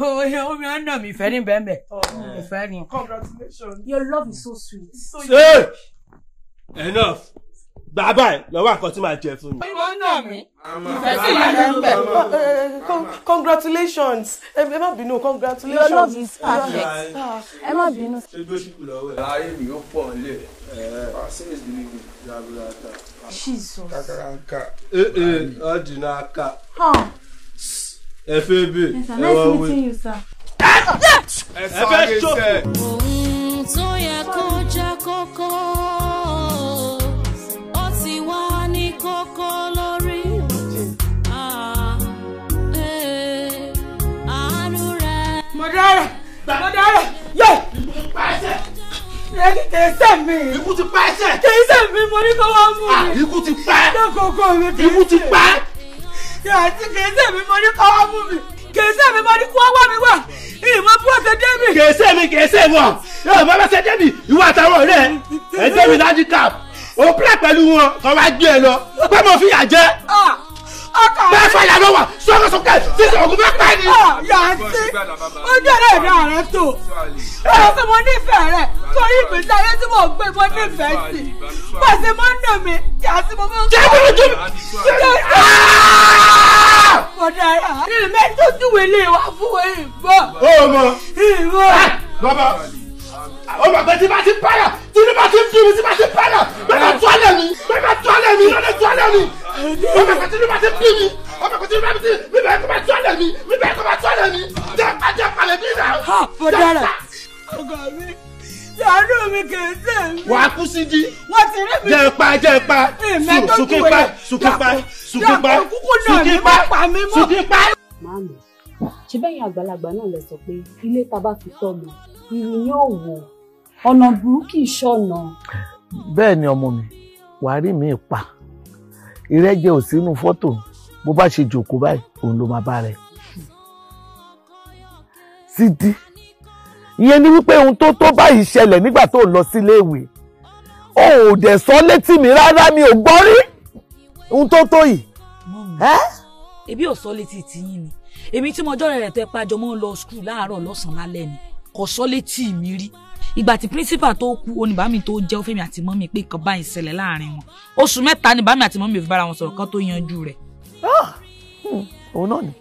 ó oh, oh, máa ń nà mí ìfẹ́ ní bẹ́ẹ̀nbẹ́ oh. ìfẹ́ ní. congratulations. your love is so sweet. So enough gbà báyìí lọ́wọ́ àkọ́ tí màá jẹ fún mi. ìwọ náà mi ìfẹ́ sí ìyá ń bẹ̀. Eh, eh, eh, congratulations ẹ má bínú congratulations. your love is perfect ah, ẹ má bínú. ṣé bí ó ṣì kú lọ́wọ́ ẹ̀. ayé mi ó pọ̀ lé ẹ̀ ṣéyìí bí mi yàrá ta. Jesus. kakaranka ee ọdìnnàka ẹ fẹ́ bè ẹ wá wí. ẹ fẹ́ ṣòfò. ohun tó yẹ kó jẹ́ kókó. gbàdọ́dá rẹ̀ yẹ. ikú ti pa ẹsẹ̀. ẹ kì í ṣe mi. ikú ti pa ẹsẹ̀. kì í ṣe mi mo ní kó wá mú mi. Ah, ikú ti pa. lọ́kọ̀ọ̀kọ̀ mi kì í ṣe. ikú ti pa. àti kì í ṣe mi mo ní kó wá mú mi. kì í ṣe mi mo ní kó wá mi wá. ìmọ̀ bú ọ̀sẹ̀ débì. kì í ṣe mi kì í ṣe wọ̀. yóò má bá ṣe débì ìwọ àtàwọn ọ̀rẹ́ ẹ̀ ẹ̀ ṣe mi láti kà ó pẹ́ pẹ̀lú wọn kọ́ wá gbé ẹ lọ pé mo fìyà jẹ. Ah, bẹ́ẹ̀ fà ah, yà lọ́wọ́ sọ́kọ̀ sọ́kẹ́ sísè ògùn bẹ́ẹ̀ pẹ́ ni. yàtí ojú ẹ̀rẹ́ ìdá rẹ tó ẹ̀rọ pé mo nífẹ̀ẹ́ rẹ torí ìgbésí ayé tí mo gbé mo nífẹ̀ẹ́ sí pàṣẹ mo ń nà mí yàtí mo fún. jẹ́ jù mí. ọ̀dà rà nínú tí wèlé wa fún ìbọn. ó ìbọn. bàbá àwọn bàbá tí bá ti pààyà tí ní bá ti fi mi tí bá ti pààyà bẹ́ẹ̀ tó alẹ́ mi bẹ́ẹ̀ tó alẹ́ mi lọ́dẹ tó alẹ́ mi ọmọkùnrin tí ní bá ti fi mi ọmọkùnrin tí ní bá ti mi bẹ́ẹ̀ kó bá tó alẹ́ mi mi bẹ́ẹ̀ kó bá tó alẹ́ mi jẹ́pà jẹ́pà lè bí rà. ọ̀daràn ọ̀gá mi sàánú mi kì í sè mí. wà á kú sí di. wọ́n ti rí mi. jẹ́pà jẹ́pà sùkípa sùkípa sùkípa sùkípa sùkípa. màámi ṣe bẹ́yìn àgbàlagbà náà lẹ sọ pé ilé tá a bá fi tọ́ mi ìrì yóò wò ọ̀nà burúkú ìṣọ̀nà. bẹ́ẹ̀ ni ọmọ mi wàá rí mi pa ìrẹ́jẹ ò sínú fọ́tò bó bá ṣe jòkó báyìí òun ló máa bá rẹ̀ sídi ìyẹn ni wípé ohun tó tó báyìí ṣẹlẹ̀ nígbà tó lọ síléèwé o ò dẹ̀ sọ létí mi rárá mi ò gbọ́ rí ohun tó tó yìí. ẹbí ò sọ létí tìyín ni èmi tí mo jọ́rẹ̀ rẹ̀ tẹ́ pàjọ́ mọ́ lọ skul láàárọ̀ lọ́sàn-án lálẹ́ ni kò sọ létí mi rí ìgbà tí principal tó kú oníbàámi tó jẹ́ fẹ́mi àti mọ́mi pé nǹkan báyìí ṣẹlẹ̀ láàrin wọn oṣù mẹ́ta ni bàámi àti mọ́mi ò fi bára wọn sọ̀rọ̀ kan tó yanjú rẹ̀. Ah! Hmm, òun náà ni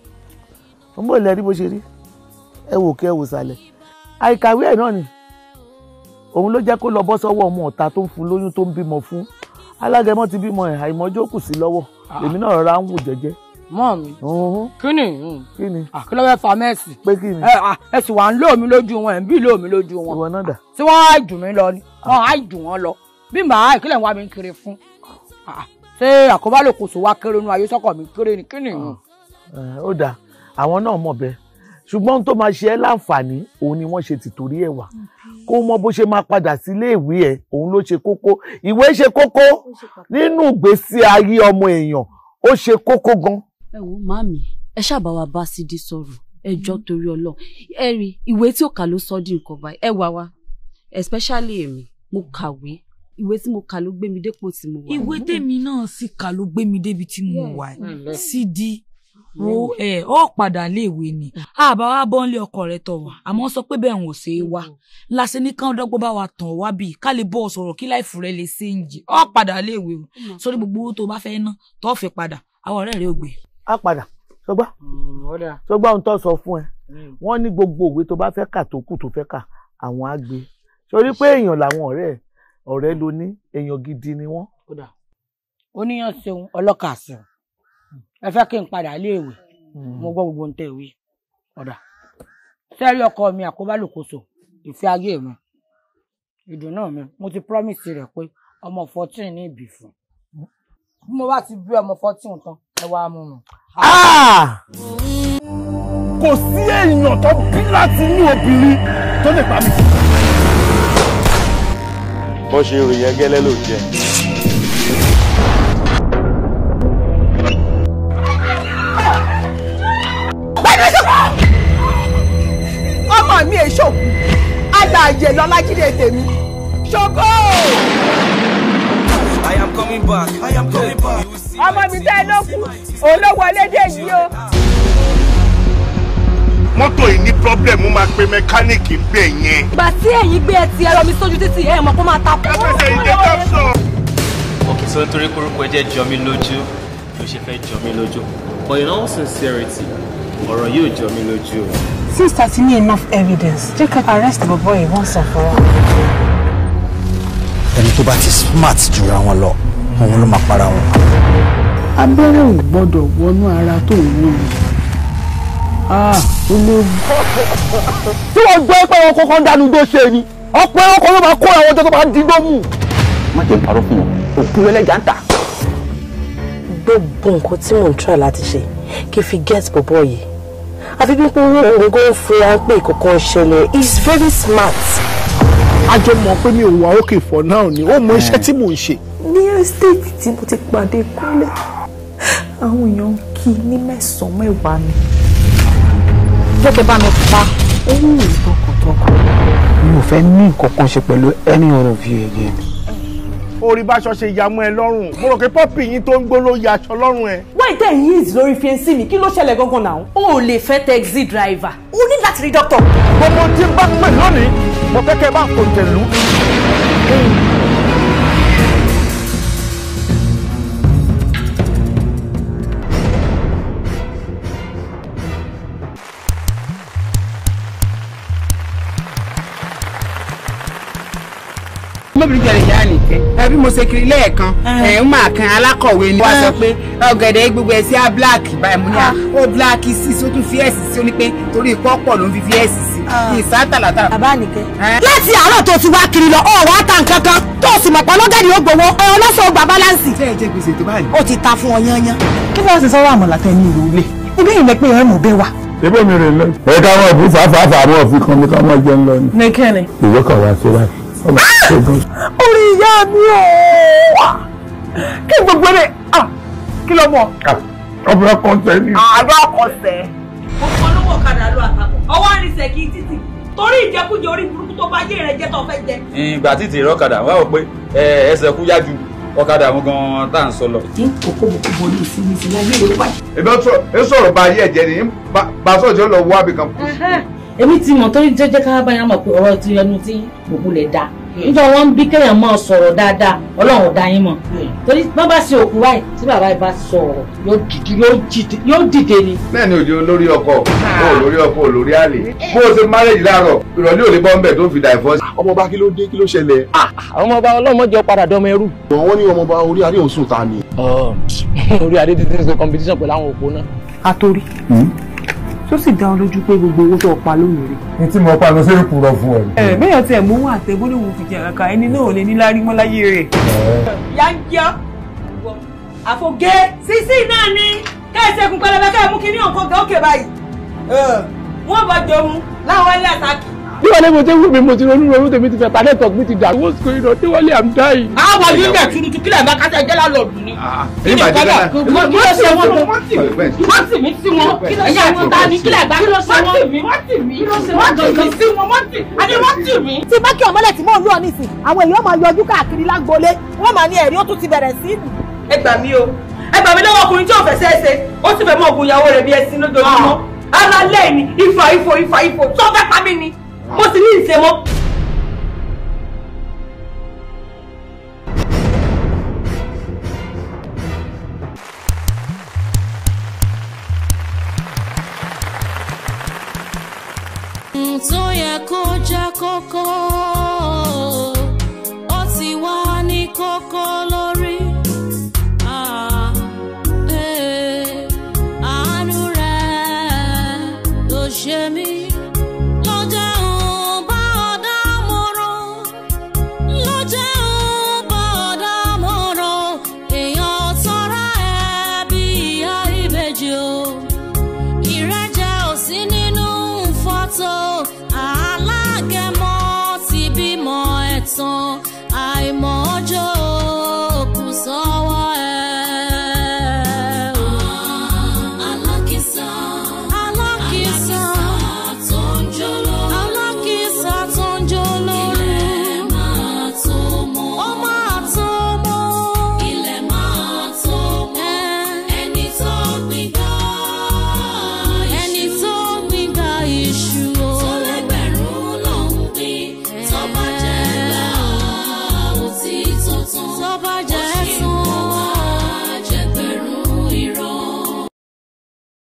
òun bò lẹ rí bó ṣe rí ẹ wò kí ẹ wò sàlẹ̀ àìkàwé ẹ̀ náà ni òun ló jẹ́ kó lọ bọ́ sọ́wọ́ ọmọ ọ̀tá tó ń fún lóyún tó ń bímọ fún alágẹmọ ti bímọ ẹ̀ àìmọ́jọ́ sí lọ́wọ́ ah. èmi náà rọra ń wò jẹ́jẹ́ mọ mi. kíni. kíni. àkìlọ́ fẹ́ fa mẹ́sì. pé kíni. ẹ sì wà ń lò mí lójú wọn ẹ̀ ń bí lò mí lójú wọn. ìwọ náà dà. tí wọ́n á jù mí lọ ni wọ́n á jù wọ́n lọ bí màá ìkìlẹ̀ wa mi kiri fún. ṣé àkóbá lè kóso wá kéré nu ayé sọ́kọ̀ mi kéré ni kíni. ó dáa àwọn náà mọ̀ bẹ́ẹ̀ ṣùgbọ́n tó máa ṣe ẹ́ láǹfààní òun ni wọ́n ṣe tìtorí ẹ̀ wà kó mọ bó ṣe máa padà sí iléèwé ẹ̀ òun ló ṣe kókó ìwé ṣe kókó nínú ìgbésí ayé ọmọ èèyàn ó ṣe kókó gan-an ẹ wo màmí ẹ ṣàbáwá bá sídi sọ̀rọ̀ ẹjọ́ torí Ọlọ́run ẹ rí ìwé tí ò kà ló sọ di nǹkan báyìí ẹ wá especially èmi mo kàwé ìwé tí mo kà ló gbé mi dépò tí mo wà. ìwé tèmi náà sì kà ló gbé mi débi tí mo wà sídi wo ẹ ọ padà léèwé ni àbá wa bọ́ nílé ọkọ rẹ tọ̀ wá àmọ́ sọ pé bẹ́ẹ̀ ń ṣe é wá láṣẹ ní kán dọ́gbọ́n bá wa tàn wá bíi ká lè bọ́ ọ sọ̀rọ̀ kí láìfù rẹ lè ṣe ń jì ọ padà léèwé o mm. sórí gbogbo owó tó bá fẹ́ ná tó fi padà àwọn ọ̀rẹ́ rẹ ò gbé á padà sọgbà mm, sọgbà ohun tó sọ fún ẹ mm. wọ́n ní gbogbo òwe tó bá fẹ́ kà tó kù tó fẹ́ kà àwọn á gbé torí pé èèyàn làwọn ọ̀rẹ́ ọ̀rẹ́ ló ní èèyàn gidi ni wọ́n. oníyàn ṣeun ọlọ́kà ṣeun ẹ fẹ́ kí n padà léèwé mm. mo gbọ́ gbogbo ń tẹ̀ wí ọ̀dà sẹ́rí ọkọ mi àkóbá lòkòso ìfẹ́ ayé mi ìdùnnú mi mo ti promise rẹ̀ pé ọmọ fourteen ní ìbí fún bí mo bá ti bí ọmọ fourteen tán ẹ wá mú un. Ah! kò sí èèyàn tó bí láti inú obìnrin tó lè pa mí. bó ṣe rò yẹn gẹ́lẹ́ ló jẹ. ọmọ mi èso àgbà àyè lọ́lájídé tèmi ṣoko coming back. I am coming back. ọmọ mi tẹ́ ló kú òun ló wọlé dé yìí o. mọ́tò yìí ní pọ́blẹ̀mù máa pe mẹkáníìkì ń bẹ̀ yẹn. ìgbà tí ẹ̀yin gbé ẹ ti ẹ̀rọ mi sójú títì ẹ̀ mọ̀ kó máa ta. ẹ fẹsẹ̀ ìdè kápsọ̀. òkè sọ nítorí korúkọ jẹ́ jọmí lójú ló ṣe fẹ́ jọmí lójú but in all sincerity ọ̀rọ̀ yóò jọmí lójú o. since that you need enough evidence jẹ́ ká arrest bọ̀bọ̀ yìí once and for all. ẹni tó bá ti smart jura wọn lọ òun ló máa para wọn. abẹ́rẹ́ ò gbọ́dọ̀ wọnú ara tó ń wú mi. tí wọ́n gbọ́ pé wọn kọ́kọ́ ń dánú tó ṣe ni ọ̀pọ̀ ẹ̀rọ kan ló máa kó àwọn ọjọ́ tó máa dín lómù. má jẹ́ ìparọ́ fún wọn òkú ẹlẹ́jà ń tà. gbogbo nǹkan tí mò ń try láti ṣe kí n fi get bọ̀bọ̀ yìí àfi bí pé owó òun gan fura pé ìkọ̀kan ṣẹlẹ̀ is very smart. a jọ mọ̀ pé mi ò wá òkè for now ni ó mọ iṣẹ́ tí mò ń ṣe ní estate tí mo ti pàdé Kúnlé àwọn èèyàn ń kí ní mẹ́sàn-án mẹ́wàá ni. jẹ́kẹ́ bá mi pa owó ìwé mi ò fẹ́ ní nǹkan ṣe pẹ̀lú any one of you again orí báṣọ ṣe yàmú ẹ lọ́rùn mo rò pé pọ́pì yín tó ń gbó ya aṣọ lọ́rùn ẹ. wáyé tẹ yín ìzì lórí fiẹ́nsì mi kí ló ṣẹlẹ̀ gangan náà. o ò lè fẹ́ taxi driver o ní láti rí dókítà. gbogbo tí n bá pè lónìí mo fẹ́ bá kò tẹ̀lú. mọ́bìnrin jẹ̀rẹ̀ ìyá nìkẹ́ ẹbí mo ṣe kiri lẹ́ẹ̀kan ah. ẹ̀ ń máa kan alákọ̀wé ni wọ́n sọ ah. pé ọ̀gẹ̀dẹ̀ gbogbo ẹ̀ sí á bíláàkì báyìí mo ní à ah, ó bíláàkì sí sí ó tún fi ẹ̀sì sí ó ní pé torí pọ́pọ̀ ló ń fi fi ẹ̀sì sí ìsá tàlátà. bàbá nìkẹ́. Eh? láti àárọ̀ tó ti wá kiri lọ ọ̀ wá ta nǹkan tó o sì mọ̀ pọ̀ lọ́gẹ̀dì ó gbowó ẹ ọlọ́sọ̀ gba báláǹsì. ṣé mi rè lọ. ẹ káwọn ọ̀bùn fàáfàá fàá mọ̀ fi kan mi káwọn jẹun lọ ni. ní kẹ́ni. ìwé kan wá sí báyìí. Ah! orí ìyá mi ò kí gbogbo rẹ̀ ah! kí lọ́mọ. Ah, ọbẹ̀ kọsẹ̀ ni. àbá kọsẹ̀. ọkọ olówó ọ̀kadà ló àtàkùn ọwọ́ àrìnsẹ̀ kì í títì torí ìjẹkújẹ orí burúkú tó bá yé rẹ jẹ tó fẹ́ jẹ. ìgbà títì ìrọ́kadà wá wò pé ẹsẹ̀ kú yá ju ọ̀kadà mú gan tá à ń sọ lọ. ní kókó bòkó bọ ní ìsinmi ìsinmi ayé ìwé wáyé. ìbẹ́ sọ̀rọ̀ bá ayé ẹ̀jẹ̀ ni bá sọ̀rọ̀ jẹ́ lọ wá bìkan kú èmi ti mọ̀ torí jẹ́jẹ́ ká bá yàn mọ̀ pé ọ̀rọ̀ ti ẹnu tí gbogbo lè da nítorí wọn ń bí kéèyàn máa sọ̀rọ̀ dáadáa ọlọ́run ọ̀dà yín mọ̀ hmm. torí bá bá ṣe òkú wáyé tí bàbá yìí bá sọ̀rọ̀ yóò dìde ni. bẹ́ẹ̀ ni òde olórí ọkọ o ah. olórí ọkọ olórí àlè bó o ṣe márèjì láàárọ̀ ìrọ̀lẹ́ òde bọ́ńbẹ̀ tó fi dàìfọ́sì. ọmọọba kí ló dé kí ló ṣẹlẹ̀. Ah, ọmọọba ọlọ́mọjọ padà dọ́mọ ẹrú. wọ́n ní ọmọọba orí adé òun sùn ta ni. Oh, orí adé ti ti ń ṣe competition pẹ̀lú àwọn òpó náà. a torí. Hmm? tó sì dá ọ lójú pé gbogbo owó tó pa lónìí rẹ̀. ní tí mo pa lọ sí ìkùrọ fún ẹ. ẹ bẹ́ẹ̀ tí ẹ̀ mú wọn àtẹ bólú òun fìdí àkàkà ẹni náà ò lè ní lárí mọ́ láyé rẹ̀. yanjọ àfọgẹ sisi náà ni kẹsẹkùn pẹlẹbẹ kẹ mú kí ní òǹkọgẹ òkè báyìí wọn bọ jọ mu láwọn ilé àtàkì Adéwálé mo ti wù mí mo ti ronú ronú tèmi ti fẹ́ pa network mi ti dà. what's going on Adéwálé i'm dying. àwọn ọmọ yìí bẹ̀ tuntun kílẹ̀ bá kásẹ̀ jẹ́ lálọ́ọ̀dù ni. Ah, ah. kí ni kọ́dà kí ló ṣe wọ́n tó wọ́n tì mí sí wọn ẹ̀yà tó ta ni kílẹ̀ bá kí ló ṣe wọ́n tì mí wọ́n tì mí sí wọn wọ́n tì adé wọ́n tì mí. tí bá kí ọmọlẹ̀ tí mò ń lọ nísìn àwọn èèyàn máa yọjú káàkiri lágbolé wọ́n máa ní ẹ̀rí ó tún ti bẹ̀rẹ̀ sí. ẹ gbà mí o ẹ gbà mí lọ́wọ́ ọkùnrin tí ò fẹsẹ̀ ṣe ó sì fẹ́ mọ́ ògùn ìyàwó rẹ̀ bí ẹṣin lójoojúmọ́ alálẹ́ ni ifá ifo ifá ifo tó fẹ́ pa mí ni mo sì ní ìṣe tó yẹ kó jẹ́ kókó ó ti wá ní kókó.